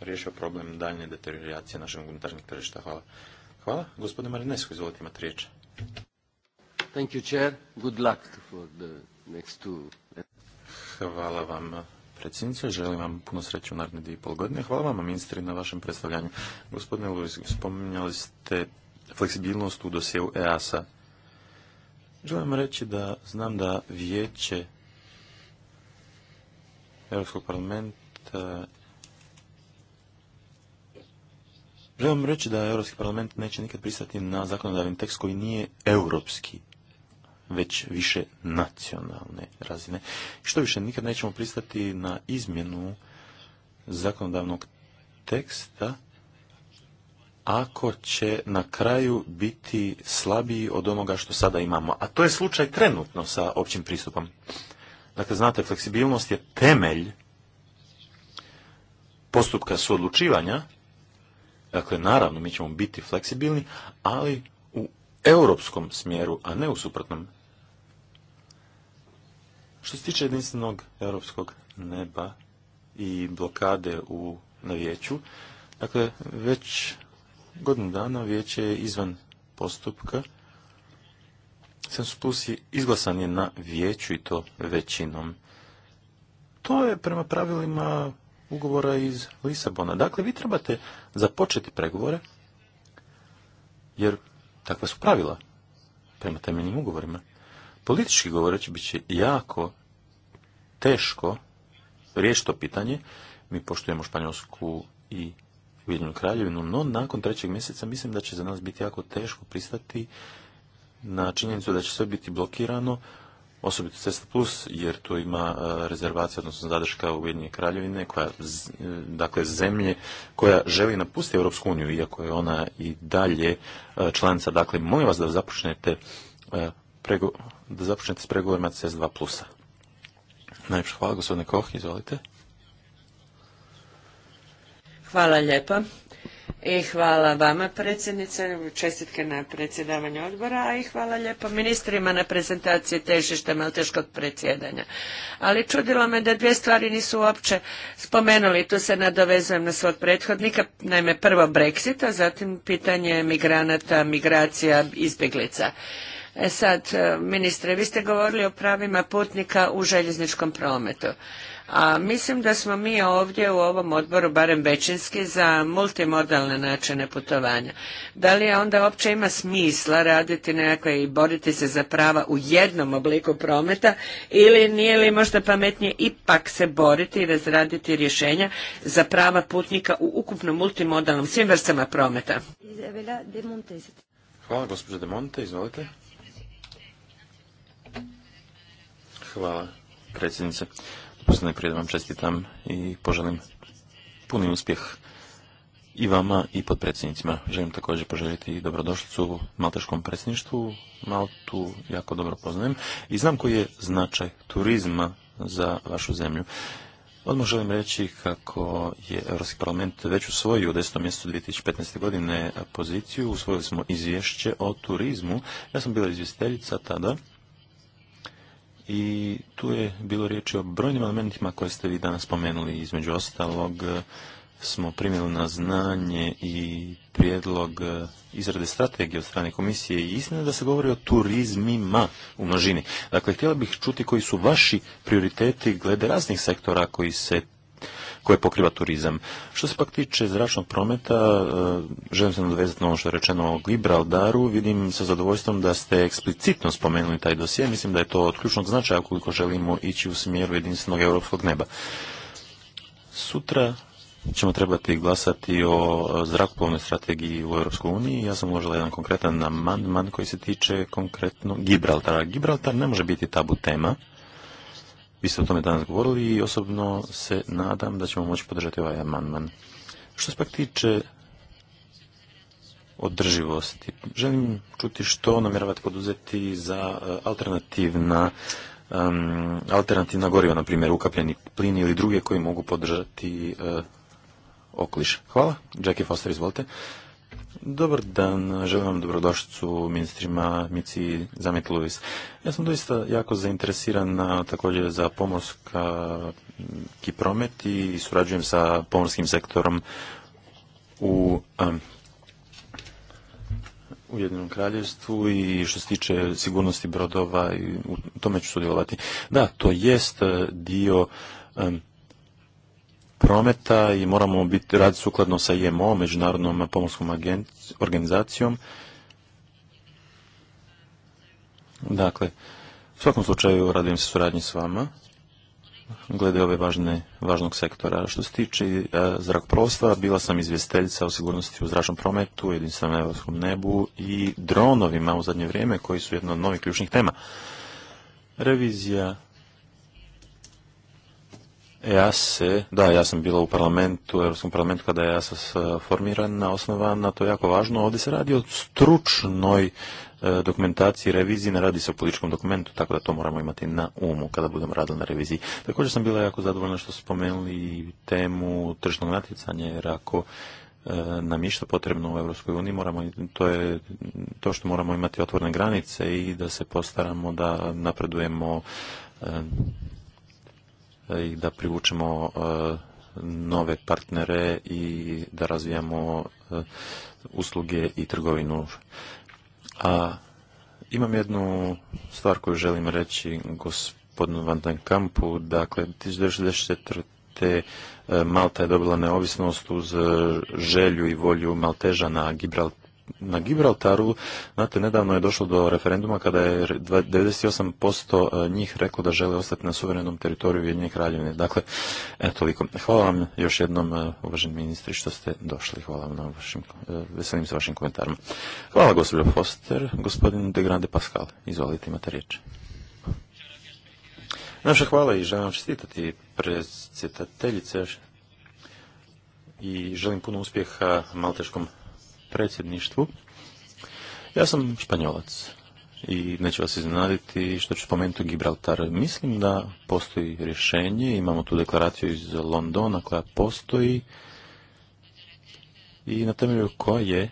riješio problem daljne deterioracije našeg unutarnjeg tržišta. Hvala. Hvala. Gospodine Marinesko, izvolite imati riječ. Thank you, Chair. Good luck for the next two. Hvala vam predsjednice. Želim vam puno sreće u naredne dvije i pol godine. Hvala vam, ministri, na vašem predstavljanju. Gospodine Luis, spominjali ste fleksibilnost u dosjeu EASA. Želim reći da znam da vijeće Europskog parlamenta Želim reći da Europski parlament neće nikad pristati na zakonodavni tekst koji nije europski već više nacionalne razine. Što više, nikad nećemo pristati na izmjenu zakonodavnog teksta ako će na kraju biti slabiji od onoga što sada imamo. A to je slučaj trenutno sa općim pristupom. Dakle, znate, fleksibilnost je temelj postupka suodlučivanja. Dakle, naravno, mi ćemo biti fleksibilni, ali u europskom smjeru, a ne u suprotnom što se tiče jedinstvenog europskog neba i blokade u, na vijeću, dakle, već godinu dana vijeće je izvan postupka. sensu Plus je izglasan je na vijeću i to većinom. To je prema pravilima ugovora iz Lisabona. Dakle, vi trebate započeti pregovore, jer takva su pravila prema temeljnim ugovorima. Politički govoreći bit će jako teško riješiti to pitanje. Mi poštujemo Španjolsku i Ujedinu kraljevinu, no nakon trećeg mjeseca mislim da će za nas biti jako teško pristati na činjenicu da će sve biti blokirano, osobito Cesta Plus, jer tu ima e, rezervacija, odnosno zadrška Ujedinjene kraljevine, koja, e, dakle zemlje koja želi napustiti Europsku uniju, iako je ona i dalje e, članica. Dakle, molim vas da započnete prego, da započnete s pregovorima CS2 plusa. Najljepša hvala, gospodine Koh, izvolite. Hvala lijepa. I hvala vama predsjednice, čestitke na predsjedavanju odbora, a i hvala lijepo ministrima na prezentaciji težišta malteškog predsjedanja. Ali čudilo me da dvije stvari nisu uopće spomenuli, tu se nadovezujem na svog prethodnika, naime prvo Brexit, zatim pitanje migranata, migracija, izbjeglica. E sad, e, ministre, vi ste govorili o pravima putnika u željezničkom prometu. A mislim da smo mi ovdje u ovom odboru, barem većinski, za multimodalne načine putovanja. Da li je onda uopće ima smisla raditi nekakve i boriti se za prava u jednom obliku prometa ili nije li možda pametnije ipak se boriti i razraditi rješenja za prava putnika u ukupnom multimodalnom svim vrstama prometa? Hvala, gospođa izvolite. Hvala, predsjednice. Dopustite prije da vam čestitam i poželim puni uspjeh i vama i predsjednicima. Želim također poželjeti i dobrodošlicu Malteškom predsjedništvu. Maltu jako dobro poznajem i znam koji je značaj turizma za vašu zemlju. Odmah želim reći kako je Europski parlament već usvojio u 10. mjesecu 2015. godine poziciju, usvojili smo izvješće o turizmu. Ja sam bila izvjestiteljica tada i tu je bilo riječi o brojnim elementima koje ste vi danas spomenuli. Između ostalog e, smo primili na znanje i prijedlog e, izrade strategije od strane komisije i istina da se govori o turizmima u množini. Dakle, htjela bih čuti koji su vaši prioriteti glede raznih sektora koji se koje pokriva turizam. Što se pak tiče zračnog prometa, e, želim se nadovezati na ono što je rečeno o Gibraldaru. Vidim sa zadovoljstvom da ste eksplicitno spomenuli taj dosije. Mislim da je to od ključnog značaja koliko želimo ići u smjeru jedinstvenog europskog neba. Sutra ćemo trebati glasati o zrakoplovnoj strategiji u Europskoj uniji. Ja sam uložila jedan konkretan amandman koji se tiče konkretno Gibraltara. Gibraltar ne može biti tabu tema vi ste o tome danas govorili i osobno se nadam da ćemo moći podržati ovaj amandman. Što se pak tiče održivosti, želim čuti što namjeravate poduzeti za eh, alternativna alternativna goriva, na primjer ukapljeni plini ili druge koji mogu podržati eh, okoliš. Hvala. Jackie Foster, izvolite. Dobar dan, želim vam dobrodošlicu ministrima Mici Zamet Luis. Ja sam doista jako zainteresiran također za pomorski mm, promet i surađujem sa pomorskim sektorom u um, Ujedinom kraljevstvu i što se tiče sigurnosti brodova, i u tome ću sudjelovati. Da, to jest eh, dio prometa i moramo biti raditi sukladno sa IMO, Međunarodnom pomorskom organizacijom. Dakle, u svakom slučaju radujem se suradnji s vama glede ove važne, važnog sektora. Što se tiče zrakoprostva, bila sam izvjesteljica o sigurnosti u zračnom prometu, jedinstvenom evropskom nebu i dronovima u zadnje vrijeme, koji su jedna od novih ključnih tema. Revizija ja se, da, ja sam bila u parlamentu, u Europskom parlamentu kada je ASAS formirana, osnovana, to je jako važno. Ovdje se radi o stručnoj e, dokumentaciji, reviziji, ne radi se o političkom dokumentu, tako da to moramo imati na umu kada budemo radili na reviziji. Također sam bila jako zadovoljna što ste spomenuli temu tržnog natjecanja, jer ako e, nam išta potrebno u Europskoj uniji, moramo, to je to što moramo imati otvorene granice i da se postaramo da napredujemo e, E, i da privučemo e, nove partnere i da razvijamo e, usluge i trgovinu. A imam jednu stvar koju želim reći gospodinu Van den Kampu. Dakle, 1964. Malta je dobila neovisnost uz želju i volju Maltežana, Gibraltar na Gibraltaru, znate, nedavno je došlo do referenduma kada je 98% e, njih reklo da žele ostati na suverenom teritoriju jedne kraljevine. Dakle, e, toliko. Hvala vam još jednom, e, uvaženi ministri, što ste došli. Hvala vam na vašim, veselim se vašim komentarima. Hvala, gospođo Foster. Gospodin De Grande Pascal, izvolite, imate riječ. Naša hvala i želim vam čestitati predsjetateljice i želim puno uspjeha malteškom predsjedništvu. Ja sam španjolac i neću vas iznenaditi što ću spomenuti Gibraltar. Mislim da postoji rješenje, imamo tu deklaraciju iz Londona koja postoji i na temelju koje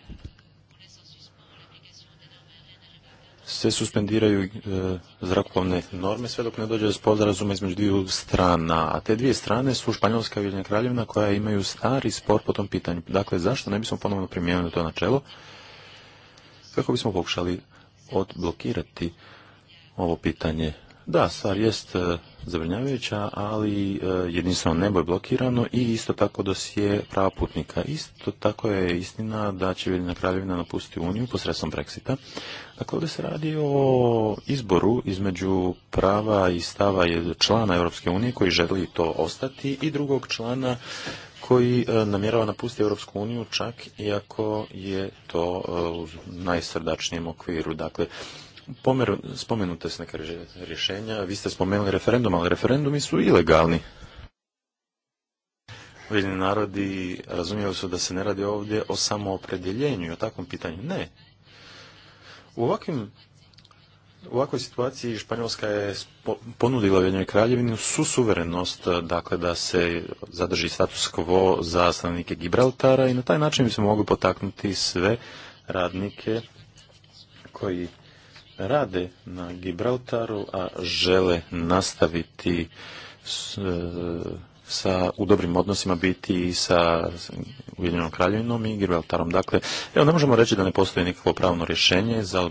se suspendiraju e, zrakoplovne norme sve dok ne dođe do sporazuma između dviju strana. A te dvije strane su Španjolska i Ujedinjena kraljevina koja imaju stari spor po tom pitanju. Dakle, zašto ne bismo ponovno primijenili to načelo? Kako bismo pokušali odblokirati ovo pitanje? Da, stvar jest e, zabrinjavajuća, ali e, jedinstveno nebo je blokirano i isto tako dosije prava putnika. Isto tako je istina da će Vjedina kraljevina napustiti Uniju posredstvom Brexita. Dakle, ovdje se radi o izboru između prava i stava člana Europske unije koji želi to ostati i drugog člana koji e, namjerava napustiti Europsku uniju čak iako je to e, u najsrdačnijem okviru. Dakle, spomenute su neka rješenja, vi ste spomenuli referendum, ali referendumi su ilegalni. Ujedinjeni narodi razumijeli su da se ne radi ovdje o samoopredjeljenju i o takvom pitanju. Ne. U ovakvim u ovakvoj situaciji Španjolska je ponudila Ujedinjenoj kraljevini su suverenost, dakle da se zadrži status quo za stanovnike Gibraltara i na taj način bi se mogli potaknuti sve radnike koji rade na Gibraltaru, a žele nastaviti e, sa, u dobrim odnosima biti i sa Ujedinjenom kraljevinom i Gibraltarom. Dakle, evo, ne možemo reći da ne postoji nikakvo pravno rješenje za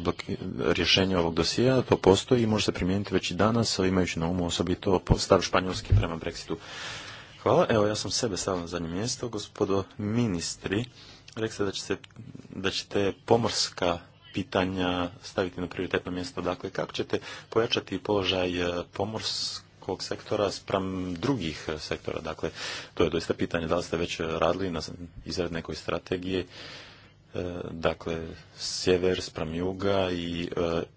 rješenje ovog dosija, to postoji i može se primijeniti već i danas, imajući na umu osobito stav španjolski prema Brexitu. Hvala, evo, ja sam sebe stavio na zadnje mjesto, gospodo ministri, rekli ste da, će se, da ćete pomorska pitanja staviti na prioritetno mjesto. Dakle, kako ćete pojačati položaj e, pomorskog sektora spram drugih e, sektora? Dakle, to je doista pitanje da li ste već radili na izradi nekoj strategije, e, dakle, sjever spram juga i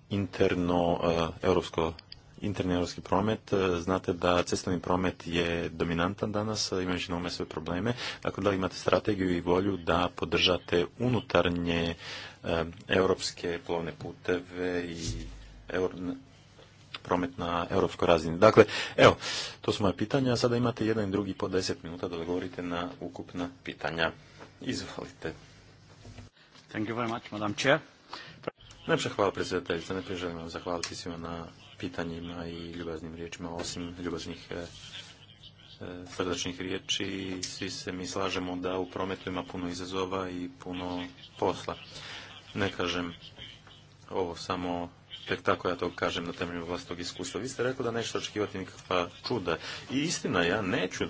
interno europsko interni europski promet, znate da cestovni promet je dominantan danas, imajući na ume sve probleme. Dakle, da li imate strategiju i volju da podržate unutarnje europske plovne puteve i promet na europskoj razini. Dakle, evo, to su moje pitanja. Sada imate jedan i drugi po deset minuta da odgovorite na ukupna pitanja. Izvolite. Thank you very much, Madam Chair. hvala predsjedateljice Najprije želim vam zahvaliti svima na pitanjima i ljubaznim riječima, osim ljubaznih e, e, srdačnih riječi. Svi se mi slažemo da u prometu ima puno izazova i puno posla ne kažem ovo samo tek tako ja to kažem na temelju vlastnog iskustva. Vi ste rekli da nećete očekivati nikakva čuda. I istina, ja neću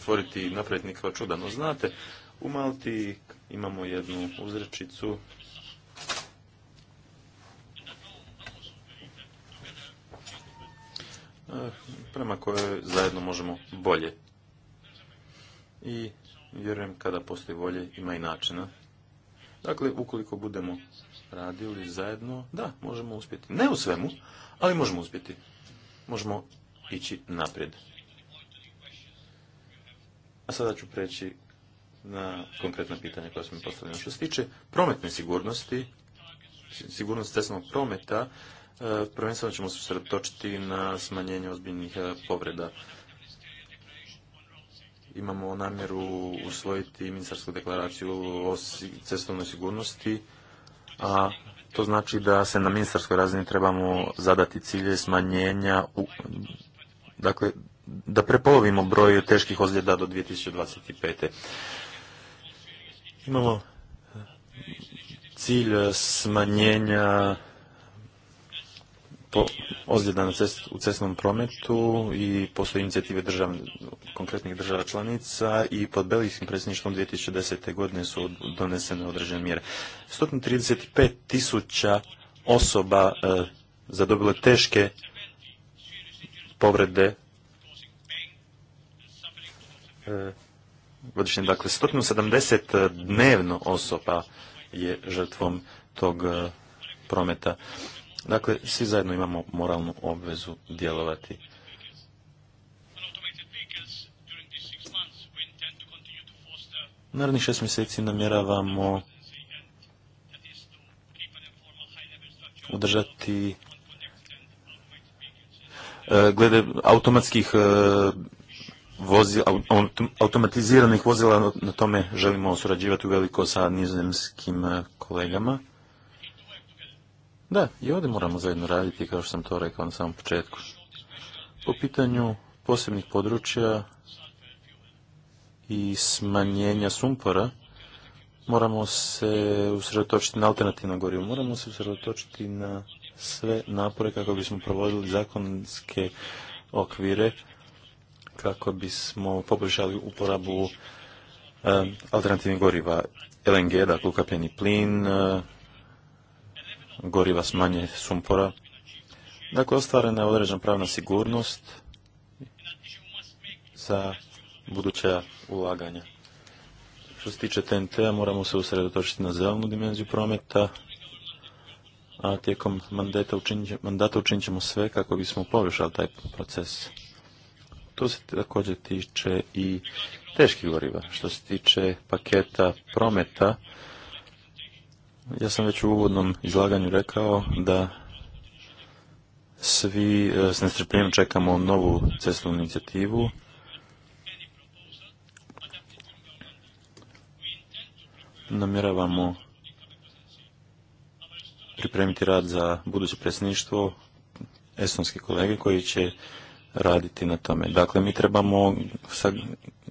stvoriti napraviti nikakva čuda. No znate, u Malti imamo jednu uzrečicu eh, prema kojoj zajedno možemo bolje. I vjerujem kada postoji volje ima i načina Dakle, ukoliko budemo radili zajedno, da, možemo uspjeti. Ne u svemu, ali možemo uspjeti. Možemo ići naprijed. A sada ću preći na konkretna pitanja koja smo mi Što se tiče prometne sigurnosti, sigurnosti cestovnog prometa, eh, prvenstveno ćemo se usredotočiti na smanjenje ozbiljnih eh, povreda imamo namjeru usvojiti ministarsku deklaraciju o cestovnoj sigurnosti, a to znači da se na ministarskoj razini trebamo zadati cilje smanjenja, u, dakle, da prepolovimo broj teških ozljeda do 2025. Imamo eh, cilj eh, smanjenja po, ozljeda u cestnom prometu i postoje inicijative držav, konkretnih država članica i pod belgijskim predsjedništvom 2010. godine su donesene određene mjere. 135 tisuća osoba e, zadobilo teške povrede e, godišnje. Dakle, 170 dnevno osoba je žrtvom tog e, prometa. Dakle, svi zajedno imamo moralnu obvezu djelovati. Narednih šest mjeseci namjeravamo održati e, glede automatskih e, vozila, automatiziranih vozila, na tome želimo surađivati u veliko sa nizozemskim e, kolegama. Da, i ovdje moramo zajedno raditi, kao što sam to rekao na samom početku. Po pitanju posebnih područja i smanjenja sumpora, moramo se usredotočiti na alternativno gorivo, moramo se usredotočiti na sve napore kako bismo provodili zakonske okvire, kako bismo poboljšali uporabu eh, alternativnih goriva, LNG, dakle ukapljeni plin, eh, goriva s manje sumpora. Dakle, ostvarena je određena pravna sigurnost za buduća ulaganja. Što se tiče TNT-a, moramo se usredotočiti na zelenu dimenziju prometa, a tijekom mandata učinit, mandata učinit ćemo sve kako bismo poboljšali taj proces. To se također tiče i teških goriva. Što se tiče paketa prometa, ja sam već u uvodnom izlaganju rekao da svi e, s nestrpljenjem čekamo novu cestovnu inicijativu. Namjeravamo pripremiti rad za buduće predsjedništvo estonske kolege koji će raditi na tome. Dakle, mi trebamo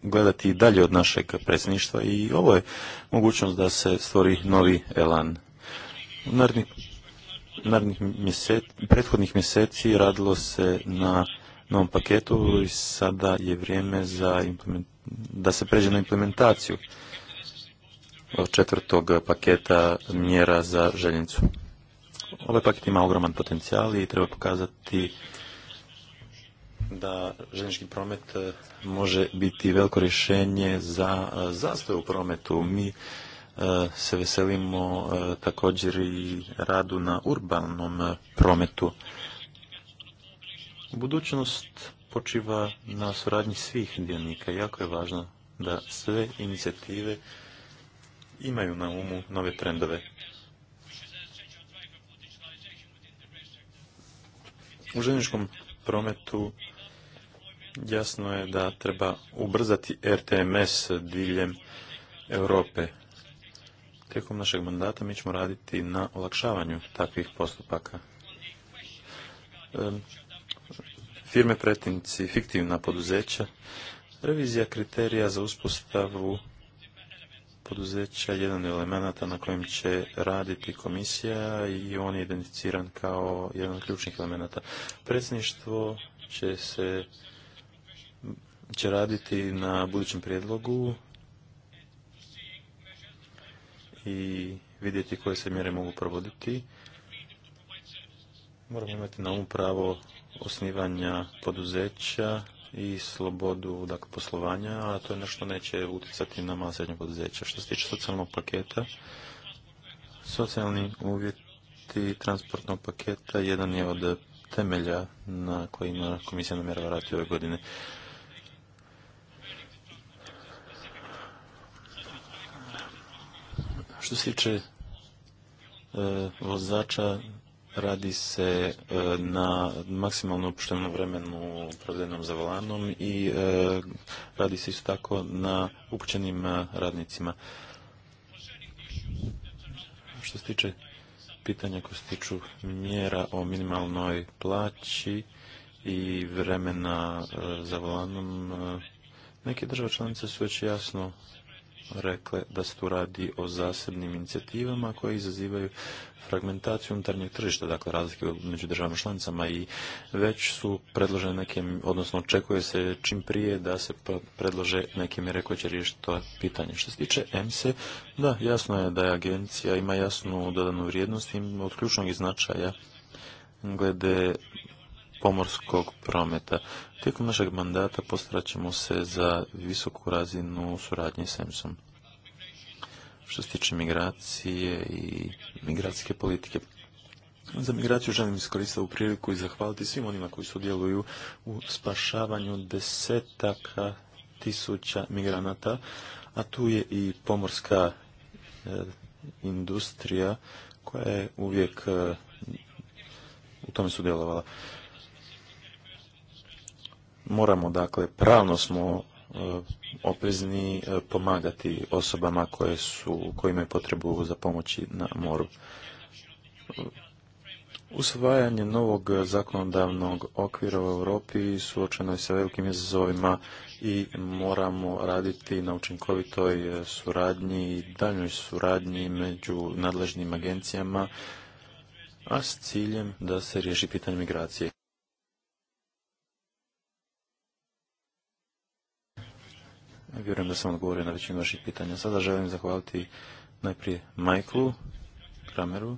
gledati dalje od našeg predsjedništva i ovo je mogućnost da se stvori novi elan. U narednih, narednih prethodnih mjeseci radilo se na novom paketu i sada je vrijeme za da se pređe na implementaciju četvrtog paketa mjera za željenicu. Ovaj paket ima ogroman potencijal i treba pokazati da željeznički promet e, može biti veliko rješenje za e, zastoj u prometu. Mi e, se veselimo također i radu na urbanom prometu. Budućnost počiva na suradnji svih dionika. Jako je važno da sve inicijative imaju na umu nove trendove. U željezničkom prometu Jasno je da treba ubrzati RTMS diljem Europe. Tijekom našeg mandata mi ćemo raditi na olakšavanju takvih postupaka. Firme pretinci, fiktivna poduzeća, revizija kriterija za uspostavu poduzeća jedan od elemenata na kojem će raditi komisija i on je identificiran kao jedan od ključnih elemenata. Predsjedništvo će se će raditi na budućem prijedlogu i vidjeti koje se mjere mogu provoditi. Moramo imati na umu pravo osnivanja poduzeća i slobodu dakle, poslovanja, a to je nešto neće utjecati na malo srednje poduzeća. Što se tiče socijalnog paketa, socijalni uvjeti transportnog paketa jedan je od temelja na kojima komisija namjerava raditi ove godine. Što se tiče e, vozača, radi se e, na maksimalno upuštenom vremenu provedenom za volanom i e, radi se isto tako na upućenim radnicima. Što se tiče pitanja koje se tiču mjera o minimalnoj plaći i vremena za volanom, neke države članice su već jasno rekle da se tu radi o zasebnim inicijativama koje izazivaju fragmentaciju unutarnjeg tržišta, dakle razlike među državama članicama i već su predložene nekim, odnosno očekuje se čim prije da se predlože neke mjere koje će riješiti to pitanje. Što se tiče EMSE, da, jasno je da je agencija ima jasnu dodanu vrijednost i od ključnog značaja glede pomorskog prometa. Tijekom našeg mandata postaraćemo se za visoku razinu suradnje s ems Što se tiče migracije i migracijske politike. Za migraciju želim iskoristiti u priliku i zahvaliti svim onima koji sudjeluju u spašavanju desetaka tisuća migranata, a tu je i pomorska e, industrija koja je uvijek e, u tome sudjelovala. Moramo, dakle, pravno smo e, oprezni e, pomagati osobama koje su, kojima imaju potrebu za pomoći na moru. Usvajanje novog zakonodavnog okvira u Europi suočeno je sa velikim izazovima i moramo raditi na učinkovitoj e, suradnji i daljnjoj suradnji među nadležnim agencijama, a s ciljem da se riješi pitanje migracije. Vjerujem da sam odgovorio na većinu vaših pitanja. Sada želim zahvaliti najprije Majklu, Krameru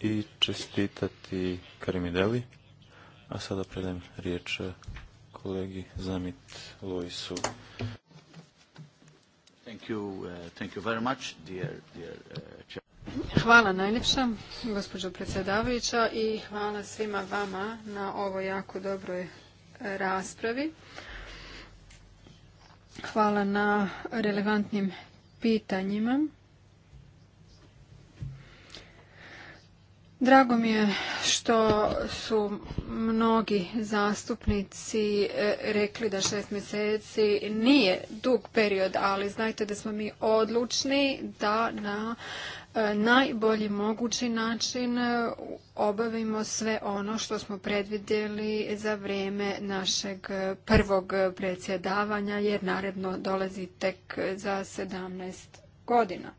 i čestitati Deli. A sada predajem riječ kolegi Zamit Loisu. Hvala najljepša, gospođo predsjedavajuća, i hvala svima vama na ovoj jako dobroj uh, raspravi. Hvala na relevantnim pitanjima. Drago mi je što su mnogi zastupnici e, rekli da šest mjeseci nije dug period, ali znajte da smo mi odlučni da na najbolji mogući način e, obavimo sve ono što smo predvidjeli za vrijeme našeg prvog predsjedavanja, jer naredno dolazi tek za 17 godina.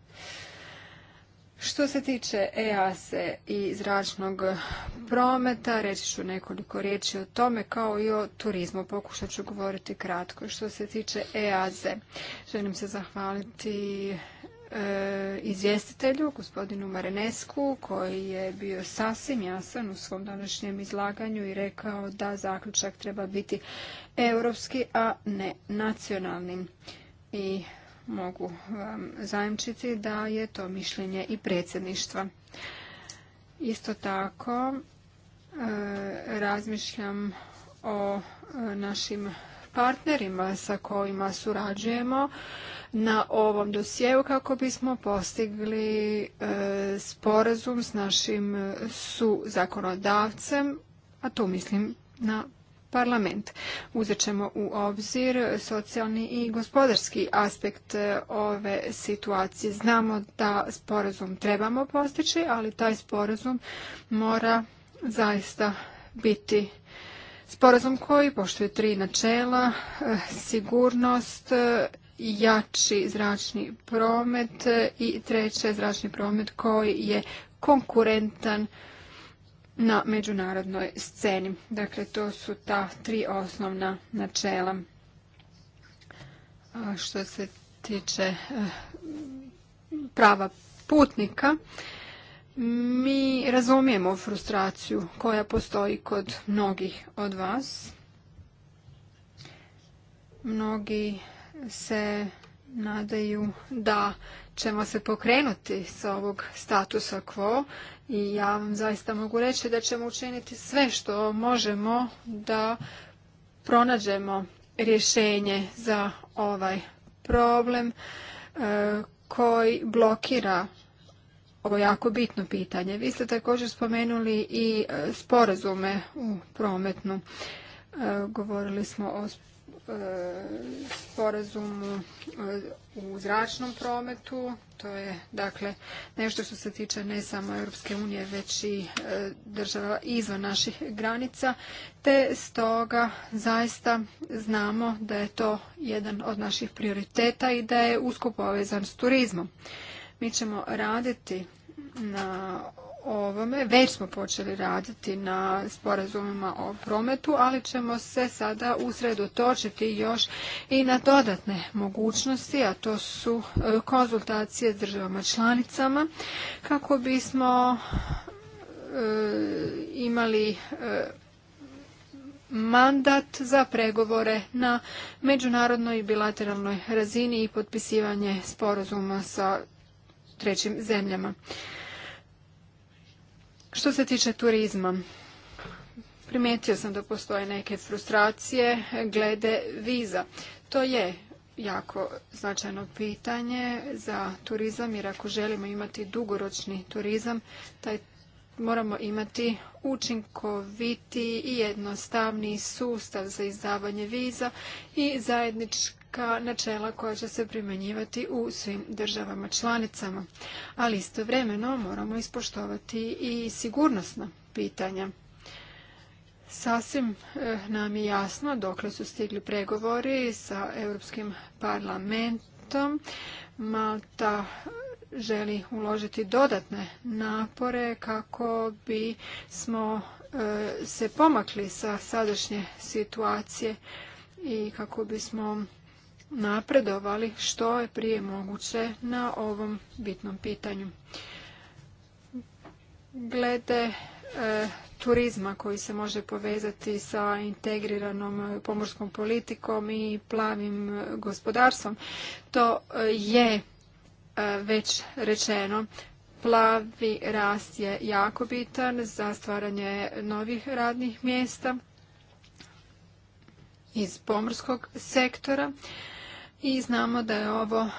Što se tiče EASE i zračnog prometa, reći ću nekoliko riječi o tome, kao i o turizmu. Pokušat ću govoriti kratko. Što se tiče EASE, želim se zahvaliti E, izvjestitelju, gospodinu Marenesku, koji je bio sasvim jasan u svom današnjem izlaganju i rekao da zaključak treba biti europski, a ne nacionalni. I mogu vam zajemčiti da je to mišljenje i predsjedništva. Isto tako e, razmišljam o e, našim partnerima sa kojima surađujemo na ovom dosjeu kako bismo postigli e, sporazum s našim suzakonodavcem, a tu mislim na parlament. Uzet ćemo u obzir socijalni i gospodarski aspekt e, ove situacije. Znamo da sporazum trebamo postići, ali taj sporazum mora zaista biti Sporazum koji poštuje tri načela, e, sigurnost, e, jači zračni promet i treće zračni promet koji je konkurentan na međunarodnoj sceni. Dakle, to su ta tri osnovna načela. Što se tiče e, prava putnika, mi razumijemo frustraciju koja postoji kod mnogih od vas. Mnogi se nadaju da ćemo se pokrenuti sa ovog statusa quo i ja vam zaista mogu reći da ćemo učiniti sve što možemo da pronađemo rješenje za ovaj problem e, koji blokira ovo jako bitno pitanje. Vi ste također spomenuli i e, sporazume u prometnu. E, govorili smo o e, sporazumu u zračnom prometu. To je dakle nešto što se tiče ne samo Europske unije već i država izvan naših granica. Te stoga zaista znamo da je to jedan od naših prioriteta i da je usko povezan s turizmom. Mi ćemo raditi na ovome, već smo počeli raditi na sporazumima o prometu, ali ćemo se sada usredotočiti još i na dodatne mogućnosti, a to su e, konzultacije s državama članicama, kako bismo e, imali e, mandat za pregovore na međunarodnoj i bilateralnoj razini i potpisivanje sporazuma sa trećim zemljama. Što se tiče turizma, primijetio sam da postoje neke frustracije glede viza. To je jako značajno pitanje za turizam jer ako želimo imati dugoročni turizam, taj moramo imati učinkoviti i jednostavni sustav za izdavanje viza i zajednički načela koja će se primjenjivati u svim državama članicama. Ali istovremeno moramo ispoštovati i sigurnosna pitanja. Sasvim eh, nam je jasno dokle su stigli pregovori sa Europskim parlamentom. Malta eh, želi uložiti dodatne napore kako bi smo eh, se pomakli sa sadašnje situacije i kako bismo napredovali što je prije moguće na ovom bitnom pitanju. Glede e, turizma koji se može povezati sa integriranom pomorskom politikom i plavim gospodarstvom, to e, je e, već rečeno. Plavi rast je jako bitan za stvaranje novih radnih mjesta iz pomorskog sektora i znamo da je ovo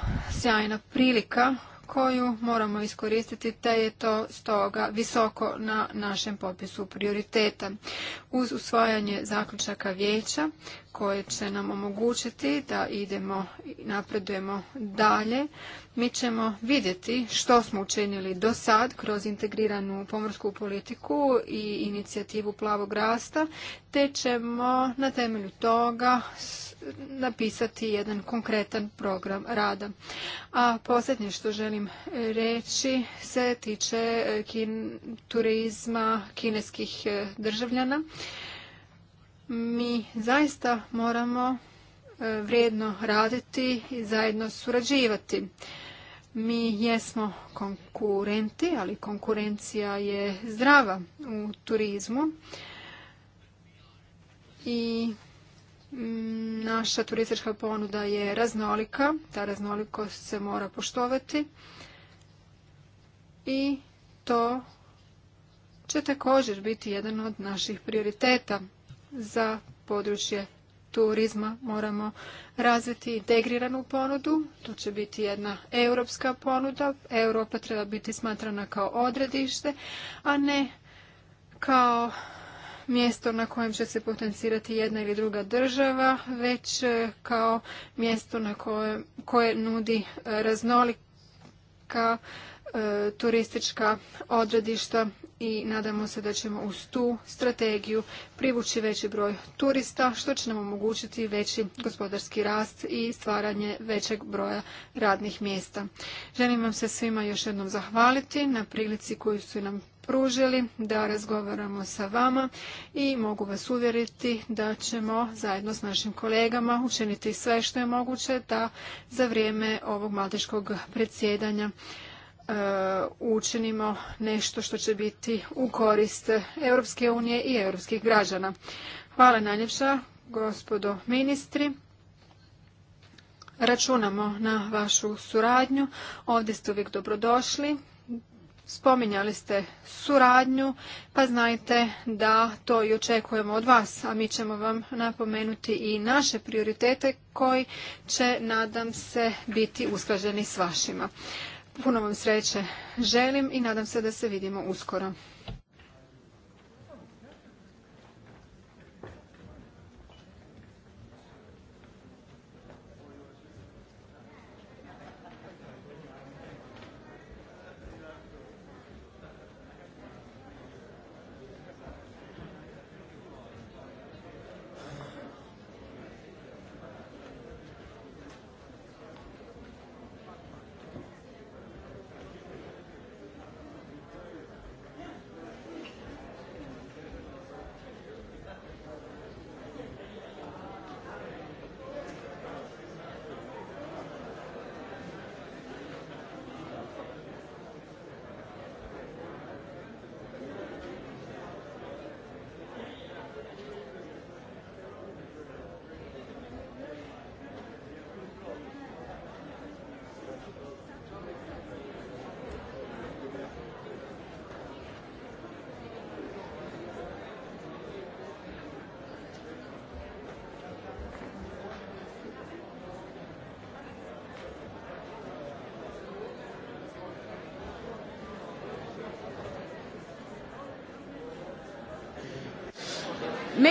sjajna prilika koju moramo iskoristiti te je to stoga visoko na našem popisu prioriteta. Uz usvajanje zaključaka vijeća koje će nam omogućiti da idemo i napredujemo dalje. Mi ćemo vidjeti što smo učinili do sad kroz integriranu pomorsku politiku i inicijativu plavog rasta, te ćemo na temelju toga napisati jedan konkretan program rada. A posljednje što želim reći se tiče e, turizma kineskih e, državljana mi zaista moramo e, vrijedno raditi i zajedno surađivati. Mi jesmo konkurenti, ali konkurencija je zdrava u turizmu i mm, naša turistička ponuda je raznolika, ta raznolikost se mora poštovati i to će također biti jedan od naših prioriteta za područje turizma moramo razviti integriranu ponudu. To će biti jedna europska ponuda. Europa treba biti smatrana kao odredište, a ne kao mjesto na kojem će se potencirati jedna ili druga država, već e, kao mjesto na koje, koje nudi e, raznolika E, turistička odredišta i nadamo se da ćemo uz tu strategiju privući veći broj turista što će nam omogućiti veći gospodarski rast i stvaranje većeg broja radnih mjesta. Želim vam se svima još jednom zahvaliti na prilici koju su nam pružili da razgovaramo sa vama i mogu vas uvjeriti da ćemo zajedno s našim kolegama učiniti sve što je moguće da za vrijeme ovog maldeškog predsjedanja E, učinimo nešto što će biti u korist Europske unije i europskih građana. Hvala najljepša, gospodo ministri. Računamo na vašu suradnju. Ovdje ste uvijek dobrodošli. Spominjali ste suradnju, pa znajte da to i očekujemo od vas, a mi ćemo vam napomenuti i naše prioritete koji će, nadam se, biti usklaženi s vašima. Puno vam sreće želim i nadam se da se vidimo uskoro.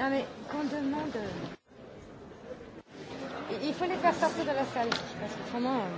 Non ah, mais qu'on demande... Euh, il faut les faire sortir de la salle, parce vraiment. Euh...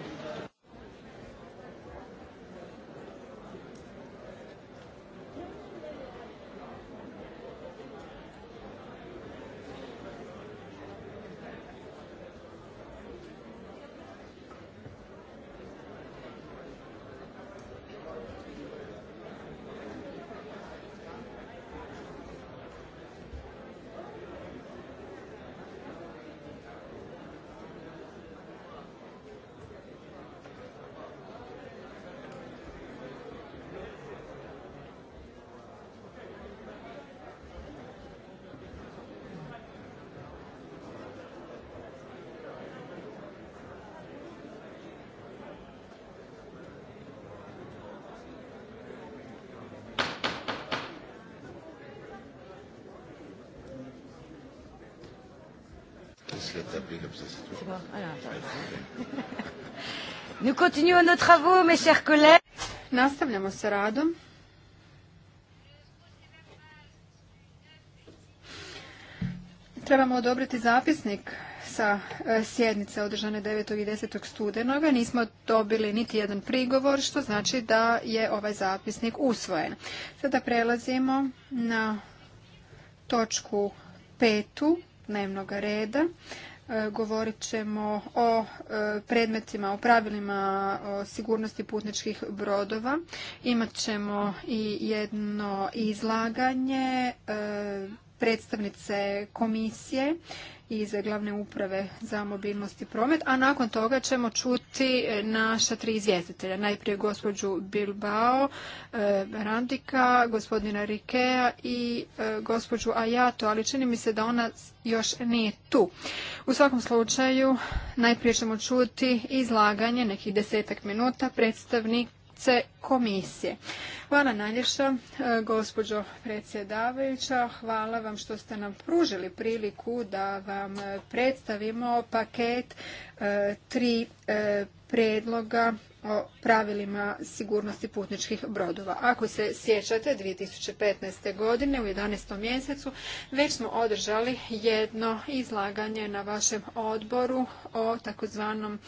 laisse le comme ça, c'est tout. Bon. Alors, ah [LAUGHS] Nous continuons nos travaux, mes chers collègues. Nastavljamo sa radom. Trebamo odobriti zapisnik sa e, sjednice održane 9. i 10. studenoga. Nismo dobili niti jedan prigovor, što znači da je ovaj zapisnik usvojen. Sada prelazimo na točku petu dnevnog reda. E, govorit ćemo o e, predmetima, o pravilima o sigurnosti putničkih brodova. Imat ćemo i jedno izlaganje e, predstavnice komisije iz glavne uprave za mobilnost i promet, a nakon toga ćemo čuti e, naša tri izvjestitelja. Najprije gospođu Bilbao, e, Randika, gospodina Rikea i e, gospođu Ajato, ali čini mi se da ona još nije tu. U svakom slučaju, najprije ćemo čuti izlaganje nekih desetak minuta predstavnik se komisije. Hvala najljepša, e, gospođo predsjedavajuća. Hvala vam što ste nam pružili priliku da vam predstavimo paket e, tri e, predloga o pravilima sigurnosti putničkih brodova. Ako se sjećate, 2015. godine u 11. mjesecu već smo održali jedno izlaganje na vašem odboru o takozvanom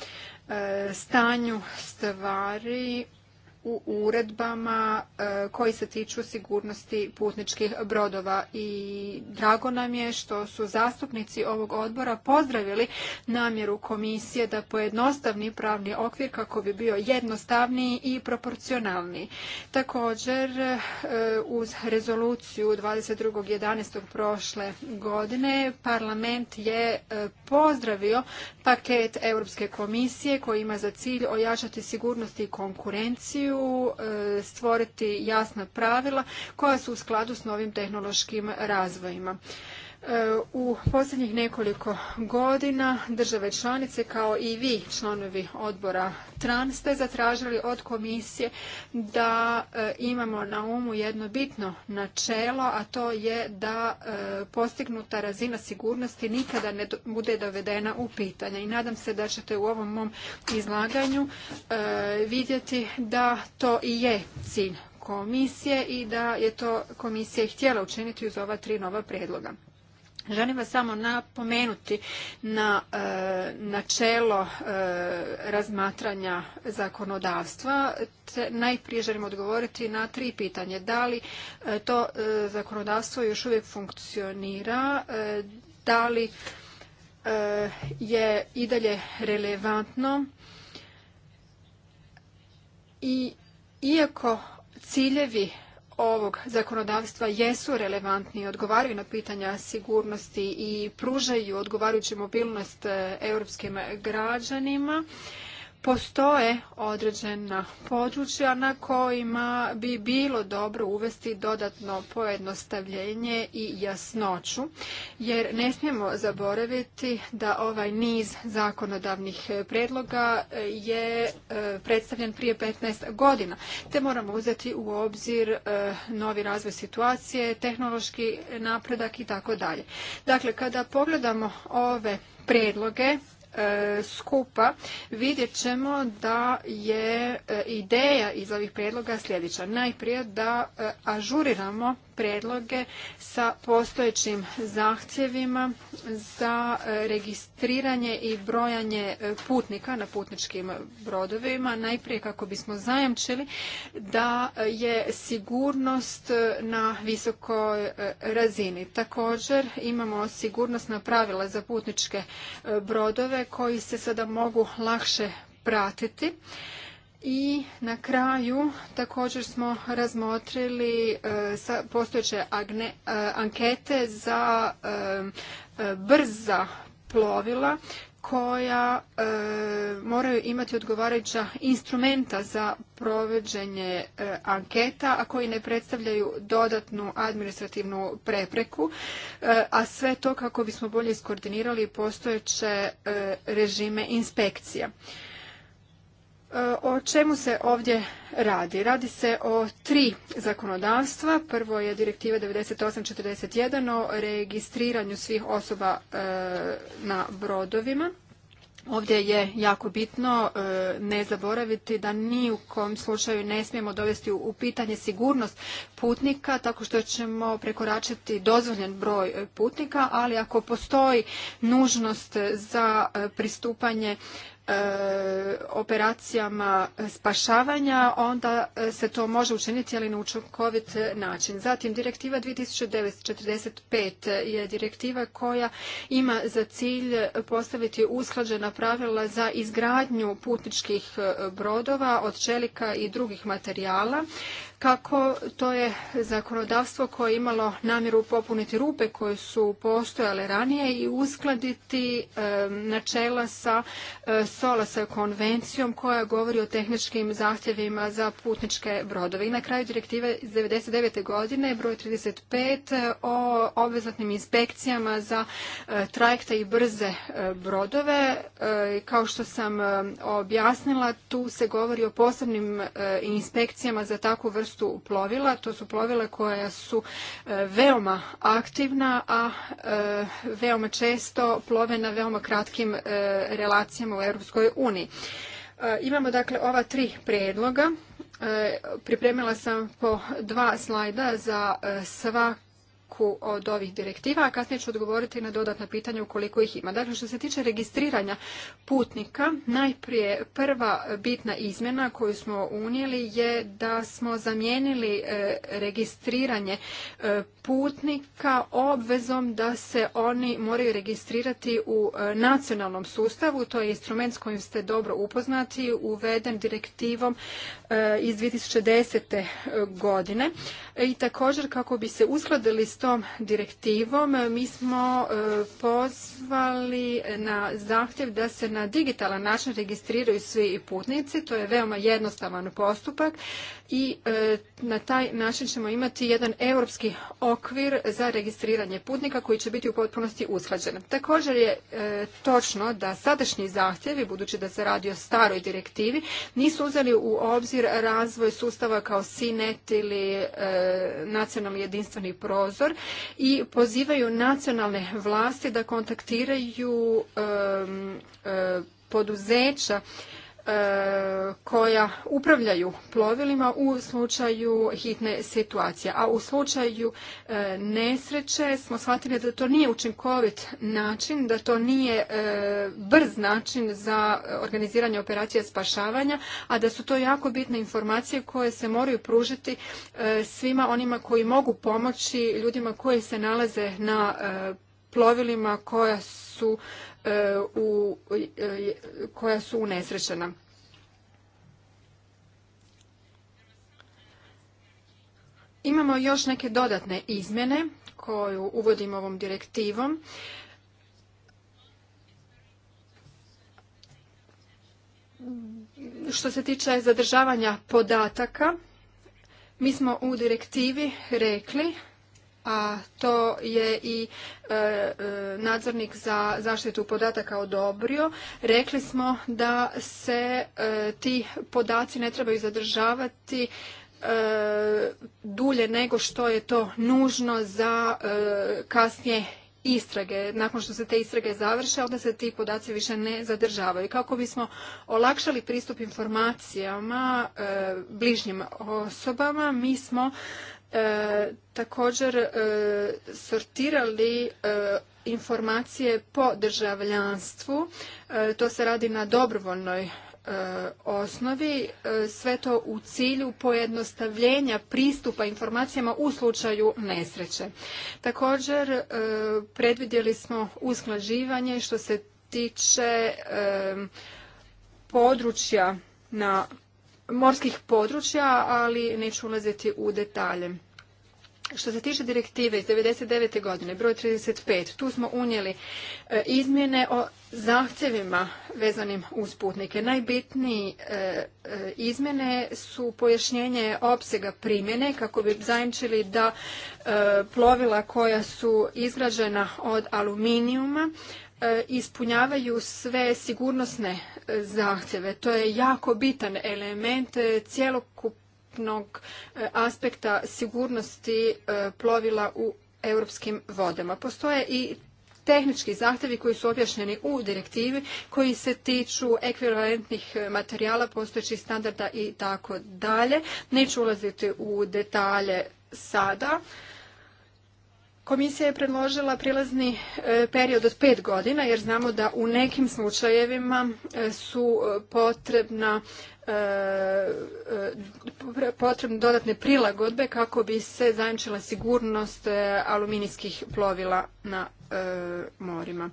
stanju stvari u uredbama e, koji se tiču sigurnosti putničkih brodova i drago nam je što su zastupnici ovog odbora pozdravili namjeru komisije da pojednostavni pravni okvir kako bi bio jednostavniji i proporcionalniji. Također e, uz rezoluciju 22.11. prošle godine parlament je e, pozdravio paket Europske komisije koji ima za cilj ojačati sigurnost i konkurenciju moraju e, stvoriti jasna pravila koja su u skladu s novim tehnološkim razvojima. U posljednjih nekoliko godina države članice kao i vi članovi odbora TRAN ste zatražili od komisije da e, imamo na umu jedno bitno načelo, a to je da e, postignuta razina sigurnosti nikada ne bude dovedena u pitanje. I nadam se da ćete u ovom mom izlaganju e, vidjeti da to i je cilj komisije i da je to komisija i htjela učiniti uz ova tri nova prijedloga. Želim vas samo napomenuti na e, načelo e, razmatranja zakonodavstva. najprije želim odgovoriti na tri pitanje. Da li e, to zakonodavstvo još uvijek funkcionira? Da li je i dalje relevantno? I iako ciljevi ovog zakonodavstva jesu relevantni i odgovaraju na pitanja sigurnosti i pružaju odgovarajuću mobilnost eh, europskim građanima postoje određena područja na kojima bi bilo dobro uvesti dodatno pojednostavljenje i jasnoću, jer ne smijemo zaboraviti da ovaj niz zakonodavnih predloga je e, predstavljen prije 15 godina, te moramo uzeti u obzir e, novi razvoj situacije, tehnološki napredak i tako dalje. Dakle, kada pogledamo ove predloge E, skupa vidjet ćemo da je e, ideja iz ovih prijedloga sljedeća. Najprije da e, ažuriramo predloge sa postojećim zahtjevima za e, registriranje i brojanje e, putnika na putničkim brodovima. Najprije kako bismo zajamčili da e, je sigurnost na visokoj razini. Također imamo sigurnosna pravila za putničke brodove koji se sada mogu lakše pratiti i na kraju također smo razmotrili e, postojeće e, ankete za e, brza plovila koja moraju imati odgovarajuća instrumenta za provođenje anketa, a koji ne predstavljaju dodatnu administrativnu prepreku, a sve to kako bismo bolje iskoordinirali postojeće režime inspekcija. O čemu se ovdje radi? Radi se o tri zakonodavstva. Prvo je direktiva 9841 o registriranju svih osoba e, na brodovima. Ovdje je jako bitno e, ne zaboraviti da ni u kom slučaju ne smijemo dovesti u pitanje sigurnost putnika tako što ćemo prekoračiti dozvoljen broj e, putnika, ali ako postoji nužnost za pristupanje E, operacijama spašavanja, onda se to može učiniti, ali na učinkovit način. Zatim, direktiva 2945 je direktiva koja ima za cilj postaviti usklađena pravila za izgradnju putničkih brodova od čelika i drugih materijala kako to je zakonodavstvo koje je imalo namjeru popuniti rupe koje su postojale ranije i uskladiti načela sa e, solas konvencijom koja govori o tehničkim zahtjevima za putničke brodove. I na kraju direktive iz 1999. godine broj 35 e, o obvezatnim inspekcijama za e, trajekte i brze brodove. Kao što sam objasnila, tu se govori o posebnim inspekcijama za takvu vrstu vrstu plovila. To su plovila koja su e, veoma aktivna, a e, veoma često plove na veoma kratkim e, relacijama u Europskoj uniji. Imamo dakle ova tri prijedloga. Pripremila sam po dva slajda za svak od ovih direktiva, a kasnije ću odgovoriti na dodatna pitanja ukoliko ih ima. Dakle, što se tiče registriranja putnika, najprije prva bitna izmjena koju smo unijeli je da smo zamijenili e, registriranje e, putnika obvezom da se oni moraju registrirati u e, nacionalnom sustavu. To je instrument s kojim ste dobro upoznati, uveden direktivom iz 2010. godine i također kako bi se uskladili s tom direktivom mi smo e, pozvali na zahtjev da se na digitalan način registriraju svi putnici. To je veoma jednostavan postupak i e, na taj način ćemo imati jedan europski okvir za registriranje putnika koji će biti u potpunosti usklađen. Također je e, točno da sadašnji zahtjevi, budući da se radi o staroj direktivi, nisu uzeli u obzir razvoj sustava kao SINET ili e, nacionalni jedinstveni prozor i pozivaju nacionalne vlasti da kontaktiraju poduzeća E, koja upravljaju plovilima u slučaju hitne situacije. A u slučaju e, nesreće smo shvatili da to nije učinkovit način, da to nije e, brz način za organiziranje operacije spašavanja, a da su to jako bitne informacije koje se moraju pružiti svima onima koji mogu pomoći ljudima koji se nalaze na plovilima koja su E, koja su unesrećena. Imamo još neke dodatne izmjene koju uvodimo ovom direktivom. Što se tiče zadržavanja podataka, mi smo u direktivi rekli a to je i e, e, nadzornik za zaštitu podataka odobrio. Rekli smo da se e, ti podaci ne trebaju zadržavati dulje nego što je to nužno za kasnije istrage. Nakon što se te istrage završe, onda se ti podaci više ne zadržavaju. Kako bismo olakšali pristup informacijama bližnjim osobama, mi smo E, također e, sortirali e, informacije po državljanstvu. To se radi na dobrovoljnoj osnovi. Sve to u cilju pojednostavljenja pristupa informacijama u slučaju nesreće. Također predvidjeli smo usklađivanje što se tiče područja na morskih područja, ali neću ulaziti u detalje. Što se tiče direktive iz 1999. godine, broj 35, tu smo unijeli e, izmjene o zahtjevima vezanim uz putnike. Najbitnije e, izmjene su pojašnjenje opsega primjene kako bi zajemčili da e, plovila koja su izgrađena od aluminijuma E, ispunjavaju sve sigurnosne e, zahtjeve. To je jako bitan element e, cjelokupnog aspekta sigurnosti plovila u europskim vodama. Postoje i tehnički zahtjevi koji su objašnjeni u direktivi koji se tiču ekvivalentnih materijala, postojećih standarda i tako dalje. Neću ulaziti u detalje sada. Komisija je predložila prilazni e, period od pet godina jer znamo da u nekim slučajevima e, su e, potrebne dodatne prilagodbe kako bi se zajamčila sigurnost aluminijskih plovila na morima.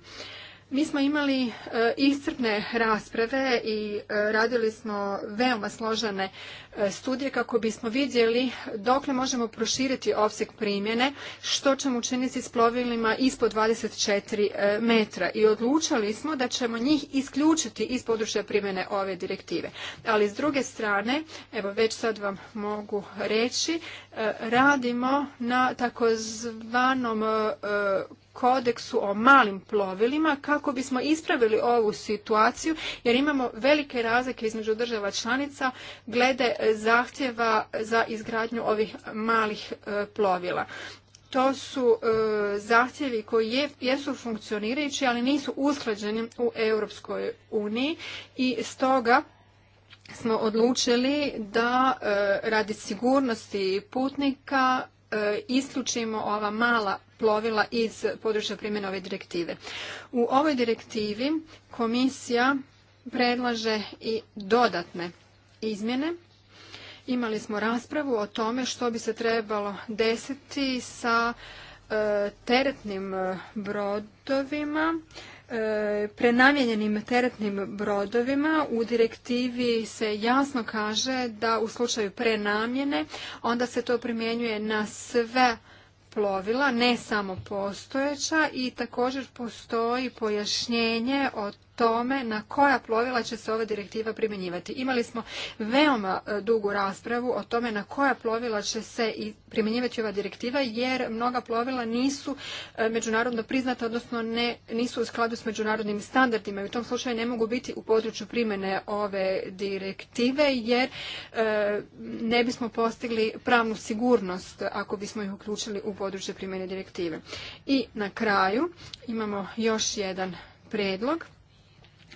Mi smo imali e, iscrpne rasprave i e, radili smo veoma složene e, studije kako bismo vidjeli dokle možemo proširiti opseg primjene, što ćemo učiniti s plovilima ispod 24 metra i odlučili smo da ćemo njih isključiti iz područja primjene ove direktive. Ali s druge strane, evo već sad vam mogu reći, radimo na takozvanom kodeksu o malim plovilima kako bismo ispravili ovu situaciju jer imamo velike razlike između država članica glede zahtjeva za izgradnju ovih malih e, plovila. To su e, zahtjevi koji jesu funkcionirajući, ali nisu usklađeni u Europskoj uniji i stoga smo odlučili da e, radi sigurnosti putnika isključimo ova mala plovila iz područja primjene ove direktive. U ovoj direktivi komisija predlaže i dodatne izmjene imali smo raspravu o tome što bi se trebalo desiti sa e, teretnim e, brodovima, e, prenamjenjenim teretnim brodovima. U direktivi se jasno kaže da u slučaju prenamjene onda se to primjenjuje na sve plovila, ne samo postojeća i također postoji pojašnjenje od tome na koja plovila će se ova direktiva primjenjivati. Imali smo veoma e, dugu raspravu o tome na koja plovila će se i primjenjivati ova direktiva jer mnoga plovila nisu e, međunarodno priznata, odnosno ne, nisu u skladu s međunarodnim standardima i u tom slučaju ne mogu biti u području primjene ove direktive jer e, ne bismo postigli pravnu sigurnost ako bismo ih uključili u područje primjene direktive. I na kraju imamo još jedan predlog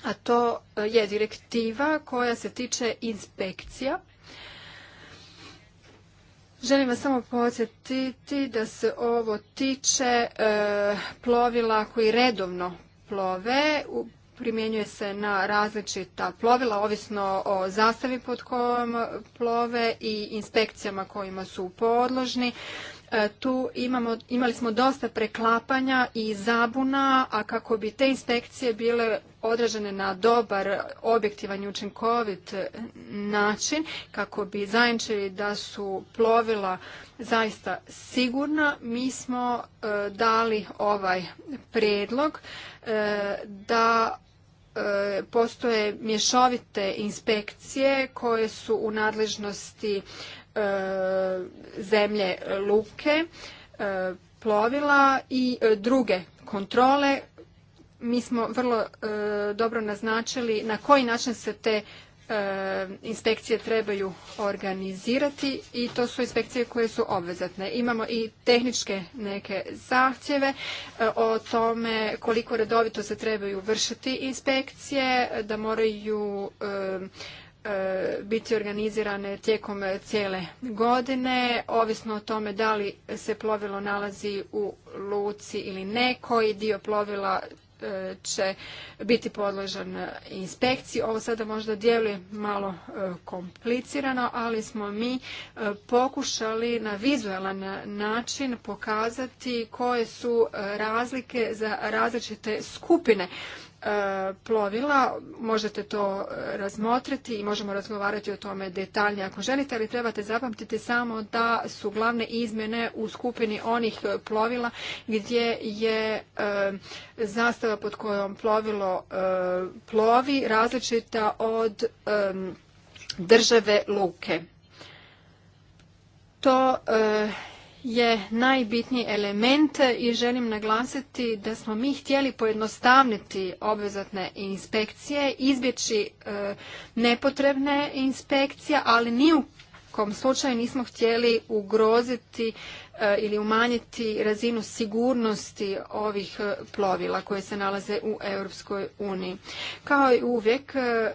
a to e, je direktiva koja se tiče inspekcija. Želim vas samo podsjetiti da se ovo tiče e, plovila koji redovno plove, primjenjuje se na različita plovila, ovisno o zastavi pod kojom plove i inspekcijama kojima su podložni. E, tu imamo, imali smo dosta preklapanja i zabuna, a kako bi te inspekcije bile odražene na dobar, objektivan i učinkovit e, način, kako bi zajemčili da su plovila zaista sigurna, mi smo e, dali ovaj predlog da postoje mješovite inspekcije koje su u nadležnosti E, zemlje luke, e, plovila i e, druge kontrole. Mi smo vrlo dobro naznačili na koji način se te inspekcije trebaju organizirati i to su inspekcije koje su obvezatne. Imamo i tehničke neke zahtjeve o tome koliko redovito se trebaju vršiti inspekcije, da moraju E, biti organizirane tijekom cijele godine, ovisno o tome da li se plovilo nalazi u luci ili ne, koji dio plovila e, će biti podložan inspekciji. Ovo sada možda djeluje malo e, komplicirano, ali smo mi pokušali na vizualan način pokazati koje su razlike za različite skupine E, plovila, možete to razmotriti i možemo razgovarati o tome detaljnije ako želite, ali trebate zapamtiti samo da su glavne izmjene u skupini onih plovila gdje je e, zastava pod kojom plovilo e, plovi različita od države luke. To je najbitniji element i želim naglasiti da smo mi htjeli pojednostavniti obvezatne inspekcije, izbjeći e, nepotrebne inspekcije, ali ni u kom slučaju nismo htjeli ugroziti E, ili umanjiti razinu sigurnosti ovih e, plovila koje se nalaze u Europskoj uniji. Kao i uvijek e,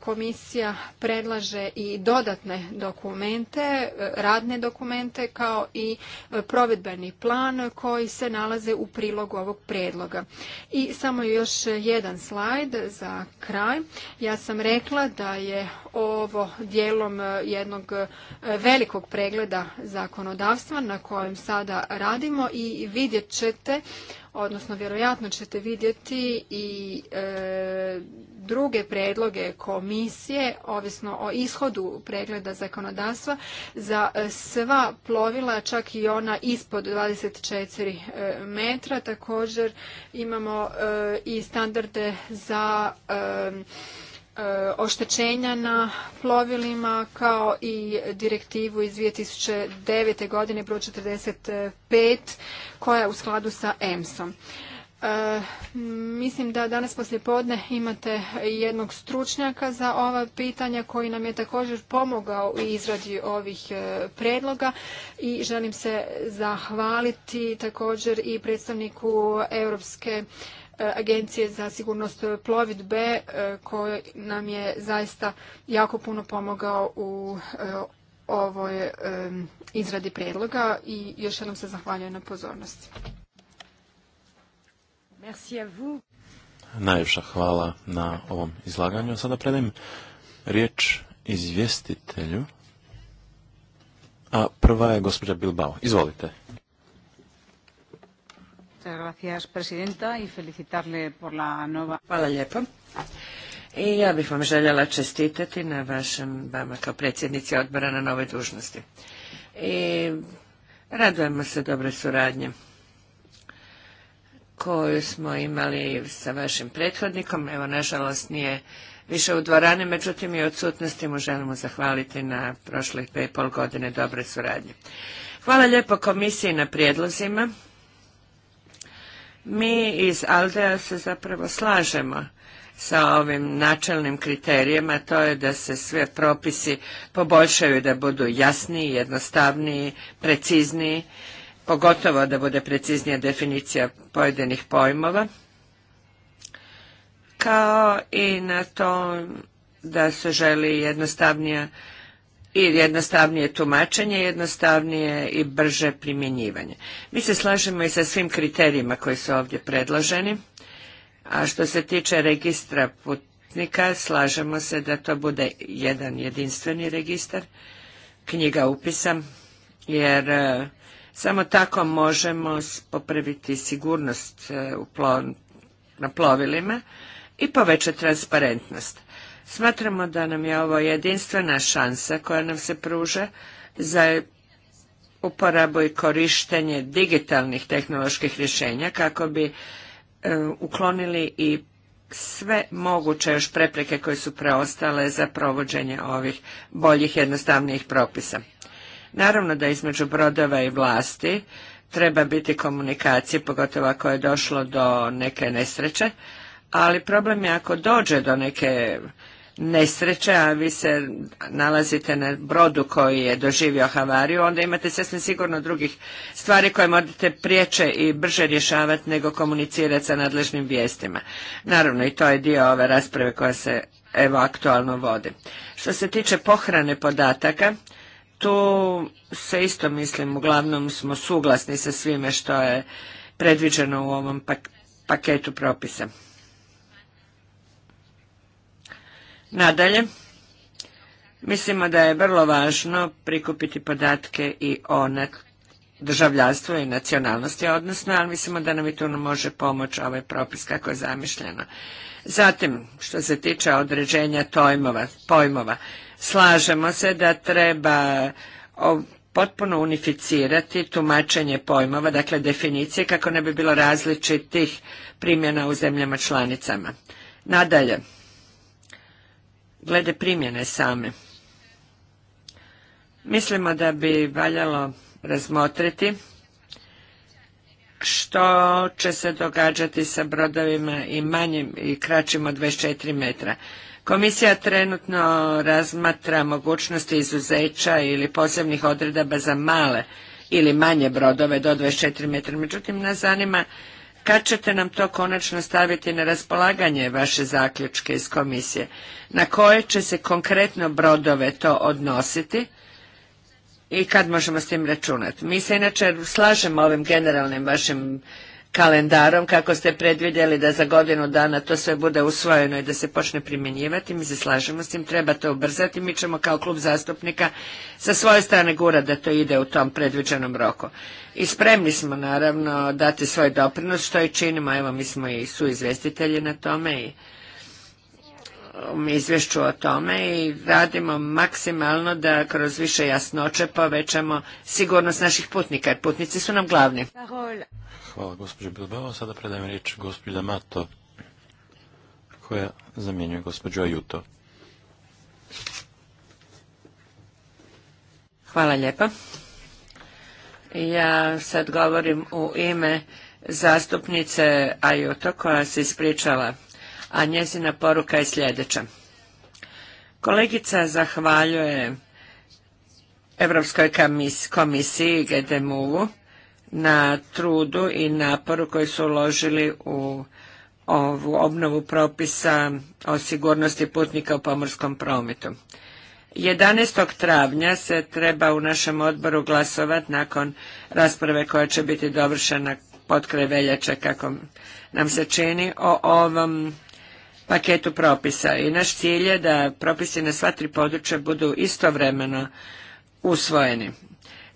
komisija predlaže i dodatne dokumente, radne dokumente kao i provedbeni plan koji se nalaze u prilogu ovog predloga. I samo još jedan slajd za kraj. Ja sam rekla da je ovo dijelom jednog velikog pregleda zakonodavstva na kojem sada radimo i vidjet ćete, odnosno vjerojatno ćete vidjeti i e, druge predloge komisije, ovisno o ishodu pregleda zakonodavstva, za e, sva plovila, čak i ona ispod 24 e, metra. Također imamo i standarde za E, oštećenja na plovilima kao i direktivu iz 2009. godine broj 45 koja je u skladu sa EMS-om. E, mislim da danas poslijepodne imate jednog stručnjaka za ova pitanja koji nam je također pomogao u izradi ovih e, predloga i želim se zahvaliti također i predstavniku Europske Agencije za sigurnost plovidbe e, koji nam je zaista jako puno pomogao u e, ovoj e, izradi predloga. i još jednom se zahvaljujem na pozornosti. Merci Najljepša hvala na ovom izlaganju. Sada predajem riječ izvjestitelju. A prva je gospođa Bilbao. Izvolite. Hvala lijepo. I ja bih vam željela čestitati na vašem, vama kao predsjednici odbora na nove dužnosti. I radujemo se dobre suradnje koju smo imali sa vašim prethodnikom. Evo, nažalost, nije više u dvorani, međutim i odsutnosti mu želimo zahvaliti na prošlih pet i pol godine dobre suradnje. Hvala lijepo komisiji na prijedlozima mi iz Aldea se zapravo slažemo sa ovim načelnim kriterijima, to je da se sve propisi poboljšaju, da budu jasniji, jednostavniji, precizniji, pogotovo da bude preciznija definicija pojedinih pojmova, kao i na to da se želi jednostavnija i jednostavnije tumačenje, jednostavnije i brže primjenjivanje. Mi se slažemo i sa svim kriterijima koji su ovdje predloženi, a što se tiče registra putnika, slažemo se da to bude jedan jedinstveni registar, knjiga upisa, jer e, samo tako možemo popraviti sigurnost e, na plovilima i povećati transparentnost. Smatramo da nam je ovo jedinstvena šansa koja nam se pruža za uporabu i korištenje digitalnih tehnoloških rješenja kako bi e, uklonili i sve moguće još prepreke koje su preostale za provođenje ovih boljih, jednostavnijih propisa. Naravno da između brodova i vlasti treba biti komunikacije, pogotovo ako je došlo do neke nesreće, ali problem je ako dođe do neke nesreće, a vi se nalazite na brodu koji je doživio havariju, onda imate sasvim sigurno drugih stvari koje morate prijeće i brže rješavati nego komunicirati sa nadležnim vijestima. Naravno i to je dio ove rasprave koja se evo aktualno vodi. Što se tiče pohrane podataka, tu se isto mislim, uglavnom smo suglasni sa svime što je predviđeno u ovom paketu propisa. Nadalje, mislimo da je vrlo važno prikupiti podatke i o državljanstvu i nacionalnosti, odnosno, ali mislimo da nam i tu može pomoći ovaj propis kako je zamišljeno. Zatim, što se tiče određenja pojmova, slažemo se da treba potpuno unificirati tumačenje pojmova, dakle definicije, kako ne bi bilo različitih primjena u zemljama članicama. Nadalje, glede primjene same. Mislimo da bi valjalo razmotriti što će se događati sa brodovima i manjim i kraćim od 24 metra. Komisija trenutno razmatra mogućnosti izuzeća ili posebnih odredaba za male ili manje brodove do 24 metra. Međutim, nas zanima kad ćete nam to konačno staviti na raspolaganje vaše zaključke iz komisije? Na koje će se konkretno brodove to odnositi? I kad možemo s tim računati? Mi se inače slažemo ovim generalnim vašim kalendarom kako ste predvidjeli da za godinu dana to sve bude usvojeno i da se počne primjenjivati. Mi se slažemo s tim, treba to ubrzati. Mi ćemo kao klub zastupnika sa svoje strane gura da to ide u tom predviđenom roku. I spremni smo naravno dati svoj doprinos što i činimo. Evo mi smo i suizvestitelji na tome i um, izvješću o tome i radimo maksimalno da kroz više jasnoće povećamo sigurnost naših putnika jer putnici su nam glavni. Hvala gospođo Bilbao. Sada predajem riječ gospođu Damato koja zamjenjuje gospođu Ajuto. Hvala lijepa. Ja sad govorim u ime zastupnice Ajuto koja se ispričala, a njezina poruka je sljedeća. Kolegica zahvaljuje Europskoj komisiji GDMU-u na trudu i naporu koji su uložili u ovu obnovu propisa o sigurnosti putnika u pomorskom prometu. 11. travnja se treba u našem odboru glasovati nakon rasprave koja će biti dovršena kraj veljače kako nam se čini o ovom paketu propisa. I naš cilj je da propisi na sva tri područja budu istovremeno usvojeni.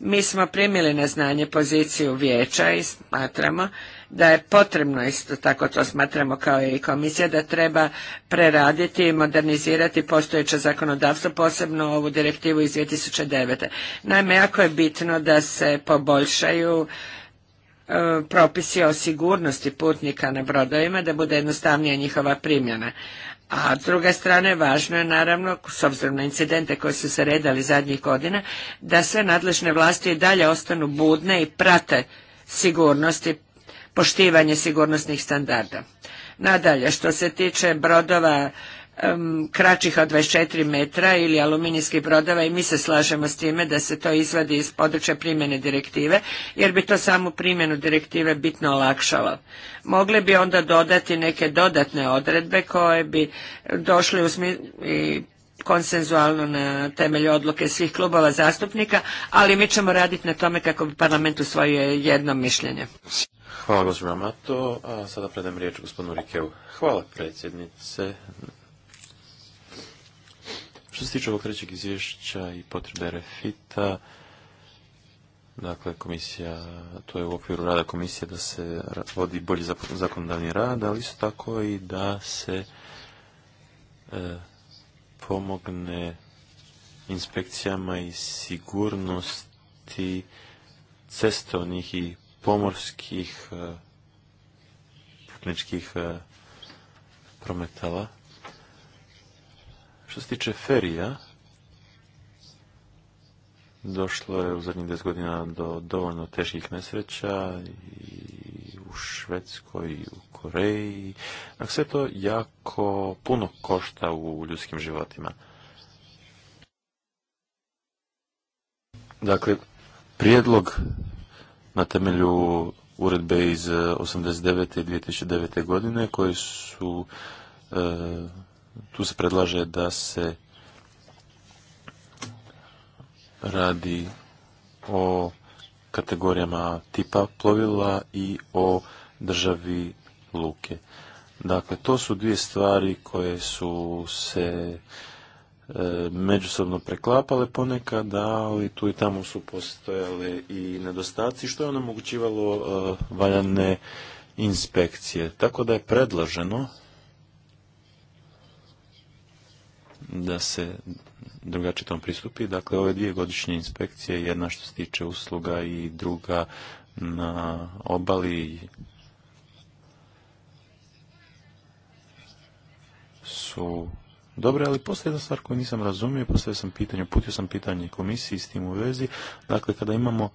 Mi smo primili na znanje poziciju vijeća i smatramo da je potrebno, isto tako to smatramo kao i komisija, da treba preraditi i modernizirati postojeće zakonodavstvo, posebno ovu direktivu iz 2009. Naime, jako je bitno da se poboljšaju e, propisi o sigurnosti putnika na brodovima, da bude jednostavnija njihova primjena. A s druge strane, važno je naravno, s obzirom na incidente koji su se redali zadnjih godina, da sve nadležne vlasti i dalje ostanu budne i prate sigurnosti, poštivanje sigurnosnih standarda. Nadalje, što se tiče brodova kraćih od 24 metra ili aluminijskih brodova i mi se slažemo s time da se to izvadi iz područja primjene direktive jer bi to samu primjenu direktive bitno olakšalo. Mogli bi onda dodati neke dodatne odredbe koje bi došle u i konsenzualno na temelju odluke svih klubova zastupnika, ali mi ćemo raditi na tome kako bi parlament usvojio jedno mišljenje. Hvala gospođo Amato, sada predajem riječ gospodinu Rikeu. Hvala predsjednice. Što se tiče ovog trećeg izvješća i potrebe refita, dakle, komisija, to je u okviru rada komisije da se vodi bolji zakonodavni rad, ali isto tako i da se e, pomogne inspekcijama i sigurnosti cestovnih i pomorskih e, putničkih e, prometala što se tiče ferija, došlo je u zadnjih 10 godina do dovoljno teških nesreća i u Švedskoj i u Koreji. Dakle, sve to jako puno košta u ljudskim životima. Dakle, prijedlog na temelju uredbe iz 89. i 2009. godine koje su e, tu se predlaže da se radi o kategorijama tipa plovila i o državi luke. Dakle, to su dvije stvari koje su se e, međusobno preklapale ponekad, ali tu i tamo su postojale i nedostaci, što je onemogućivalo e, valjane inspekcije. Tako da je predloženo da se drugačije tom pristupi. Dakle, ove dvije godišnje inspekcije, jedna što se tiče usluga i druga na obali su dobre, ali postoje jedna stvar koju nisam razumio, postavio sam pitanje, putio sam pitanje komisiji s tim u vezi. Dakle, kada imamo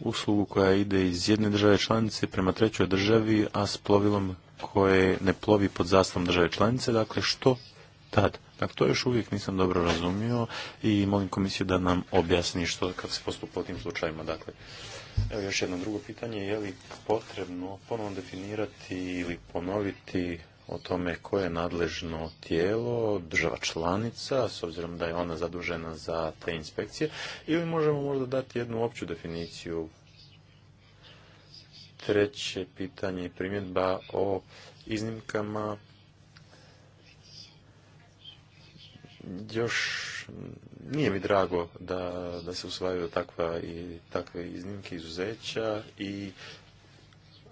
uslugu koja ide iz jedne države članice prema trećoj državi, a s plovilom koje ne plovi pod zastavom države članice, dakle što tad? Dakle, to još uvijek nisam dobro razumio i molim komisiju da nam objasni što kad se postupa u tim slučajima. Dakle, evo još jedno drugo pitanje, je li potrebno ponovno definirati ili ponoviti o tome koje je nadležno tijelo, država članica, s obzirom da je ona zadužena za te inspekcije, ili možemo možda dati jednu opću definiciju treće pitanje i primjedba o iznimkama. Još nije mi drago da, da se usvajaju takva i takve iznimke izuzeća i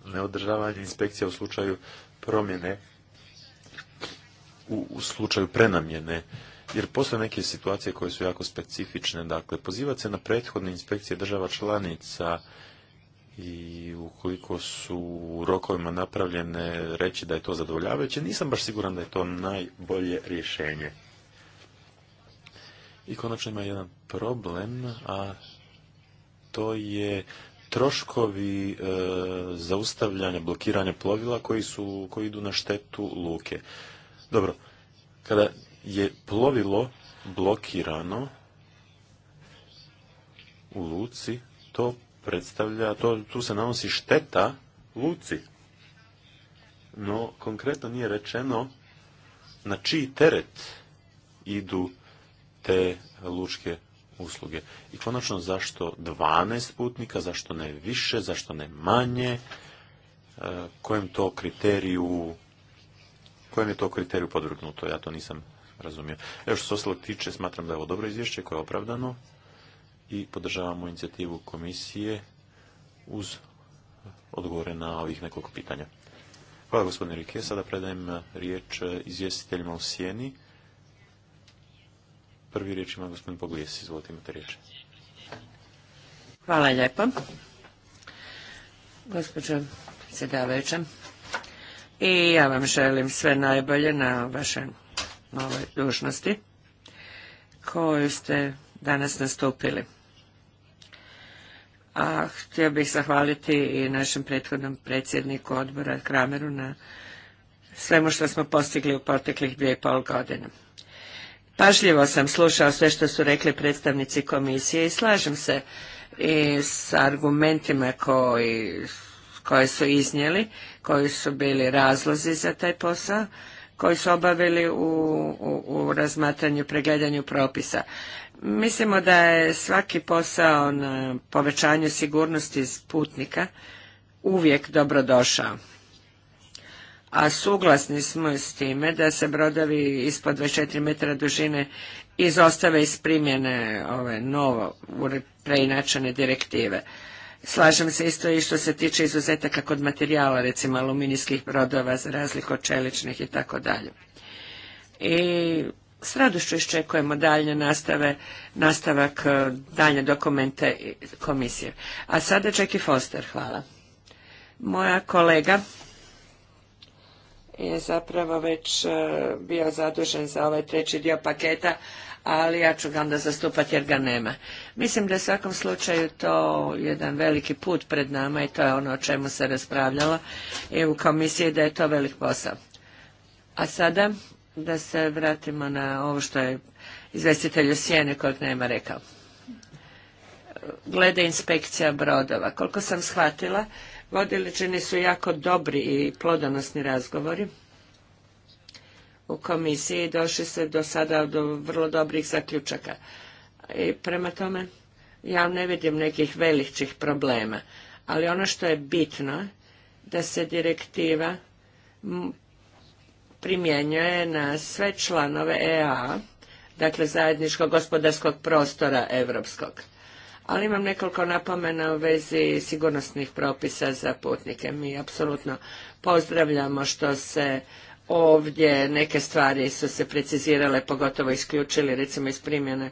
neodržavanje inspekcija u slučaju promjene u, u slučaju prenamjene jer postoje neke situacije koje su jako specifične. Dakle, pozivati se na prethodne inspekcije država članica i ukoliko su u rokovima napravljene reći da je to zadovoljavajuće, nisam baš siguran da je to najbolje rješenje. I konačno ima jedan problem, a to je troškovi e, zaustavljanja, blokiranja plovila koji, su, koji idu na štetu luke. Dobro, kada je plovilo blokirano u luci, to predstavlja, to, tu se nanosi šteta luci. No, konkretno nije rečeno na čiji teret idu te lučke usluge. I konačno, zašto 12 putnika, zašto ne više, zašto ne manje, e, kojem to kriteriju kojem je to kriteriju podvrgnuto, ja to nisam razumio. Evo što se ostalo tiče, smatram da je ovo dobro izvješće koje je opravdano i podržavamo inicijativu komisije uz odgovore na ovih nekoliko pitanja. Hvala gospodine Rike. Sada predajem eh, riječ eh, izvjestiteljima u Sijeni. Prvi riječ ima gospodin Poglijes. Izvolite imate riječ. Hvala lijepo. Gospođo predsjedavajuća, i ja vam želim sve najbolje na vaše nove dužnosti koju ste danas nastupili a htio bih zahvaliti i našem prethodnom predsjedniku odbora Krameru na svemu što smo postigli u proteklih dvije i pol godine. Pažljivo sam slušao sve što su rekli predstavnici komisije i slažem se i s argumentima koji, koje su iznijeli, koji su bili razlozi za taj posao, koji su obavili u, u razmatranju, pregledanju propisa. Mislimo da je svaki posao na povećanju sigurnosti putnika uvijek dobrodošao. A suglasni smo s time da se brodovi ispod 24 metra dužine izostave iz primjene ove novo preinačene direktive. Slažem se isto i što se tiče izuzetaka kod materijala, recimo aluminijskih brodova za razliku od čeličnih i tako dalje. I s radošću iščekujemo daljnje nastave, nastavak e, daljnje dokumente komisije. A sada Jackie Foster, hvala. Moja kolega je zapravo već e, bio zadužen za ovaj treći dio paketa, ali ja ću ga onda zastupati jer ga nema. Mislim da je u svakom slučaju to jedan veliki put pred nama i to je ono o čemu se raspravljalo i u komisiji da je to velik posao. A sada da se vratimo na ovo što je izvestitelj Sjene kojeg nema rekao. Glede inspekcija brodova. Koliko sam shvatila, vodiličeni su jako dobri i plodonosni razgovori u komisiji došli se do sada do vrlo dobrih zaključaka. I prema tome, ja ne vidim nekih velikih problema. Ali ono što je bitno, da se direktiva primjenjuje na sve članove EA, dakle zajedničkog gospodarskog prostora europskog. Ali imam nekoliko napomena u vezi sigurnosnih propisa za putnike. Mi apsolutno pozdravljamo što se ovdje neke stvari su se precizirale, pogotovo isključili recimo iz primjene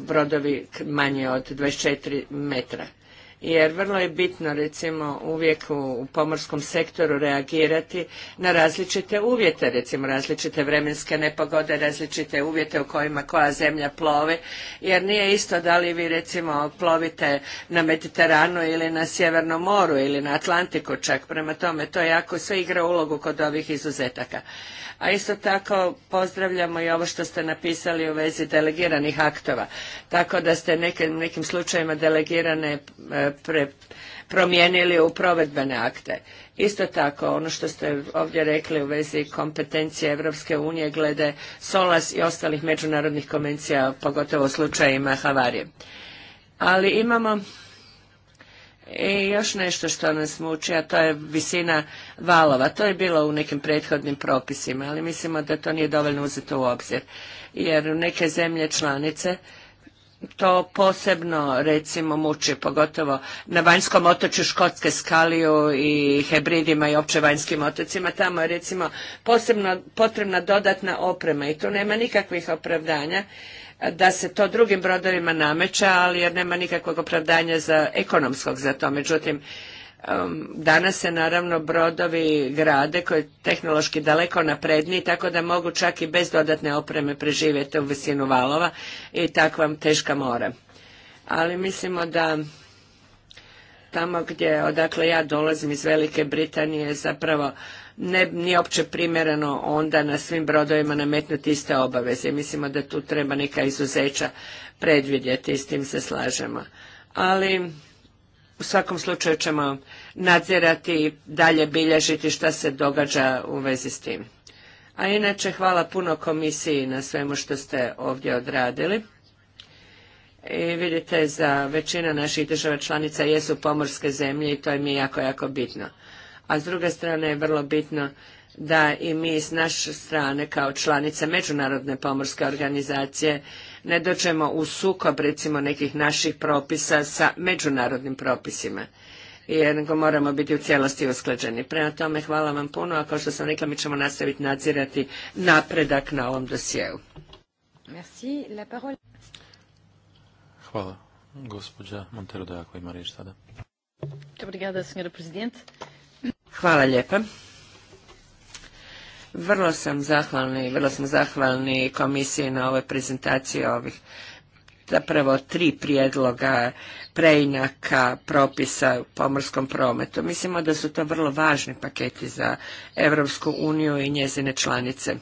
brodovi manje od 24 metra jer vrlo je bitno recimo uvijek u pomorskom sektoru reagirati na različite uvjete, recimo različite vremenske nepogode, različite uvjete u kojima koja zemlja plove, jer nije isto da li vi recimo plovite na Mediteranu ili na Sjevernom moru ili na Atlantiku čak, prema tome to jako sve igra ulogu kod ovih izuzetaka a isto tako pozdravljamo i ovo što ste napisali u vezi delegiranih aktova. Tako da ste nekim, nekim slučajima delegirane e, promijenili u provedbene akte. Isto tako, ono što ste ovdje rekli u vezi kompetencije Evropske unije glede SOLAS i ostalih međunarodnih konvencija, pogotovo u slučajima havarije. Ali imamo i još nešto što nas muči, a to je visina valova. To je bilo u nekim prethodnim propisima, ali mislimo da to nije dovoljno uzeto u obzir. Jer neke zemlje članice to posebno recimo muči, pogotovo na vanjskom otočju Škotske skaliju i hebridima i opće vanjskim otocima, tamo je recimo posebno potrebna dodatna oprema i tu nema nikakvih opravdanja da se to drugim brodovima nameće, ali jer nema nikakvog opravdanja za ekonomskog za to. Međutim, um, danas se naravno brodovi grade koji je tehnološki daleko napredniji, tako da mogu čak i bez dodatne opreme preživjeti u visinu valova i tako vam teška mora. Ali mislimo da tamo gdje odakle ja dolazim iz Velike Britanije zapravo ne, nije opće primjereno onda na svim brodovima nametnuti iste obaveze. Mislimo da tu treba neka izuzeća predvidjeti i s tim se slažemo. Ali u svakom slučaju ćemo nadzirati i dalje bilježiti šta se događa u vezi s tim. A inače hvala puno komisiji na svemu što ste ovdje odradili. I vidite, za većina naših država članica jesu pomorske zemlje i to je mi jako, jako bitno a s druge strane je vrlo bitno da i mi s naše strane kao članice Međunarodne pomorske organizacije ne dođemo u sukob recimo nekih naših propisa sa međunarodnim propisima jer moramo biti u cijelosti usklađeni. Prema tome, hvala vam puno, a kao što sam rekla, mi ćemo nastaviti nadzirati napredak na ovom dosjeu. Merci. La Hvala. Gospođa Montero Dojako ima riječ sada. Obrigada, senjora Presidente. Hvala lijepa. Vrlo sam zahvalni, vrlo sam zahvalni komisiji na ovoj prezentaciji ovih zapravo tri prijedloga preinaka propisa u pomorskom prometu. Mislimo da su to vrlo važni paketi za Europsku uniju i njezine članice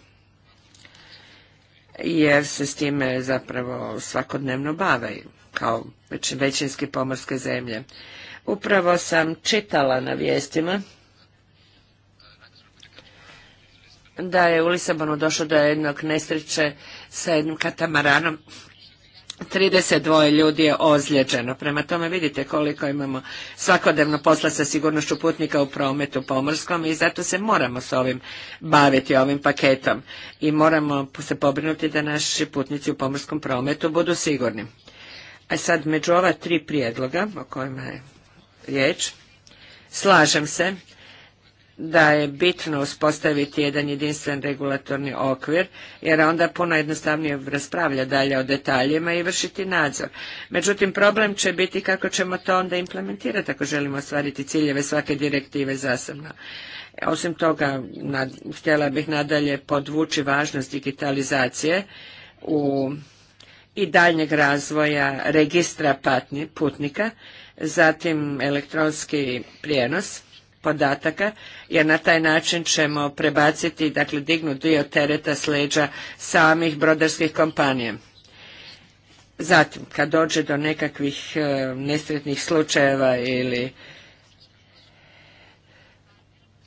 jer se s time zapravo svakodnevno bave kao većinski pomorske zemlje. Upravo sam čitala na vijestima da je u Lisabonu došlo do jednog nesreće sa jednim katamaranom 32 ljudi je ozlijeđeno. Prema tome vidite koliko imamo svakodnevno posla sa sigurnošću putnika u prometu pomorskom i zato se moramo s ovim baviti, ovim paketom. I moramo se pobrinuti da naši putnici u pomorskom prometu budu sigurni. A sad među ova tri prijedloga o kojima je riječ, slažem se da je bitno uspostaviti jedan jedinstven regulatorni okvir, jer onda puno jednostavnije raspravlja dalje o detaljima i vršiti nadzor. Međutim, problem će biti kako ćemo to onda implementirati ako želimo ostvariti ciljeve svake direktive zasebno. Osim toga, htjela bih nadalje podvući važnost digitalizacije u i daljnjeg razvoja registra putnika, zatim elektronski prijenos, podataka, jer na taj način ćemo prebaciti, dakle dignuti dio tereta sleđa samih brodarskih kompanija. Zatim, kad dođe do nekakvih e, nesretnih slučajeva ili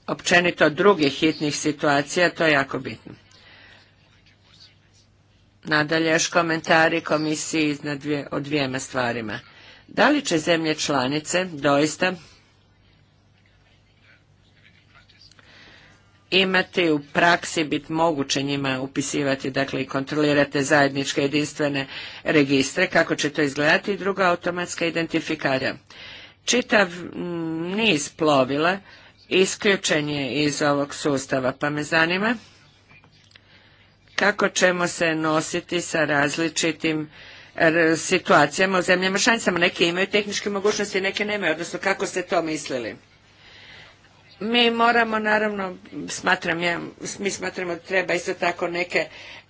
općenito drugih hitnih situacija, to je jako bitno. Nadalje još komentari komisiji o dvijema stvarima. Da li će zemlje članice doista imati u praksi biti moguće njima upisivati dakle i kontrolirati zajedničke jedinstvene registre kako će to izgledati i druga automatska identifikacija. Čitav mm, niz plovila isključen je iz ovog sustava pa me zanima kako ćemo se nositi sa različitim situacijama u zemljama članicama. Neki imaju tehničke mogućnosti, neke nemaju, odnosno kako ste to mislili mi moramo naravno, smatram ja, mi smatramo da treba isto tako neke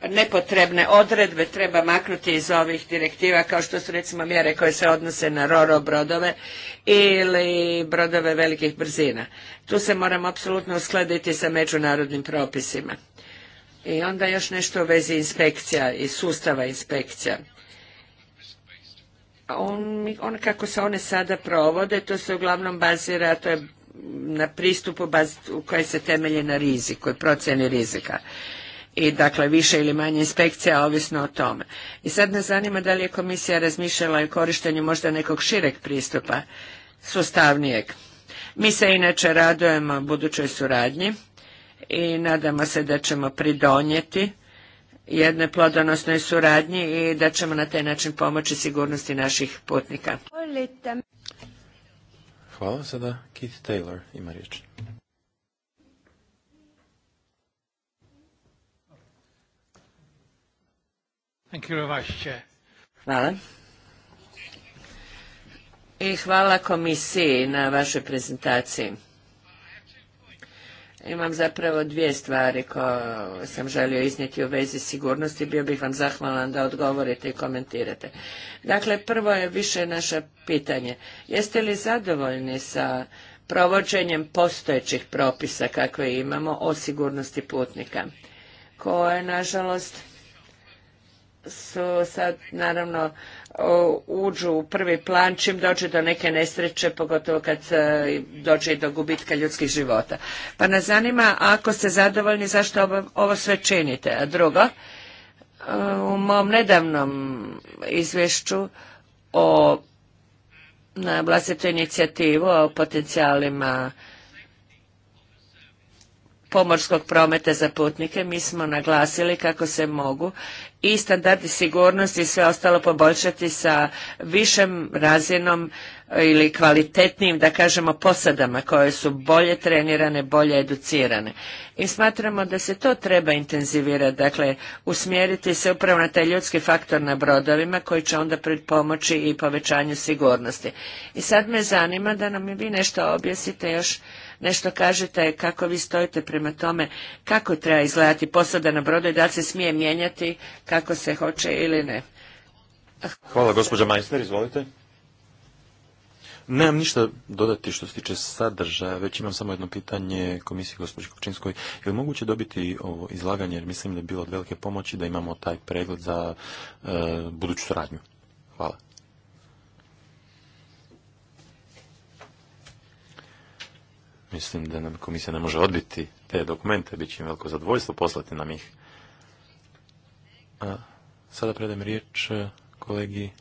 nepotrebne odredbe treba maknuti iz ovih direktiva kao što su recimo mjere koje se odnose na roro brodove ili brodove velikih brzina. Tu se moramo apsolutno uskladiti sa međunarodnim propisima. I onda još nešto u vezi inspekcija i sustava inspekcija. On, kako se one sada provode, to se uglavnom bazira, to je na pristupu u koje se temelje na riziku i procjeni rizika. I dakle više ili manje inspekcija ovisno o tome. I sad nas zanima da li je komisija razmišljala o korištenju možda nekog šireg pristupa, sustavnijeg. Mi se inače radujemo budućoj suradnji i nadamo se da ćemo pridonijeti jednoj plodonosnoj suradnji i da ćemo na taj način pomoći sigurnosti naših putnika. Hvala. Sada Keith Taylor ima riječ. Thank you Hvala. I hvala komisiji na vašoj prezentaciji. Imam zapravo dvije stvari koje sam želio iznijeti u vezi sigurnosti. Bio bih vam zahvalan da odgovorite i komentirate. Dakle, prvo je više naše pitanje. Jeste li zadovoljni sa provođenjem postojećih propisa kakve imamo o sigurnosti putnika, koje, nažalost, su sad, naravno, uđu u prvi plan čim dođe do neke nesreće, pogotovo kad e, dođe do gubitka ljudskih života. Pa nas zanima ako ste zadovoljni zašto ovo, ovo sve činite. A drugo, e, u mom nedavnom izvješću o na vlastitu inicijativu o potencijalima pomorskog prometa za putnike, mi smo naglasili kako se mogu i standardi sigurnosti i sve ostalo poboljšati sa višem razinom e, ili kvalitetnijim, da kažemo, posadama koje su bolje trenirane, bolje educirane. I smatramo da se to treba intenzivirati, dakle, usmjeriti se upravo na taj ljudski faktor na brodovima koji će onda pomoći i povećanju sigurnosti. I sad me zanima da nam i vi nešto objasnite još nešto kažete kako vi stojite prema tome kako treba izgledati posada na brodu i da li se smije mijenjati kako se hoće ili ne. Hvala gospođa Majster, izvolite. Nemam ništa dodati što se tiče sadržaja, već imam samo jedno pitanje komisiji gospođi Kopčinskoj. Je li moguće dobiti ovo izlaganje, jer mislim da je bilo od velike pomoći da imamo taj pregled za e, buduću suradnju? Hvala. Mislim da nam komisija ne može odbiti te dokumente, bit će im veliko zadvojstvo poslati nam ih. A sada predajem riječ e, kolegi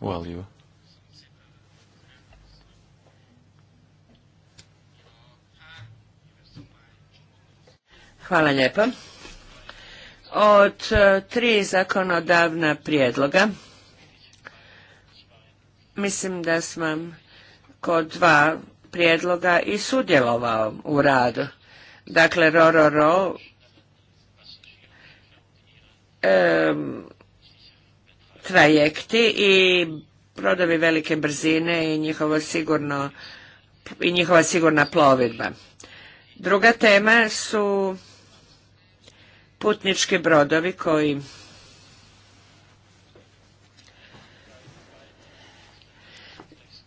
Ualiju. Hvala lijepo. Od e, tri zakonodavna prijedloga, mislim da smo kod dva prijedloga i sudjelovao u radu. Dakle, Rororo ro, trajekti i brodovi velike brzine i i njihova sigurna plovidba. Druga tema su putnički brodovi koji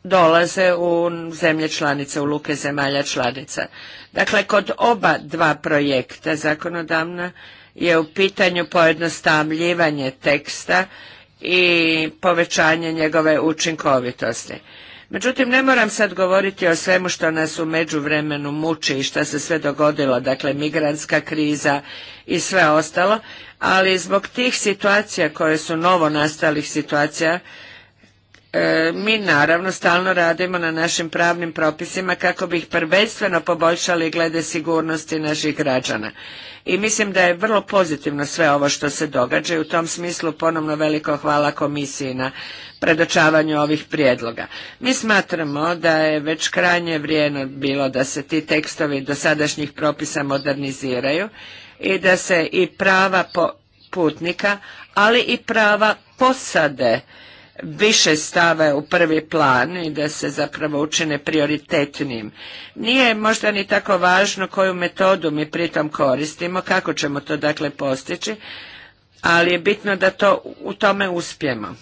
dolaze u zemlje članice, u luke zemalja članica. Dakle, kod oba dva projekta zakonodavna je u pitanju pojednostavljivanje teksta i povećanje njegove učinkovitosti. Međutim, ne moram sad govoriti o svemu što nas u međuvremenu muči i što se sve dogodilo, dakle migrantska kriza i sve ostalo, ali zbog tih situacija koje su novo nastalih situacija E, mi naravno stalno radimo na našim pravnim propisima kako bi ih prvenstveno poboljšali glede sigurnosti naših građana. I mislim da je vrlo pozitivno sve ovo što se događa i u tom smislu ponovno veliko hvala komisiji na predočavanju ovih prijedloga. Mi smatramo da je već krajnje vrijeme bilo da se ti tekstovi dosadašnjih propisa moderniziraju i da se i prava putnika, ali i prava posade više stave u prvi plan i da se zapravo učine prioritetnim. Nije možda ni tako važno koju metodu mi pritom koristimo, kako ćemo to dakle postići, ali je bitno da to u tome uspijemo.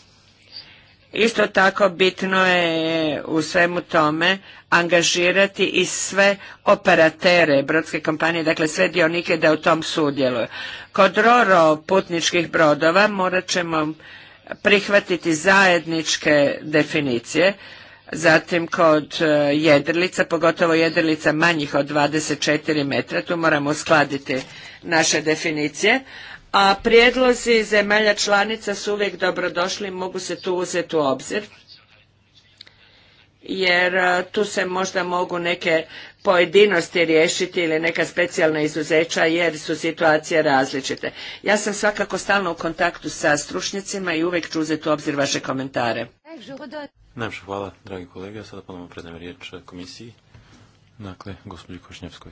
Isto tako bitno je u svemu tome angažirati i sve operatere brodske kompanije, dakle sve dionike da u tom sudjeluju. Kod roro putničkih brodova morat ćemo prihvatiti zajedničke definicije, zatim kod e, jedrlica, pogotovo jedrlica manjih od 24 metra, tu moramo uskladiti naše definicije, a prijedlozi zemalja članica su uvijek dobrodošli mogu se tu uzeti u obzir jer e, tu se možda mogu neke pojedinosti riješiti ili neka specijalna izuzeća jer su situacije različite. Ja sam svakako stalno u kontaktu sa stručnjacima i uvijek ću uzeti u obzir vaše komentare. Najpšu hvala, dragi kolega. Sada ponovno predajem riječ komisiji. Dakle, gospođi Košnjevskoj.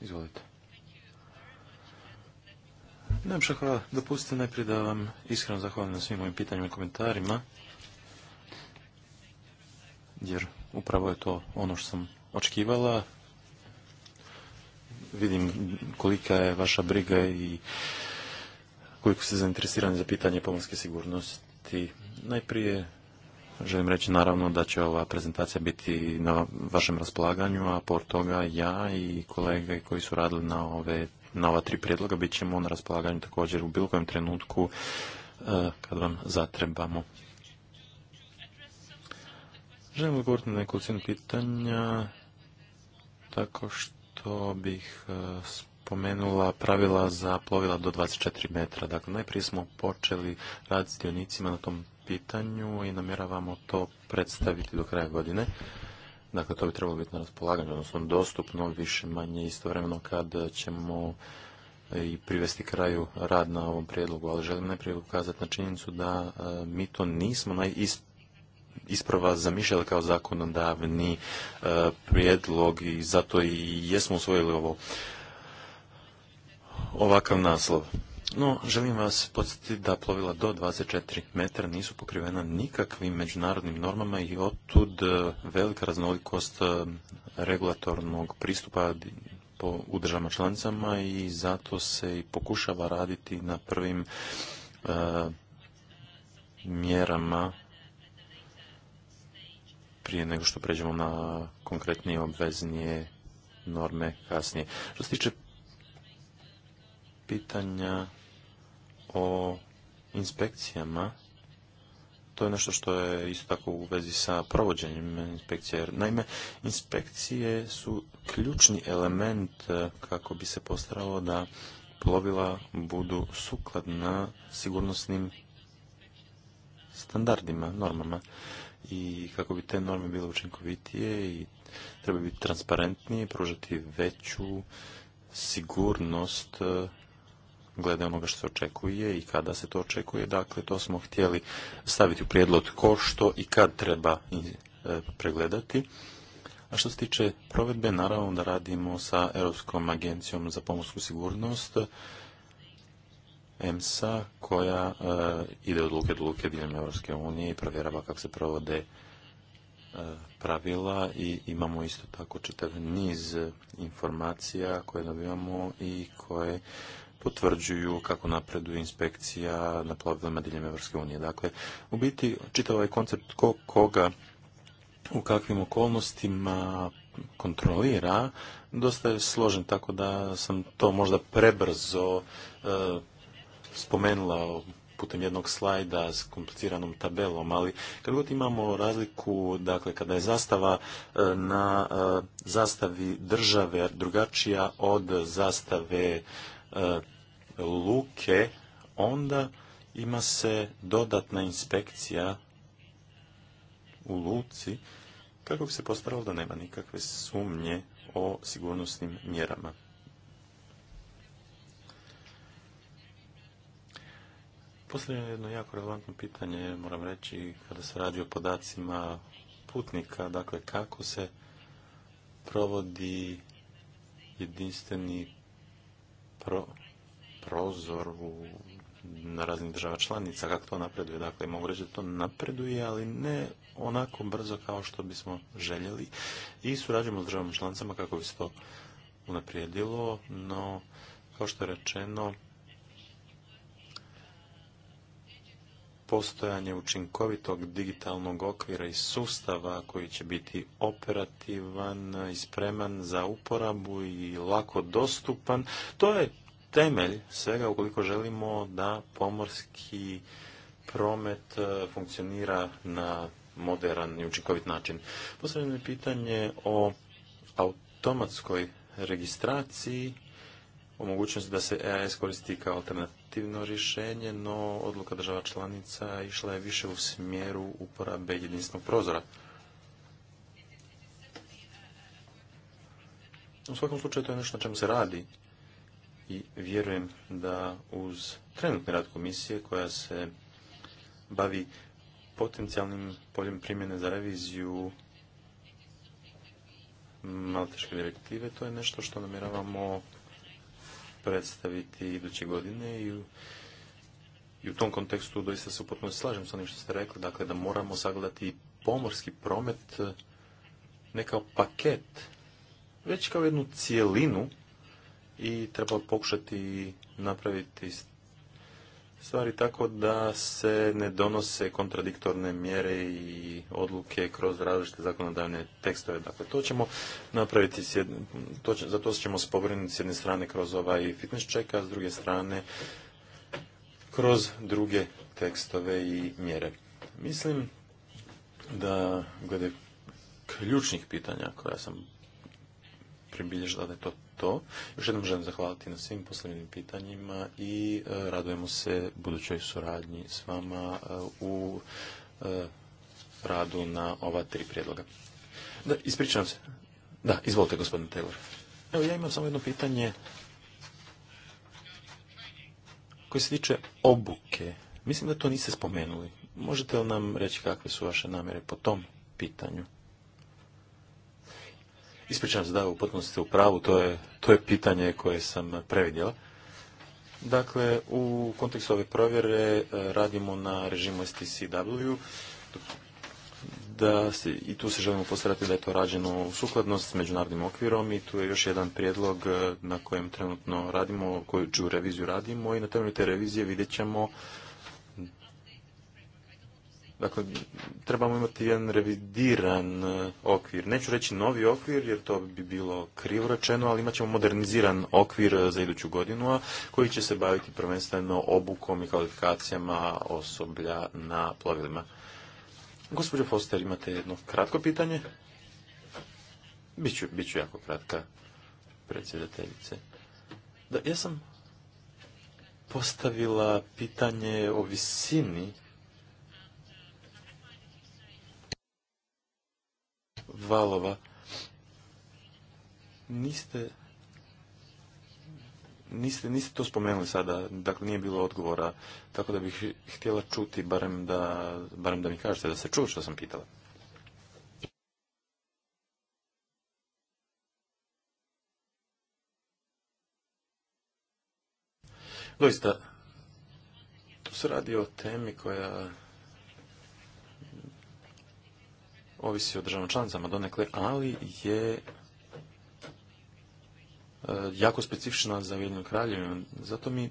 Izvolite. nam hvala. Dopustite najprije da vam iskreno zahvalim na svim mojim pitanjima i komentarima. Jer upravo je to ono što sam očekivala vidim kolika je vaša briga i koliko ste zainteresirani za pitanje pomorske sigurnosti. Najprije želim reći naravno da će ova prezentacija biti na vašem raspolaganju, a por toga ja i kolege koji su radili na ove na ova tri prijedloga bit ćemo na raspolaganju također u bilo kojem trenutku e, kad vam zatrebamo. Želim odgovoriti na nekolicinu pitanja tako što to bih e, spomenula pravila za plovila do 24 metra. Dakle, najprije smo počeli raditi s dionicima na tom pitanju i namjeravamo to predstaviti do kraja godine. Dakle, to bi trebalo biti na raspolaganju, odnosno dostupno više manje istovremeno kad ćemo e, i privesti kraju rad na ovom prijedlogu, ali želim najprije ukazati na činjenicu da e, mi to nismo na isprava zamišljala kao zakonodavni e, prijedlog i zato i jesmo usvojili ovo ovakav naslov. No, želim vas podsjetiti da plovila do 24 metra nisu pokrivena nikakvim međunarodnim normama i otud e, velika raznolikost e, regulatornog pristupa po, u državama članicama i zato se i pokušava raditi na prvim mjerama prije nego što pređemo na konkretnije obveznije norme kasnije. Što se tiče pitanja o inspekcijama, to je nešto što je isto tako u vezi sa provođenjem inspekcije. Naime, inspekcije su ključni element e, kako bi se postaralo da plovila budu sukladna sigurnosnim standardima, normama i kako bi te norme bile učinkovitije i treba biti transparentnije, pružati veću sigurnost eh, glede onoga što se očekuje i kada se to očekuje. Dakle, to smo htjeli staviti u prijedlog ko što i kad treba eh, pregledati. A što se tiče provedbe, naravno da radimo sa Europskom agencijom za pomorsku sigurnost EMSA koja eh, ide od luke do luke diljem Europske unije i provjerava kako se provode eh, pravila i imamo isto tako čitav niz informacija koje dobivamo i koje potvrđuju kako napreduje inspekcija na plovilima diljem Evropske unije. Dakle, u biti čitav ovaj koncept koga u kakvim okolnostima kontrolira dosta je složen, tako da sam to možda prebrzo eh, spomenula putem jednog slajda s kompliciranom tabelom, ali kad god imamo razliku, dakle, kada je zastava e, na e, zastavi države drugačija od zastave e, luke, onda ima se dodatna inspekcija u luci kako bi se postaralo da nema nikakve sumnje o sigurnosnim mjerama. Postavljeno jedno jako relevantno pitanje, moram reći, kada se radi o podacima putnika, dakle kako se provodi jedinstveni pro, prozor u, na raznih država članica, kako to napreduje. Dakle, mogu reći da to napreduje, ali ne onako brzo kao što bismo željeli. I surađujemo s državama članicama kako bi se to unaprijedilo, no kao što je rečeno, postojanje učinkovitog digitalnog okvira i sustava koji će biti operativan i spreman za uporabu i lako dostupan. To je temelj svega ukoliko želimo da pomorski promet e, funkcionira na moderan i učinkovit način. Postavljeno je pitanje o automatskoj registraciji o mogućnosti da se EAS koristi kao alternativno rješenje, no odluka država članica išla je više u smjeru uporabe jedinstvenog prozora. U svakom slučaju to je nešto na čemu se radi i vjerujem da uz trenutni rad komisije koja se bavi potencijalnim poljem primjene za reviziju malteške direktive, to je nešto što namjeravamo predstaviti iduće godine i u, i u tom kontekstu doista se potpuno slažem sa onim što ste rekli, dakle da moramo sagledati pomorski promet ne kao paket, već kao jednu cijelinu i treba pokušati napraviti stvari tako da se ne donose kontradiktorne mjere i odluke kroz različite zakonodavne tekstove. Dakle, to ćemo napraviti, za to ćemo spobrinuti s jedne strane kroz ovaj fitness check, a s druge strane kroz druge tekstove i mjere. Mislim da glede ključnih pitanja koja sam pribilježila da je to to. Još jednom želim zahvaliti na svim postavljenim pitanjima i e, radujemo se budućoj suradnji s vama e, u e, radu na ova tri prijedloga. Da, ispričavam se. Da, izvolite gospodine Taylor. Evo, ja imam samo jedno pitanje koje se tiče obuke. Mislim da to niste spomenuli. Možete li nam reći kakve su vaše namjere po tom pitanju? Ispričavam se da u potpunosti u pravu, to je, to je pitanje koje sam previdjela. Dakle, u kontekstu ove provjere e, radimo na režimu STCW, da se, i tu se želimo postarati da je to rađeno u sukladnost s međunarodnim okvirom i tu je još jedan prijedlog e, na kojem trenutno radimo, koju reviziju radimo i na temelju te revizije vidjet ćemo Dakle, trebamo imati jedan revidiran e, okvir. Neću reći novi okvir, jer to bi bilo krivo rečeno, ali imat ćemo moderniziran okvir e, za iduću godinu, a koji će se baviti prvenstveno obukom i kvalifikacijama osoblja na plovilima. Gospođo Foster, imate jedno kratko pitanje? Biću, biću jako kratka, predsjedateljice. Da, ja sam postavila pitanje o visini valova. Niste, niste, niste to spomenuli sada, dakle nije bilo odgovora, tako da bih htjela čuti, barem da, barem da mi kažete da se čuo što sam pitala. Doista, tu se radi o temi koja ovisi o državnom članicama donekle, ali je e, jako specifična za Ujedinjenu kraljevinu. Zato mi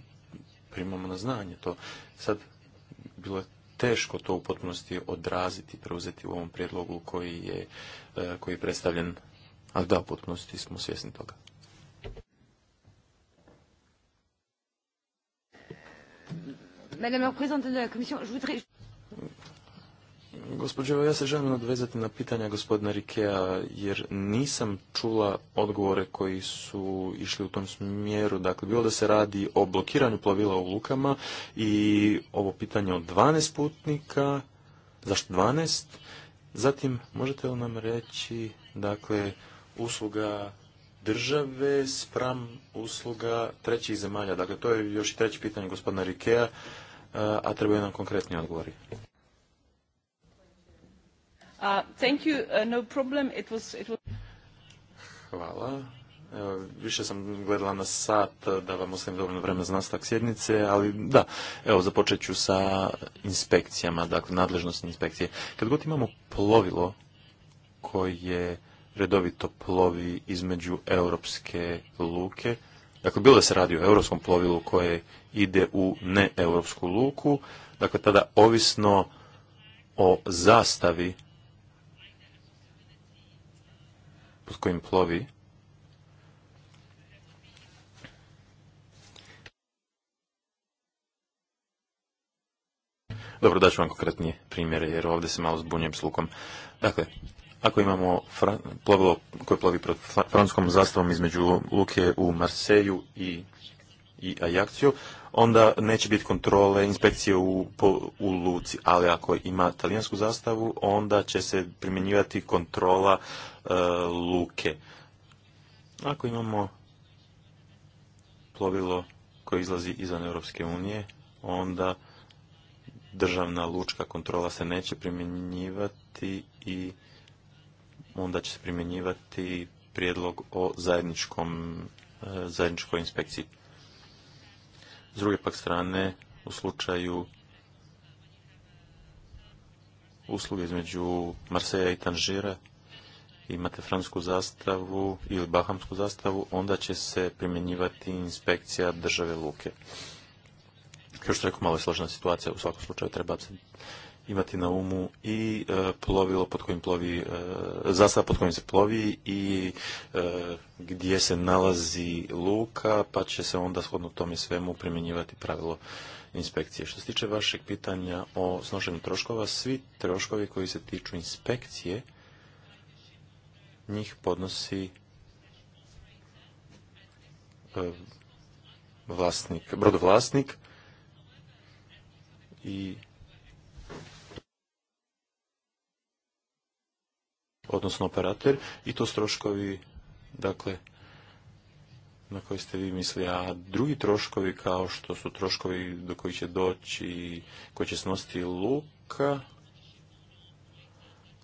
primamo na znanje to. Sad, bilo je teško to u potpunosti odraziti, preuzeti u ovom prijedlogu koji je, e, koji je predstavljen, ali da, u potpunosti smo svjesni toga. Gospođo, ja se želim odvezati na pitanja gospodina Rikea, jer nisam čula odgovore koji su išli u tom smjeru. Dakle, bilo da se radi o blokiranju plovila u lukama i ovo pitanje od 12 putnika, zašto 12? Zatim, možete li nam reći, dakle, usluga države spram usluga trećih zemalja? Dakle, to je još i treće pitanje gospodina Rikea, a trebaju nam konkretni odgovori. Hvala. više sam gledala na sat da vam ostavim dovoljno vremena za nastavak sjednice, ali da, evo, započet ću sa inspekcijama, dakle, nadležnost inspekcije. Kad god imamo plovilo koje redovito plovi između europske luke, dakle, bilo da se radi o europskom plovilu koje ide u neeuropsku luku, dakle, tada ovisno o zastavi pod kojim plovi. Dobro, daću vam konkretnije primjere, jer ovdje se malo zbunjem s lukom. Dakle, ako imamo plovilo koje plovi pod francuskom zastavom između luke u Marseju i Ajakciju, onda neće biti kontrole inspekcije u, luci, ali ako ima talijansku zastavu, onda će se primjenjivati kontrola e, luke. Ako imamo plovilo koje izlazi izvan Europske unije, onda državna lučka kontrola se neće primjenjivati i onda će se primjenjivati prijedlog o zajedničkom, e, zajedničkoj inspekciji. S druge pak strane, u slučaju usluge između Marseja i Tanžira, imate francusku zastavu ili bahamsku zastavu, onda će se primjenjivati inspekcija države luke. Kao što rekao, malo je složena situacija, u svakom slučaju treba se imati na umu i e, plovilo pod kojim plovi, e, zastava pod kojim se plovi i e, gdje se nalazi luka, pa će se onda shodno tome svemu primjenjivati pravilo inspekcije. Što se tiče vašeg pitanja o snošenju troškova, svi troškovi koji se tiču inspekcije, njih podnosi vlasnik, brodovlasnik i odnosno operater, i to troškovi, dakle, na koje ste vi mislili, a drugi troškovi kao što su troškovi do koji će doći koji će snositi luka,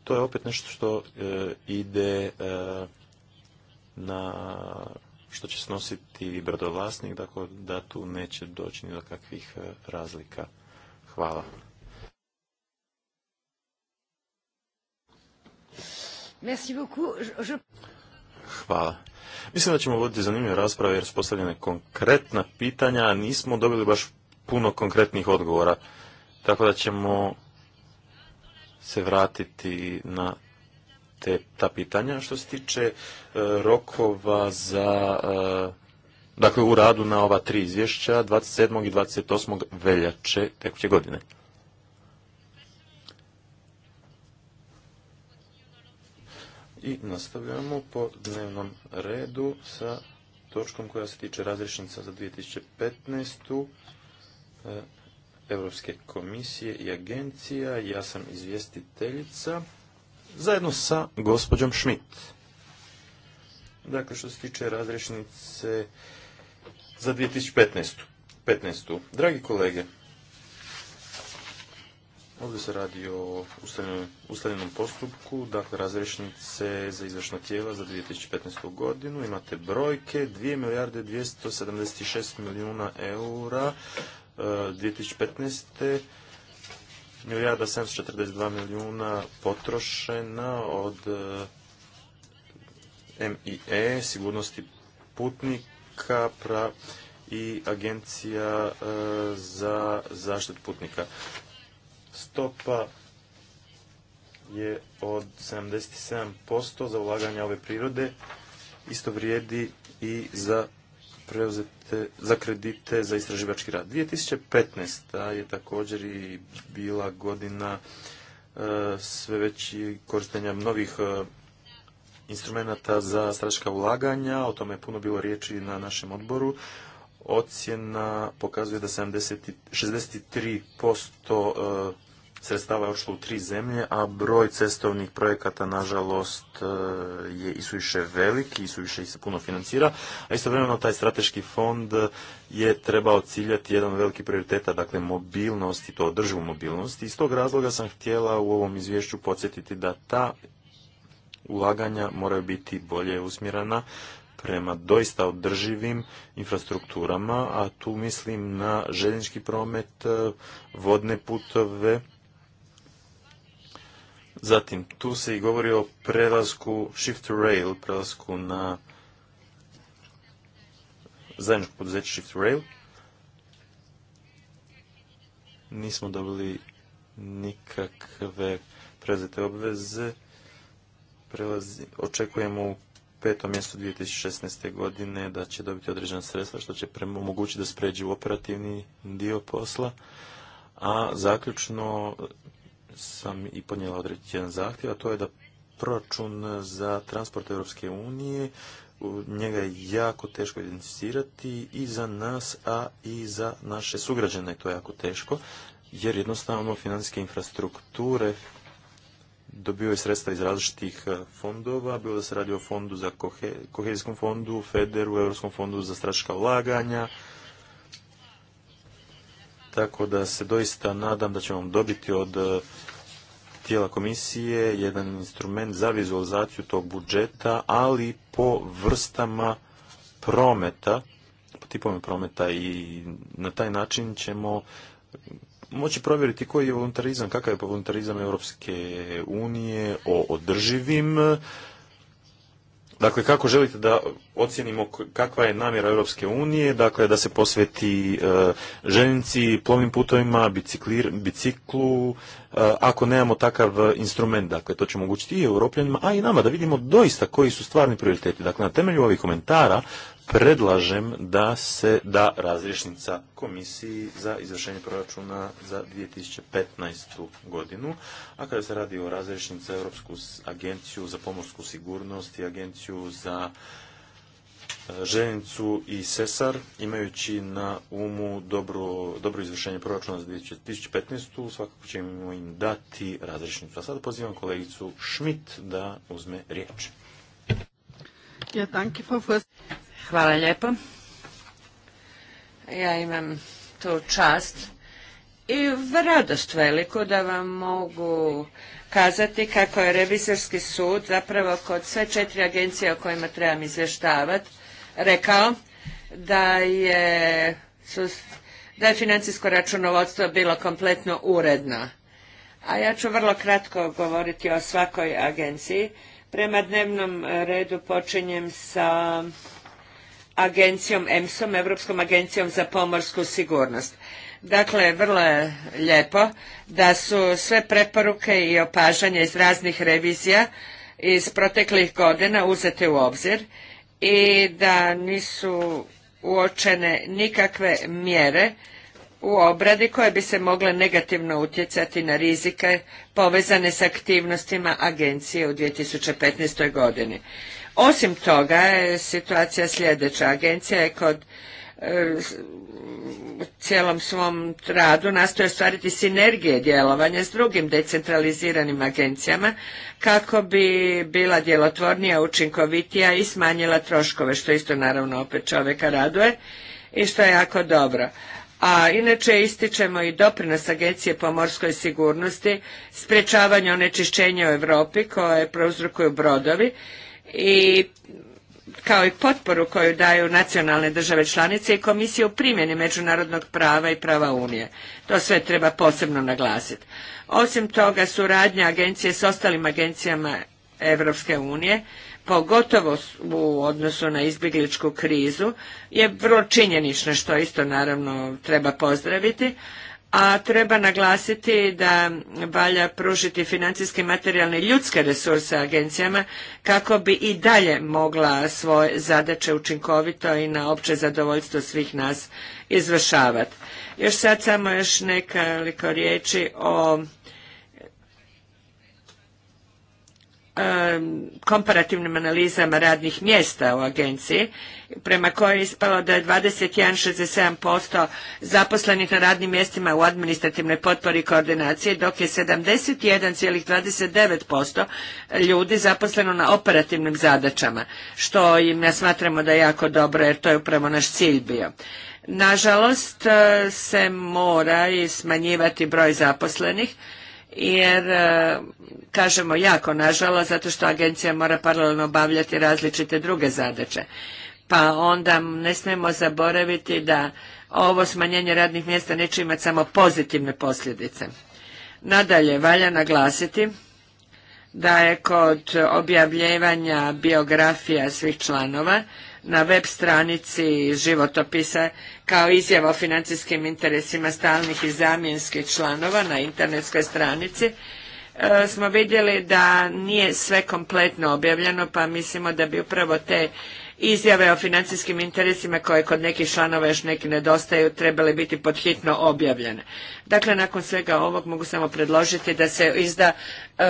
to je opet nešto što e, ide e, na što će snositi brodovlasnik, dakle da tu neće doći ni do kakvih e, razlika. Hvala. Hvala. Mislim da ćemo voditi zanimljive rasprave jer su postavljene konkretna pitanja, a nismo dobili baš puno konkretnih odgovora. Tako da ćemo se vratiti na te, ta pitanja. Što se tiče e, rokova za, e, dakle u radu na ova tri izvješća, 27. i 28. veljače tekuće godine. I nastavljamo po dnevnom redu sa točkom koja se tiče razrešnica za 2015. E, Europske komisije i agencija. Ja sam izvjestiteljica zajedno sa gospođom Schmidt. Dakle, što se tiče razrešnice za 2015. 15. Dragi kolege, Ovdje se radi o ustavljenom postupku, dakle razrešnice za izvršno tijela za 2015. godinu. Imate brojke 2 milijarde 276 milijuna eura 2015. E, milijarda 742 milijuna potrošena od MIE, e, sigurnosti putnika i agencija e, za zaštitu putnika. Stopa je od 77% za ulaganje ove prirode. Isto vrijedi i za preuzete za kredite za istraživački rad. 2015. je također i bila godina e, sve veći korištenja novih instrumenta instrumenata za strateška ulaganja. O tome je puno bilo riječi na našem odboru. Ocjena pokazuje da 70, 63% sredstava je otišlo u tri zemlje, a broj cestovnih projekata, nažalost, e, je isuviše velik, isuviše ih se puno financira, a istovremeno taj strateški fond je trebao ciljati jedan od velikih prioriteta, dakle mobilnost i to održivu mobilnost. I iz tog razloga sam htjela u ovom izvješću podsjetiti da ta ulaganja moraju biti bolje usmjerena prema doista održivim infrastrukturama, a tu mislim na željeznički promet, vodne putove, Zatim, tu se i govori o prelasku shift rail, prelasku na zajedničku poduzeće shift rail. Nismo dobili nikakve preuzete obveze. očekujemo u petom mjestu 2016. godine da će dobiti određena sredstva što će omogućiti da spređe u operativni dio posla. A zaključno sam i podnijela određen zahtjev, a to je da proračun za transport Europske unije njega je jako teško identificirati i za nas, a i za naše sugrađane to je jako teško, jer jednostavno financijske infrastrukture dobio je sredstva iz različitih e, fondova, bilo da se radi o fondu za kohezijskom fondu, Federu, Europskom fondu za strateška ulaganja, tako da se doista nadam da ćemo dobiti od e, tijela komisije jedan instrument za vizualizaciju tog budžeta, ali po vrstama prometa, po tipovima prometa i na taj način ćemo moći provjeriti koji je voluntarizam, kakav je voluntarizam Europske unije o održivim Dakle, kako želite da ocjenimo kakva je namjera Europske unije, dakle da se posveti e, ženici plovnim putovima, biciklu, e, ako nemamo takav e, instrument, dakle to će omogućiti i europljanima, a i nama da vidimo doista koji su stvarni prioriteti. Dakle, na temelju ovih komentara predlažem da se da razrišnica komisiji za izvršenje proračuna za 2015. godinu, a kada se radi o razrješnici Europsku agenciju za pomorsku sigurnost i agenciju za e, željenicu i sesar, imajući na umu dobro, izvršenje proračuna za 2015. svakako ćemo im dati razrišnicu. A sada pozivam kolegicu Schmidt da uzme riječ. Ja, danke, Frau Hvala lijepo. Ja imam tu čast i radost veliku da vam mogu kazati kako je revizorski sud zapravo kod sve četiri agencije o kojima trebam izvještavati rekao da je, da je financijsko računovodstvo bilo kompletno uredno. A ja ću vrlo kratko govoriti o svakoj agenciji. Prema dnevnom redu počinjem sa agencijom EMSom, Europskom agencijom za pomorsku sigurnost. Dakle, vrlo je lijepo da su sve preporuke i opažanja iz raznih revizija iz proteklih godina uzete u obzir i da nisu uočene nikakve mjere u obradi koje bi se mogle negativno utjecati na rizike povezane s aktivnostima agencije u 2015. godini. Osim toga je situacija sljedeća. Agencija je kod e, cijelom svom radu nastoje ostvariti sinergije djelovanja s drugim decentraliziranim agencijama kako bi bila djelotvornija, učinkovitija i smanjila troškove, što isto naravno opet čovjeka raduje i što je jako dobro. A inače ističemo i doprinos Agencije po morskoj sigurnosti, sprečavanje onečišćenja u Europi koje prouzrokuju brodovi i kao i potporu koju daju nacionalne države članice i komisije u primjeni međunarodnog prava i prava Unije. To sve treba posebno naglasiti. Osim toga, suradnja agencije s ostalim agencijama Europske unije, pogotovo u odnosu na izbjegličku krizu, je vrlo činjenično što isto naravno treba pozdraviti, a treba naglasiti da valja pružiti financijske, materijalne i ljudske resurse agencijama kako bi i dalje mogla svoje zadaće učinkovito i na opće zadovoljstvo svih nas izvršavati. Još sad samo još nekoliko riječi o komparativnim analizama radnih mjesta u agenciji prema kojoj je ispalo da je 21,67% zaposlenih na radnim mjestima u administrativnoj potpori i koordinaciji, dok je 71,29% ljudi zaposleno na operativnim zadaćama, što im ja smatramo da je jako dobro jer to je upravo naš cilj bio. Nažalost e, se mora i smanjivati broj zaposlenih, jer e, kažemo jako nažalost zato što agencija mora paralelno obavljati različite druge zadaće pa onda ne smijemo zaboraviti da ovo smanjenje radnih mjesta neće imati samo pozitivne posljedice. Nadalje, valja naglasiti da je kod objavljivanja biografija svih članova na web stranici životopisa kao izjava o financijskim interesima stalnih i zamjenskih članova na internetskoj stranici e, smo vidjeli da nije sve kompletno objavljeno pa mislimo da bi upravo te izjave o financijskim interesima koje kod nekih članova još neki nedostaju trebale biti podhitno objavljene. Dakle, nakon svega ovog mogu samo predložiti da se izda e,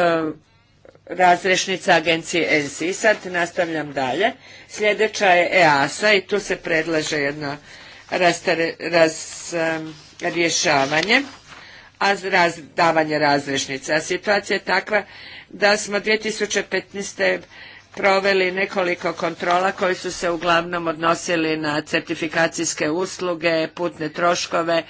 razrešnica agencije I Sad nastavljam dalje. Sljedeća je EASA i tu se predlaže jedno e, a razdavanje davanje A situacija je takva da smo 2015 proveli nekoliko kontrola koji su se uglavnom odnosili na certifikacijske usluge, putne troškove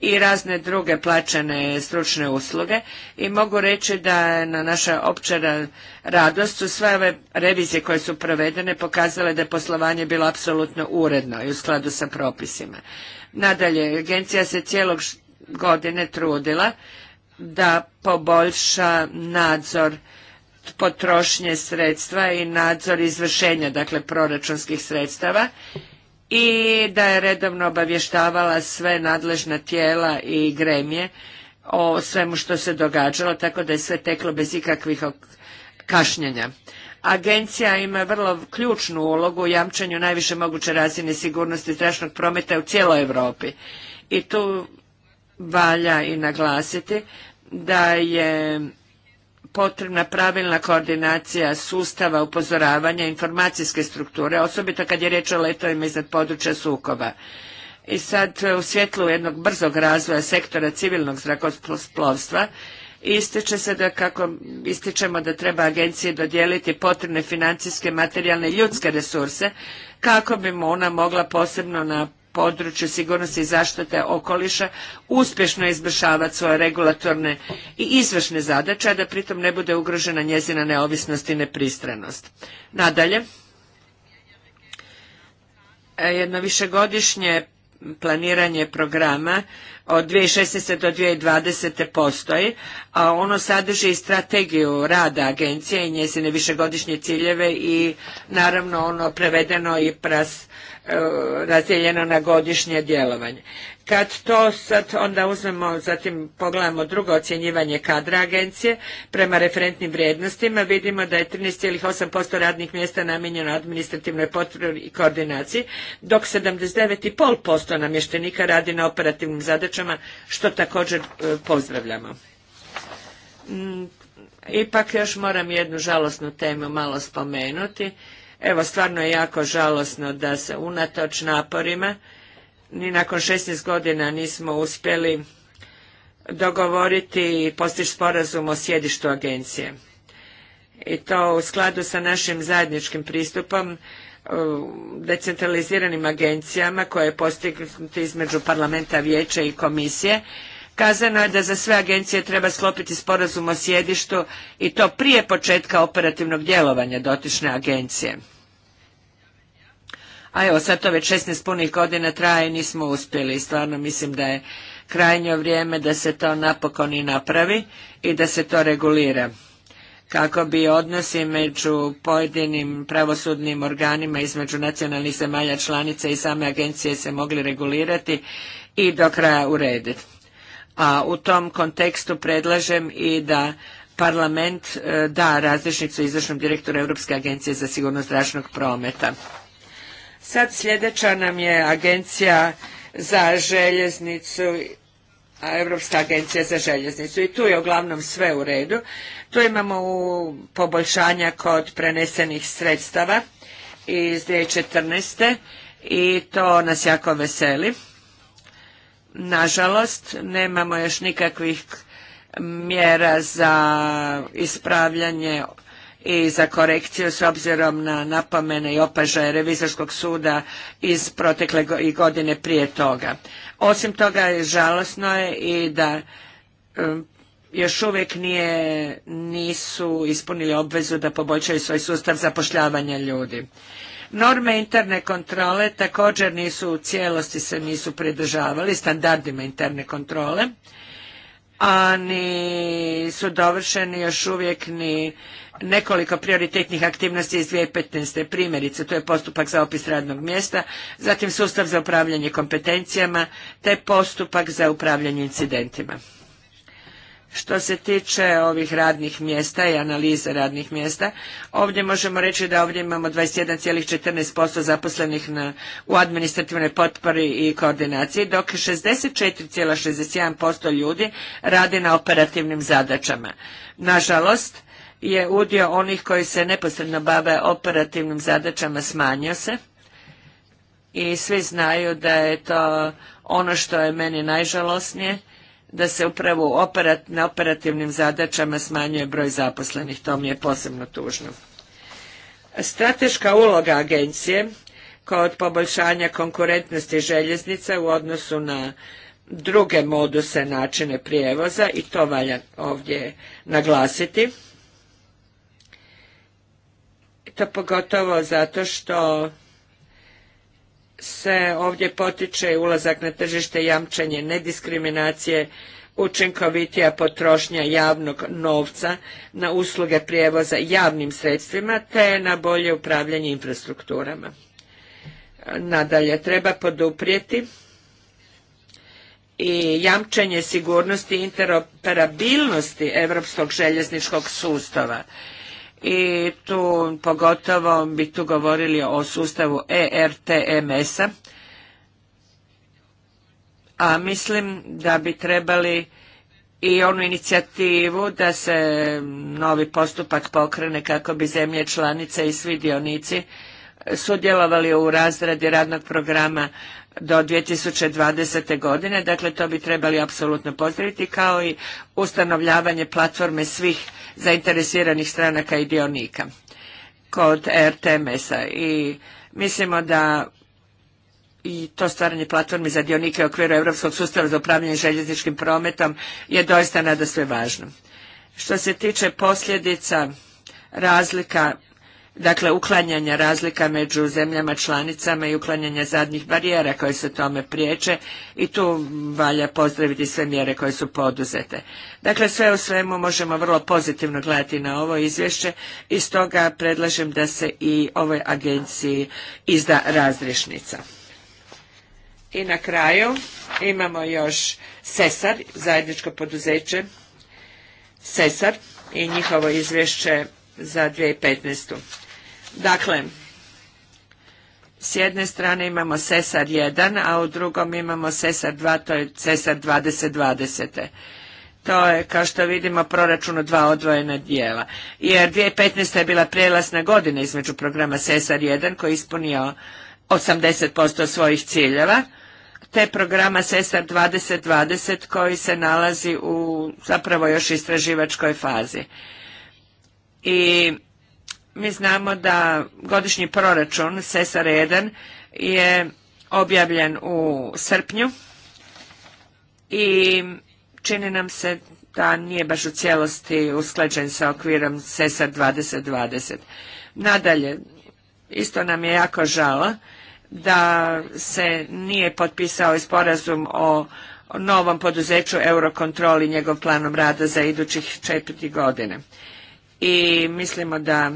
i razne druge plaćene stručne usluge i mogu reći da na naša opća radost su sve ove revizije koje su provedene pokazale da je poslovanje bilo apsolutno uredno i u skladu sa propisima. Nadalje, agencija se cijelog godine trudila da poboljša nadzor potrošnje sredstva i nadzor izvršenja, dakle proračunskih sredstava i da je redovno obavještavala sve nadležna tijela i gremije o svemu što se događalo, tako da je sve teklo bez ikakvih kašnjenja. Agencija ima vrlo ključnu ulogu u jamčanju najviše moguće razine sigurnosti zračnog prometa u cijeloj Europi. I tu valja i naglasiti da je potrebna pravilna koordinacija sustava upozoravanja informacijske strukture, osobito kad je riječ o letovima iznad područja sukoba. I sad e, u svjetlu jednog brzog razvoja sektora civilnog zrakoplovstva ističe se da kako ističemo da treba agencije dodijeliti potrebne financijske, materijalne i ljudske resurse kako bi ona mogla posebno na području sigurnosti i zaštite okoliša uspješno izvršavati svoje regulatorne i izvršne zadaće, a da pritom ne bude ugrožena njezina neovisnost i nepristranost. Nadalje, jedno višegodišnje planiranje programa od 2016. do 2020. postoji, a ono sadrži i strategiju rada agencije i njezine višegodišnje ciljeve i naravno ono prevedeno i pras, Eh, razdijeljeno na godišnje djelovanje. Kad to sad onda uzmemo, zatim pogledamo drugo ocjenjivanje kadra agencije prema referentnim vrijednostima, vidimo da je 13,8% radnih mjesta namijenjeno administrativnoj potpori i koordinaciji, dok 79,5% namještenika radi na operativnim zadaćama, što također eh, pozdravljamo. Mm, ipak još moram jednu žalosnu temu malo spomenuti Evo, stvarno je jako žalosno da se unatoč naporima ni nakon 16 godina nismo uspjeli dogovoriti i postići sporazum o sjedištu agencije. I to u skladu sa našim zajedničkim pristupom decentraliziranim agencijama koje je postignuti između parlamenta, vijeća i komisije Kazano je da za sve agencije treba sklopiti sporazum o sjedištu i to prije početka operativnog djelovanja dotične agencije. A evo, sad to već 16 punih godina traje i nismo uspjeli i stvarno mislim da je krajnje vrijeme da se to napokon i napravi i da se to regulira kako bi odnosi među pojedinim pravosudnim organima između nacionalnih zemalja članica i same agencije se mogli regulirati i do kraja urediti a u tom kontekstu predlažem i da parlament e, da različnicu izvršnom direktoru Europske agencije za sigurnost zračnog prometa. Sad sljedeća nam je agencija za željeznicu Europska agencija za željeznicu i tu je uglavnom sve u redu. Tu imamo poboljšanja kod prenesenih sredstava iz 2014. i to nas jako veseli. Nažalost, nemamo još nikakvih mjera za ispravljanje i za korekciju s obzirom na napomene i opažaje revizorskog suda iz protekle godine prije toga. Osim toga, žalosno je i da um, još uvijek nije, nisu ispunili obvezu da poboljšaju svoj sustav zapošljavanja ljudi. Norme interne kontrole također nisu u cijelosti se nisu pridržavali standardima interne kontrole, a ni su dovršeni još uvijek ni nekoliko prioritetnih aktivnosti iz 2015. Primjerice, to je postupak za opis radnog mjesta, zatim sustav za upravljanje kompetencijama, te postupak za upravljanje incidentima. Što se tiče ovih radnih mjesta i analize radnih mjesta, ovdje možemo reći da ovdje imamo 21,14% zaposlenih na, u administrativnoj potpori i koordinaciji, dok 64,61% ljudi radi na operativnim zadaćama. Nažalost, je udio onih koji se neposredno bave operativnim zadaćama smanjio se i svi znaju da je to ono što je meni najžalosnije, da se upravo na operativnim zadaćama smanjuje broj zaposlenih. To mi je posebno tužno. Strateška uloga agencije kod poboljšanja konkurentnosti željeznica u odnosu na druge moduse načine prijevoza i to valja ovdje naglasiti. To pogotovo zato što se ovdje potiče ulazak na tržište jamčenje nediskriminacije, učinkovitija potrošnja javnog novca na usluge prijevoza javnim sredstvima te na bolje upravljanje infrastrukturama. Nadalje, treba poduprijeti i jamčenje sigurnosti i interoperabilnosti europskog željezničkog sustava i tu pogotovo bi tu govorili o sustavu ERTMS-a, a mislim da bi trebali i onu inicijativu da se novi postupak pokrene kako bi zemlje članice i svi dionici sudjelovali u razradi radnog programa do 2020. godine, dakle to bi trebali apsolutno pozdraviti, kao i ustanovljavanje platforme svih zainteresiranih stranaka i dionika kod RTMS-a i mislimo da i to stvaranje platformi za dionike u okviru Europskog sustava za upravljanje željezničkim prometom je doista nada sve važno. Što se tiče posljedica razlika dakle uklanjanja razlika među zemljama članicama i uklanjanja zadnjih barijera koje se tome priječe i tu valja pozdraviti sve mjere koje su poduzete. Dakle, sve u svemu možemo vrlo pozitivno gledati na ovo izvješće i stoga predlažem da se i ovoj agenciji izda razrišnica. I na kraju imamo još SESAR, zajedničko poduzeće SESAR i njihovo izvješće za 2015. Dakle, s jedne strane imamo Sesar 1, a u drugom imamo Sesar 2, to je Sesar 2020. To je, kao što vidimo, proračun dva odvojena dijela. Jer 2015. je bila prijelasna godina između programa Sesar 1, koji je ispunio 80% svojih ciljeva, te programa Sesar 2020 koji se nalazi u zapravo još istraživačkoj fazi. I mi znamo da godišnji proračun SESAR 1 je objavljen u srpnju i čini nam se da nije baš u cijelosti usklađen sa okvirom SESAR 2020. Nadalje, isto nam je jako žao da se nije potpisao i sporazum o novom poduzeću Eurokontrol i njegov planom rada za idućih četiri godine. I mislimo da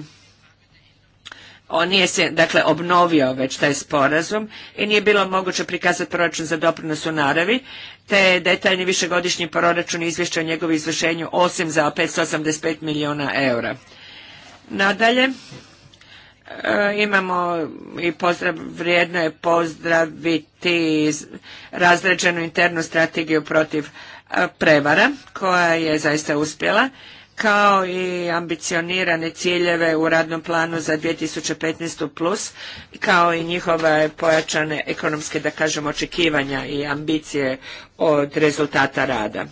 on nije se, dakle, obnovio već taj sporazum i nije bilo moguće prikazati proračun za doprinos u naravi, te detaljni višegodišnji proračun izvješća o njegovu izvršenju osim za 585 milijuna eura. Nadalje, e, imamo i pozdrav, vrijedno je pozdraviti razređenu internu strategiju protiv e, prevara koja je zaista uspjela kao i ambicionirane ciljeve u radnom planu za 2015. plus, kao i njihove pojačane ekonomske, da kažem, očekivanja i ambicije od rezultata rada.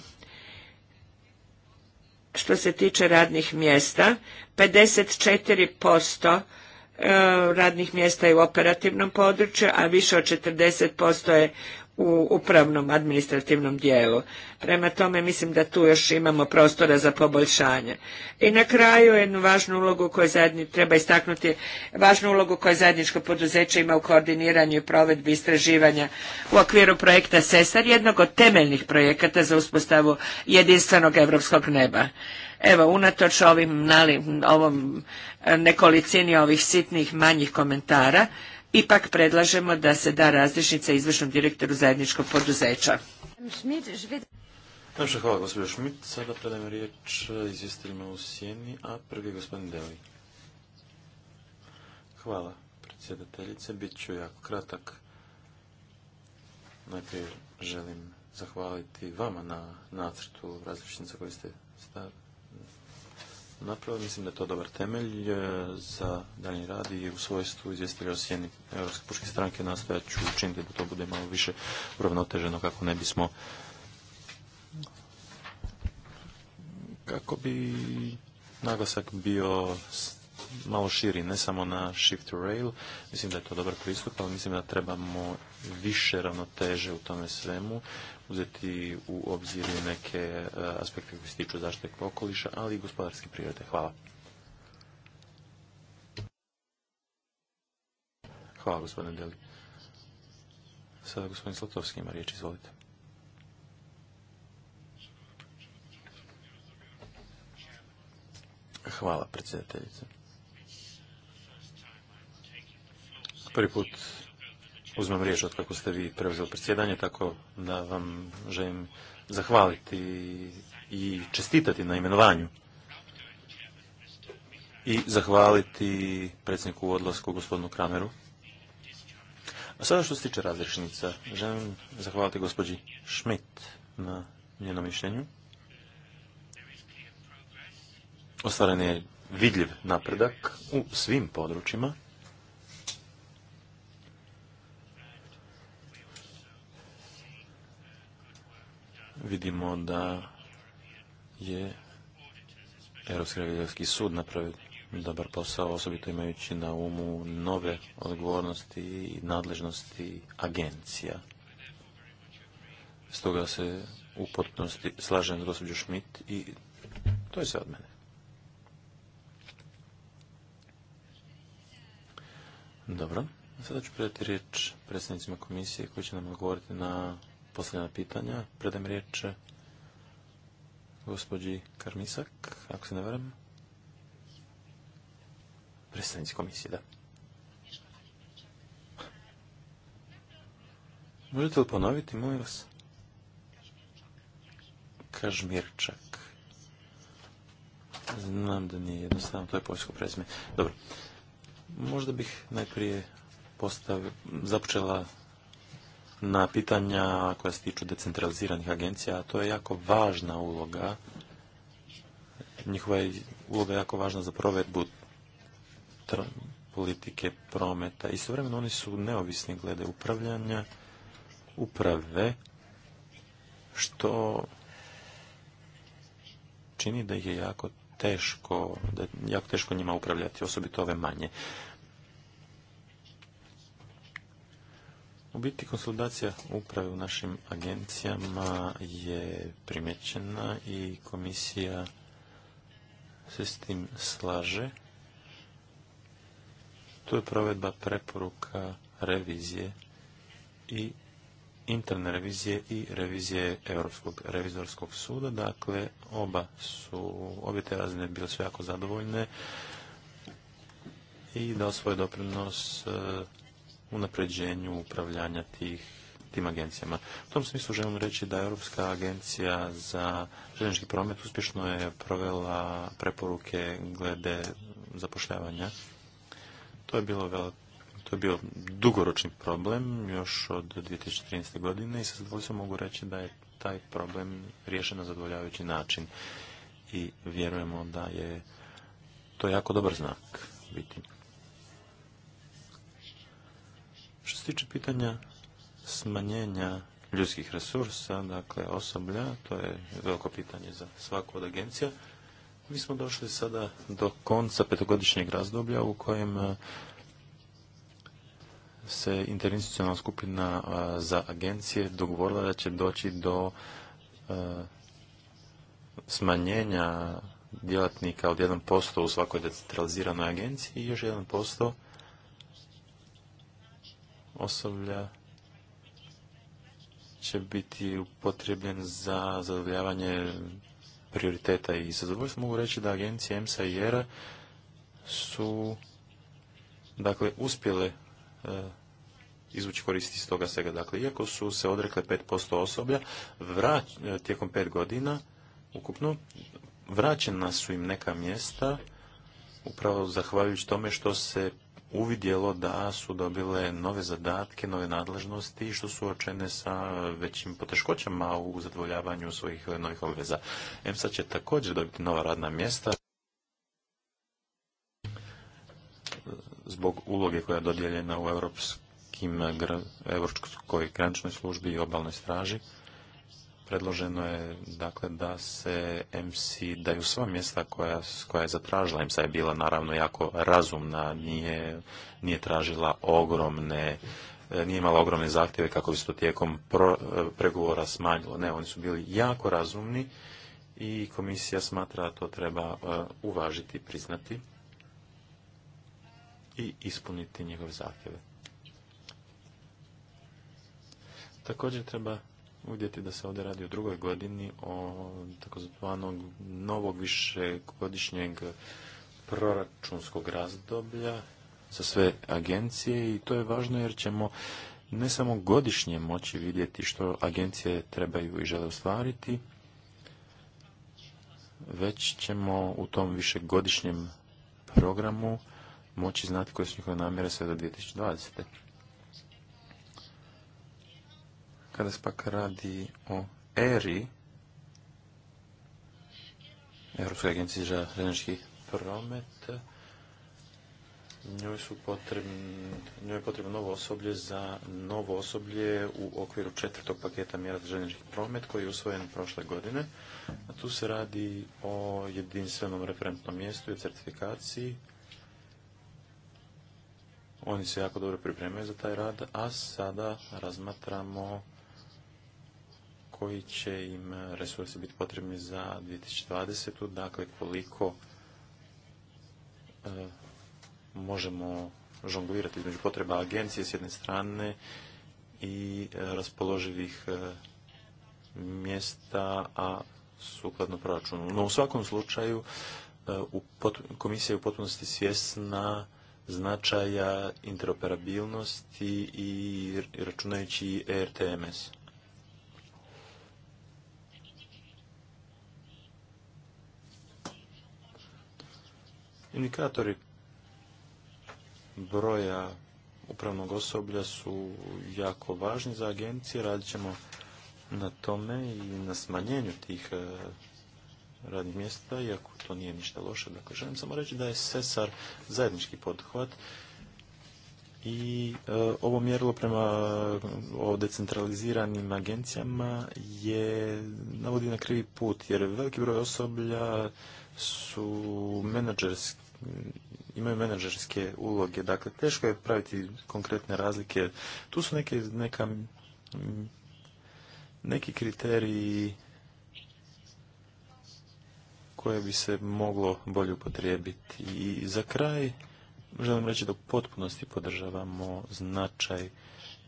Što se tiče radnih mjesta, 54% e, radnih mjesta je u operativnom području, a više od 40% je u upravnom administrativnom dijelu. Prema tome mislim da tu još imamo prostora za poboljšanje. I na kraju jednu važnu ulogu koju zajedni, treba istaknuti, važnu ulogu koju zajedničko poduzeće ima u koordiniranju i provedbi istraživanja u okviru projekta SESAR, jednog od temeljnih projekata za uspostavu jedinstvenog europskog neba. Evo, unatoč ovim, nali, ovom nekolicini ovih sitnih manjih komentara, ipak predlažemo da se da različnica izvršnom direktoru zajedničkog poduzeća. hvala gospođo Šmit. Sada predajem riječ izvjestiteljima u Sjeni, a prvi je gospodin Deli. Hvala predsjedateljice. Bit ću jako kratak. Najprije želim zahvaliti vama na nacrtu različnica koju ste stavili Napravo, Mislim da je to dobar temelj e, za daljnji rad i u svojstvu izvjestitelja sjeni Europske puške stranke nastojat ću učiniti da to bude malo više uravnoteženo kako ne bismo kako bi naglasak bio malo širi, ne samo na shift rail. Mislim da je to dobar pristup, ali mislim da trebamo više ravnoteže u tome svemu, uzeti u obzir neke e, aspekte koji se tiču zaštite okoliša, ali i gospodarske prirode. Hvala. Hvala gospodine Deli. Sada gospodin Slatovski ima riječ, izvolite. Hvala predsjedateljice. Prvi put uzmem riječ od kako ste vi preuzeli predsjedanje, tako da vam želim zahvaliti i čestitati na imenovanju i zahvaliti predsjedniku odlasku gospodinu Krameru. A sada što se tiče razrešnica, želim zahvaliti gospođi Schmidt na njenom mišljenju. Ostvaren je vidljiv napredak u svim područjima. vidimo da je Europski revizorski sud napravio dobar posao, osobito imajući na umu nove odgovornosti i nadležnosti agencija. Stoga se u potpunosti slažem s gospođu Schmidt i to je sve od mene. Dobro, sada ću predati riječ predsjednicima komisije koji će nam odgovoriti na Posljedna pitanja. Predam riječ gospođi Karmisak, ako se ne varam. Predstavnici komisije, da. Možete li ponoviti, molim vas? Kažmirčak. Znam da nije jednostavno, to je poljsko prezime. Dobro. Možda bih najprije postav, započela na pitanja koja se tiču decentraliziranih agencija, a to je jako važna uloga. Njihova je uloga jako važna za provedbu politike prometa. Istovremeno oni su neovisni glede upravljanja uprave, što čini da je jako teško, da je jako teško njima upravljati, osobito ove manje. U biti konsolidacija uprave u našim agencijama je primjećena i komisija se s tim slaže. Tu je provedba preporuka revizije i interne revizije i revizije Europskog revizorskog suda. Dakle, oba su, obje te razine bile su jako zadovoljne i dao svoj doprinos e, unapređenju upravljanja tih tim agencijama. U tom smislu želim reći da Europska agencija za željeznički promet uspješno je provela preporuke glede zapošljavanja. To je bilo to je bio dugoročni problem još od 2013. godine i sa zadovoljstvom mogu reći da je taj problem riješen na zadovoljavajući način i vjerujemo da je to jako dobar znak biti. Što se tiče pitanja smanjenja ljudskih resursa, dakle osoblja, to je veliko pitanje za svaku od agencija. Mi smo došli sada do konca petogodišnjeg razdoblja u kojem e, se interinstitucionalna skupina e, za agencije dogovorila da će doći do e, smanjenja djelatnika od 1% u svakoj decentraliziranoj agenciji i još 1% osoblja će biti upotrebljen za zadovoljavanje prioriteta i sa mogu reći da agencije EMSA i ERA su dakle uspjele e, izvući koristi iz toga svega. Dakle, iako su se odrekle 5% osoblja, vrać, e, tijekom pet godina ukupno vraćena su im neka mjesta upravo zahvaljujući tome što se uvidjelo da su dobile nove zadatke, nove nadležnosti i što su očene sa većim poteškoćama u zadovoljavanju svojih novih obveza. EMSA će također dobiti nova radna mjesta zbog uloge koja je dodijeljena u Evropskoj Europskoj graničnoj službi i obalnoj straži predloženo je dakle da se MC daju sva mjesta koja, koja je zatražila. MC je bila naravno jako razumna, nije, nije tražila ogromne e, nije imala ogromne zahtjeve kako bi se to tijekom e, pregovora smanjilo. Ne, oni su bili jako razumni i komisija smatra da to treba e, uvažiti, priznati i ispuniti njegove zahtjeve. Također treba uvidjeti da se ovdje radi o drugoj godini o takozvanog novog višegodišnjeg proračunskog razdoblja za sve agencije i to je važno jer ćemo ne samo godišnje moći vidjeti što agencije trebaju i žele ostvariti, već ćemo u tom višegodišnjem programu moći znati koje su njihove namjere sve do 2020. Kada se pak radi o ERI, Europske agencije za željeznički promet, njoj, njoj je potrebno novo osoblje za novo osoblje u okviru četvrtog paketa mjera za željeznički promet koji je usvojen prošle godine. A tu se radi o jedinstvenom referentnom mjestu i certifikaciji. Oni se jako dobro pripremaju za taj rad, a sada razmatramo koji će im resursi biti potrebni za 2020. Dakle, koliko e, možemo žonglirati između potreba agencije s jedne strane i e, raspoloživih e, mjesta, a sukladno proračunu. No u svakom slučaju komisija je u potpunosti svjesna značaja interoperabilnosti i računajući RTMS. Indikatori broja upravnog osoblja su jako važni za agencije. Radit ćemo na tome i na smanjenju tih e, radnih mjesta, iako to nije ništa loše. Dakle, želim samo reći da je SESAR zajednički poduhvat i e, ovo mjerilo prema o decentraliziranim agencijama je navodi na krivi put, jer veliki broj osoblja su menadžerski imaju menadžerske uloge. Dakle, teško je praviti konkretne razlike. Tu su neke, neki kriteriji koje bi se moglo bolje upotrijebiti. I za kraj želim reći da u potpunosti podržavamo značaj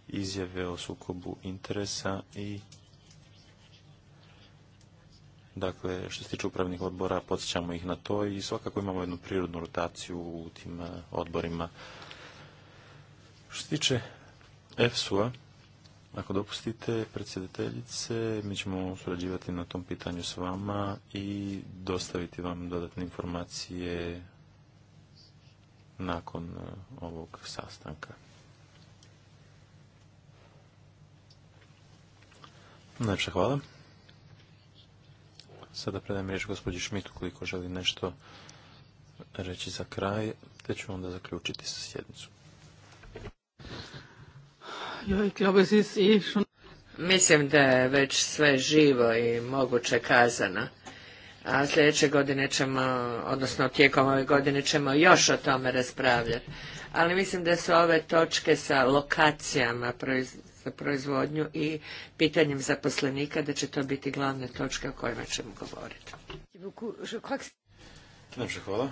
izjave o sukobu interesa i Dakle, što se tiče upravnih odbora, podsjećamo ih na to i svakako imamo jednu prirodnu rotaciju u tim e, odborima. Što se tiče EFSU-a, ako dopustite, predsjedateljice, mi ćemo surađivati na tom pitanju s vama i dostaviti vam dodatne informacije nakon e, ovog sastanka. Najpša hvala. Sada predajem riječ gospođi Šmitu koliko želi nešto reći za kraj, te ću onda zaključiti sa sjednicu. Mislim da je već sve živo i moguće kazano. A sljedeće godine ćemo, odnosno tijekom ove godine ćemo još o tome raspravljati. Ali mislim da su ove točke sa lokacijama, za proizvodnju i pitanjem zaposlenika, da će to biti glavne točke o kojima ćemo govoriti. hvala.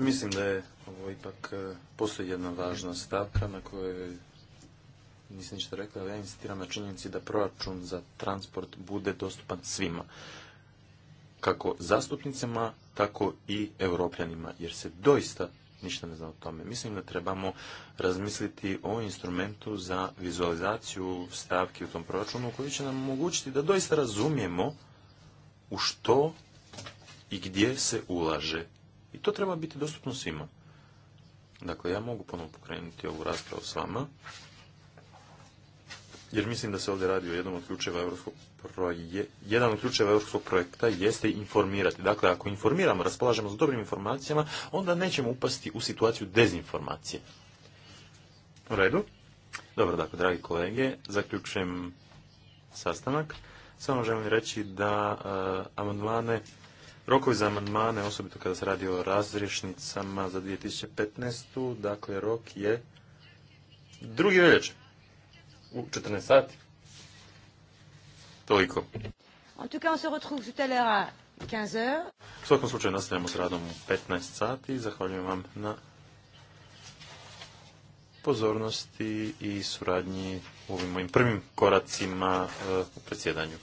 mislim da je ovo ipak e, postoji jedna važna stavka na kojoj nisam ništa rekla, ali ja insistiram na činjenici da proračun za transport bude dostupan svima. Kako zastupnicama, tako i europljanima, jer se doista ništa ne zna o tome. Mislim da trebamo razmisliti o instrumentu za vizualizaciju stavki u tom proračunu koji će nam omogućiti da doista razumijemo u što i gdje se ulaže. I to treba biti dostupno svima. Dakle, ja mogu ponovno pokrenuti ovu raspravu s vama jer mislim da se ovdje radi o jednom od ključeva europskog jedan od ključeva europskog projekta jeste informirati. Dakle, ako informiramo, raspolažemo s dobrim informacijama, onda nećemo upasti u situaciju dezinformacije. U redu? Dobro, dakle, dragi kolege, zaključujem sastanak. Samo želim reći da uh, amandmane, rokovi za amandmane, osobito kada se radi o razrješnicama za 2015. Dakle, rok je drugi veljače u 14 sati. Toliko. En tout cas, on se retrouve tout à l'heure à 15 heures. U svakom slučaju nastavljamo s radom u 15 sati. Zahvaljujem vam na pozornosti i suradnji u ovim mojim prvim koracima eh, u predsjedanju.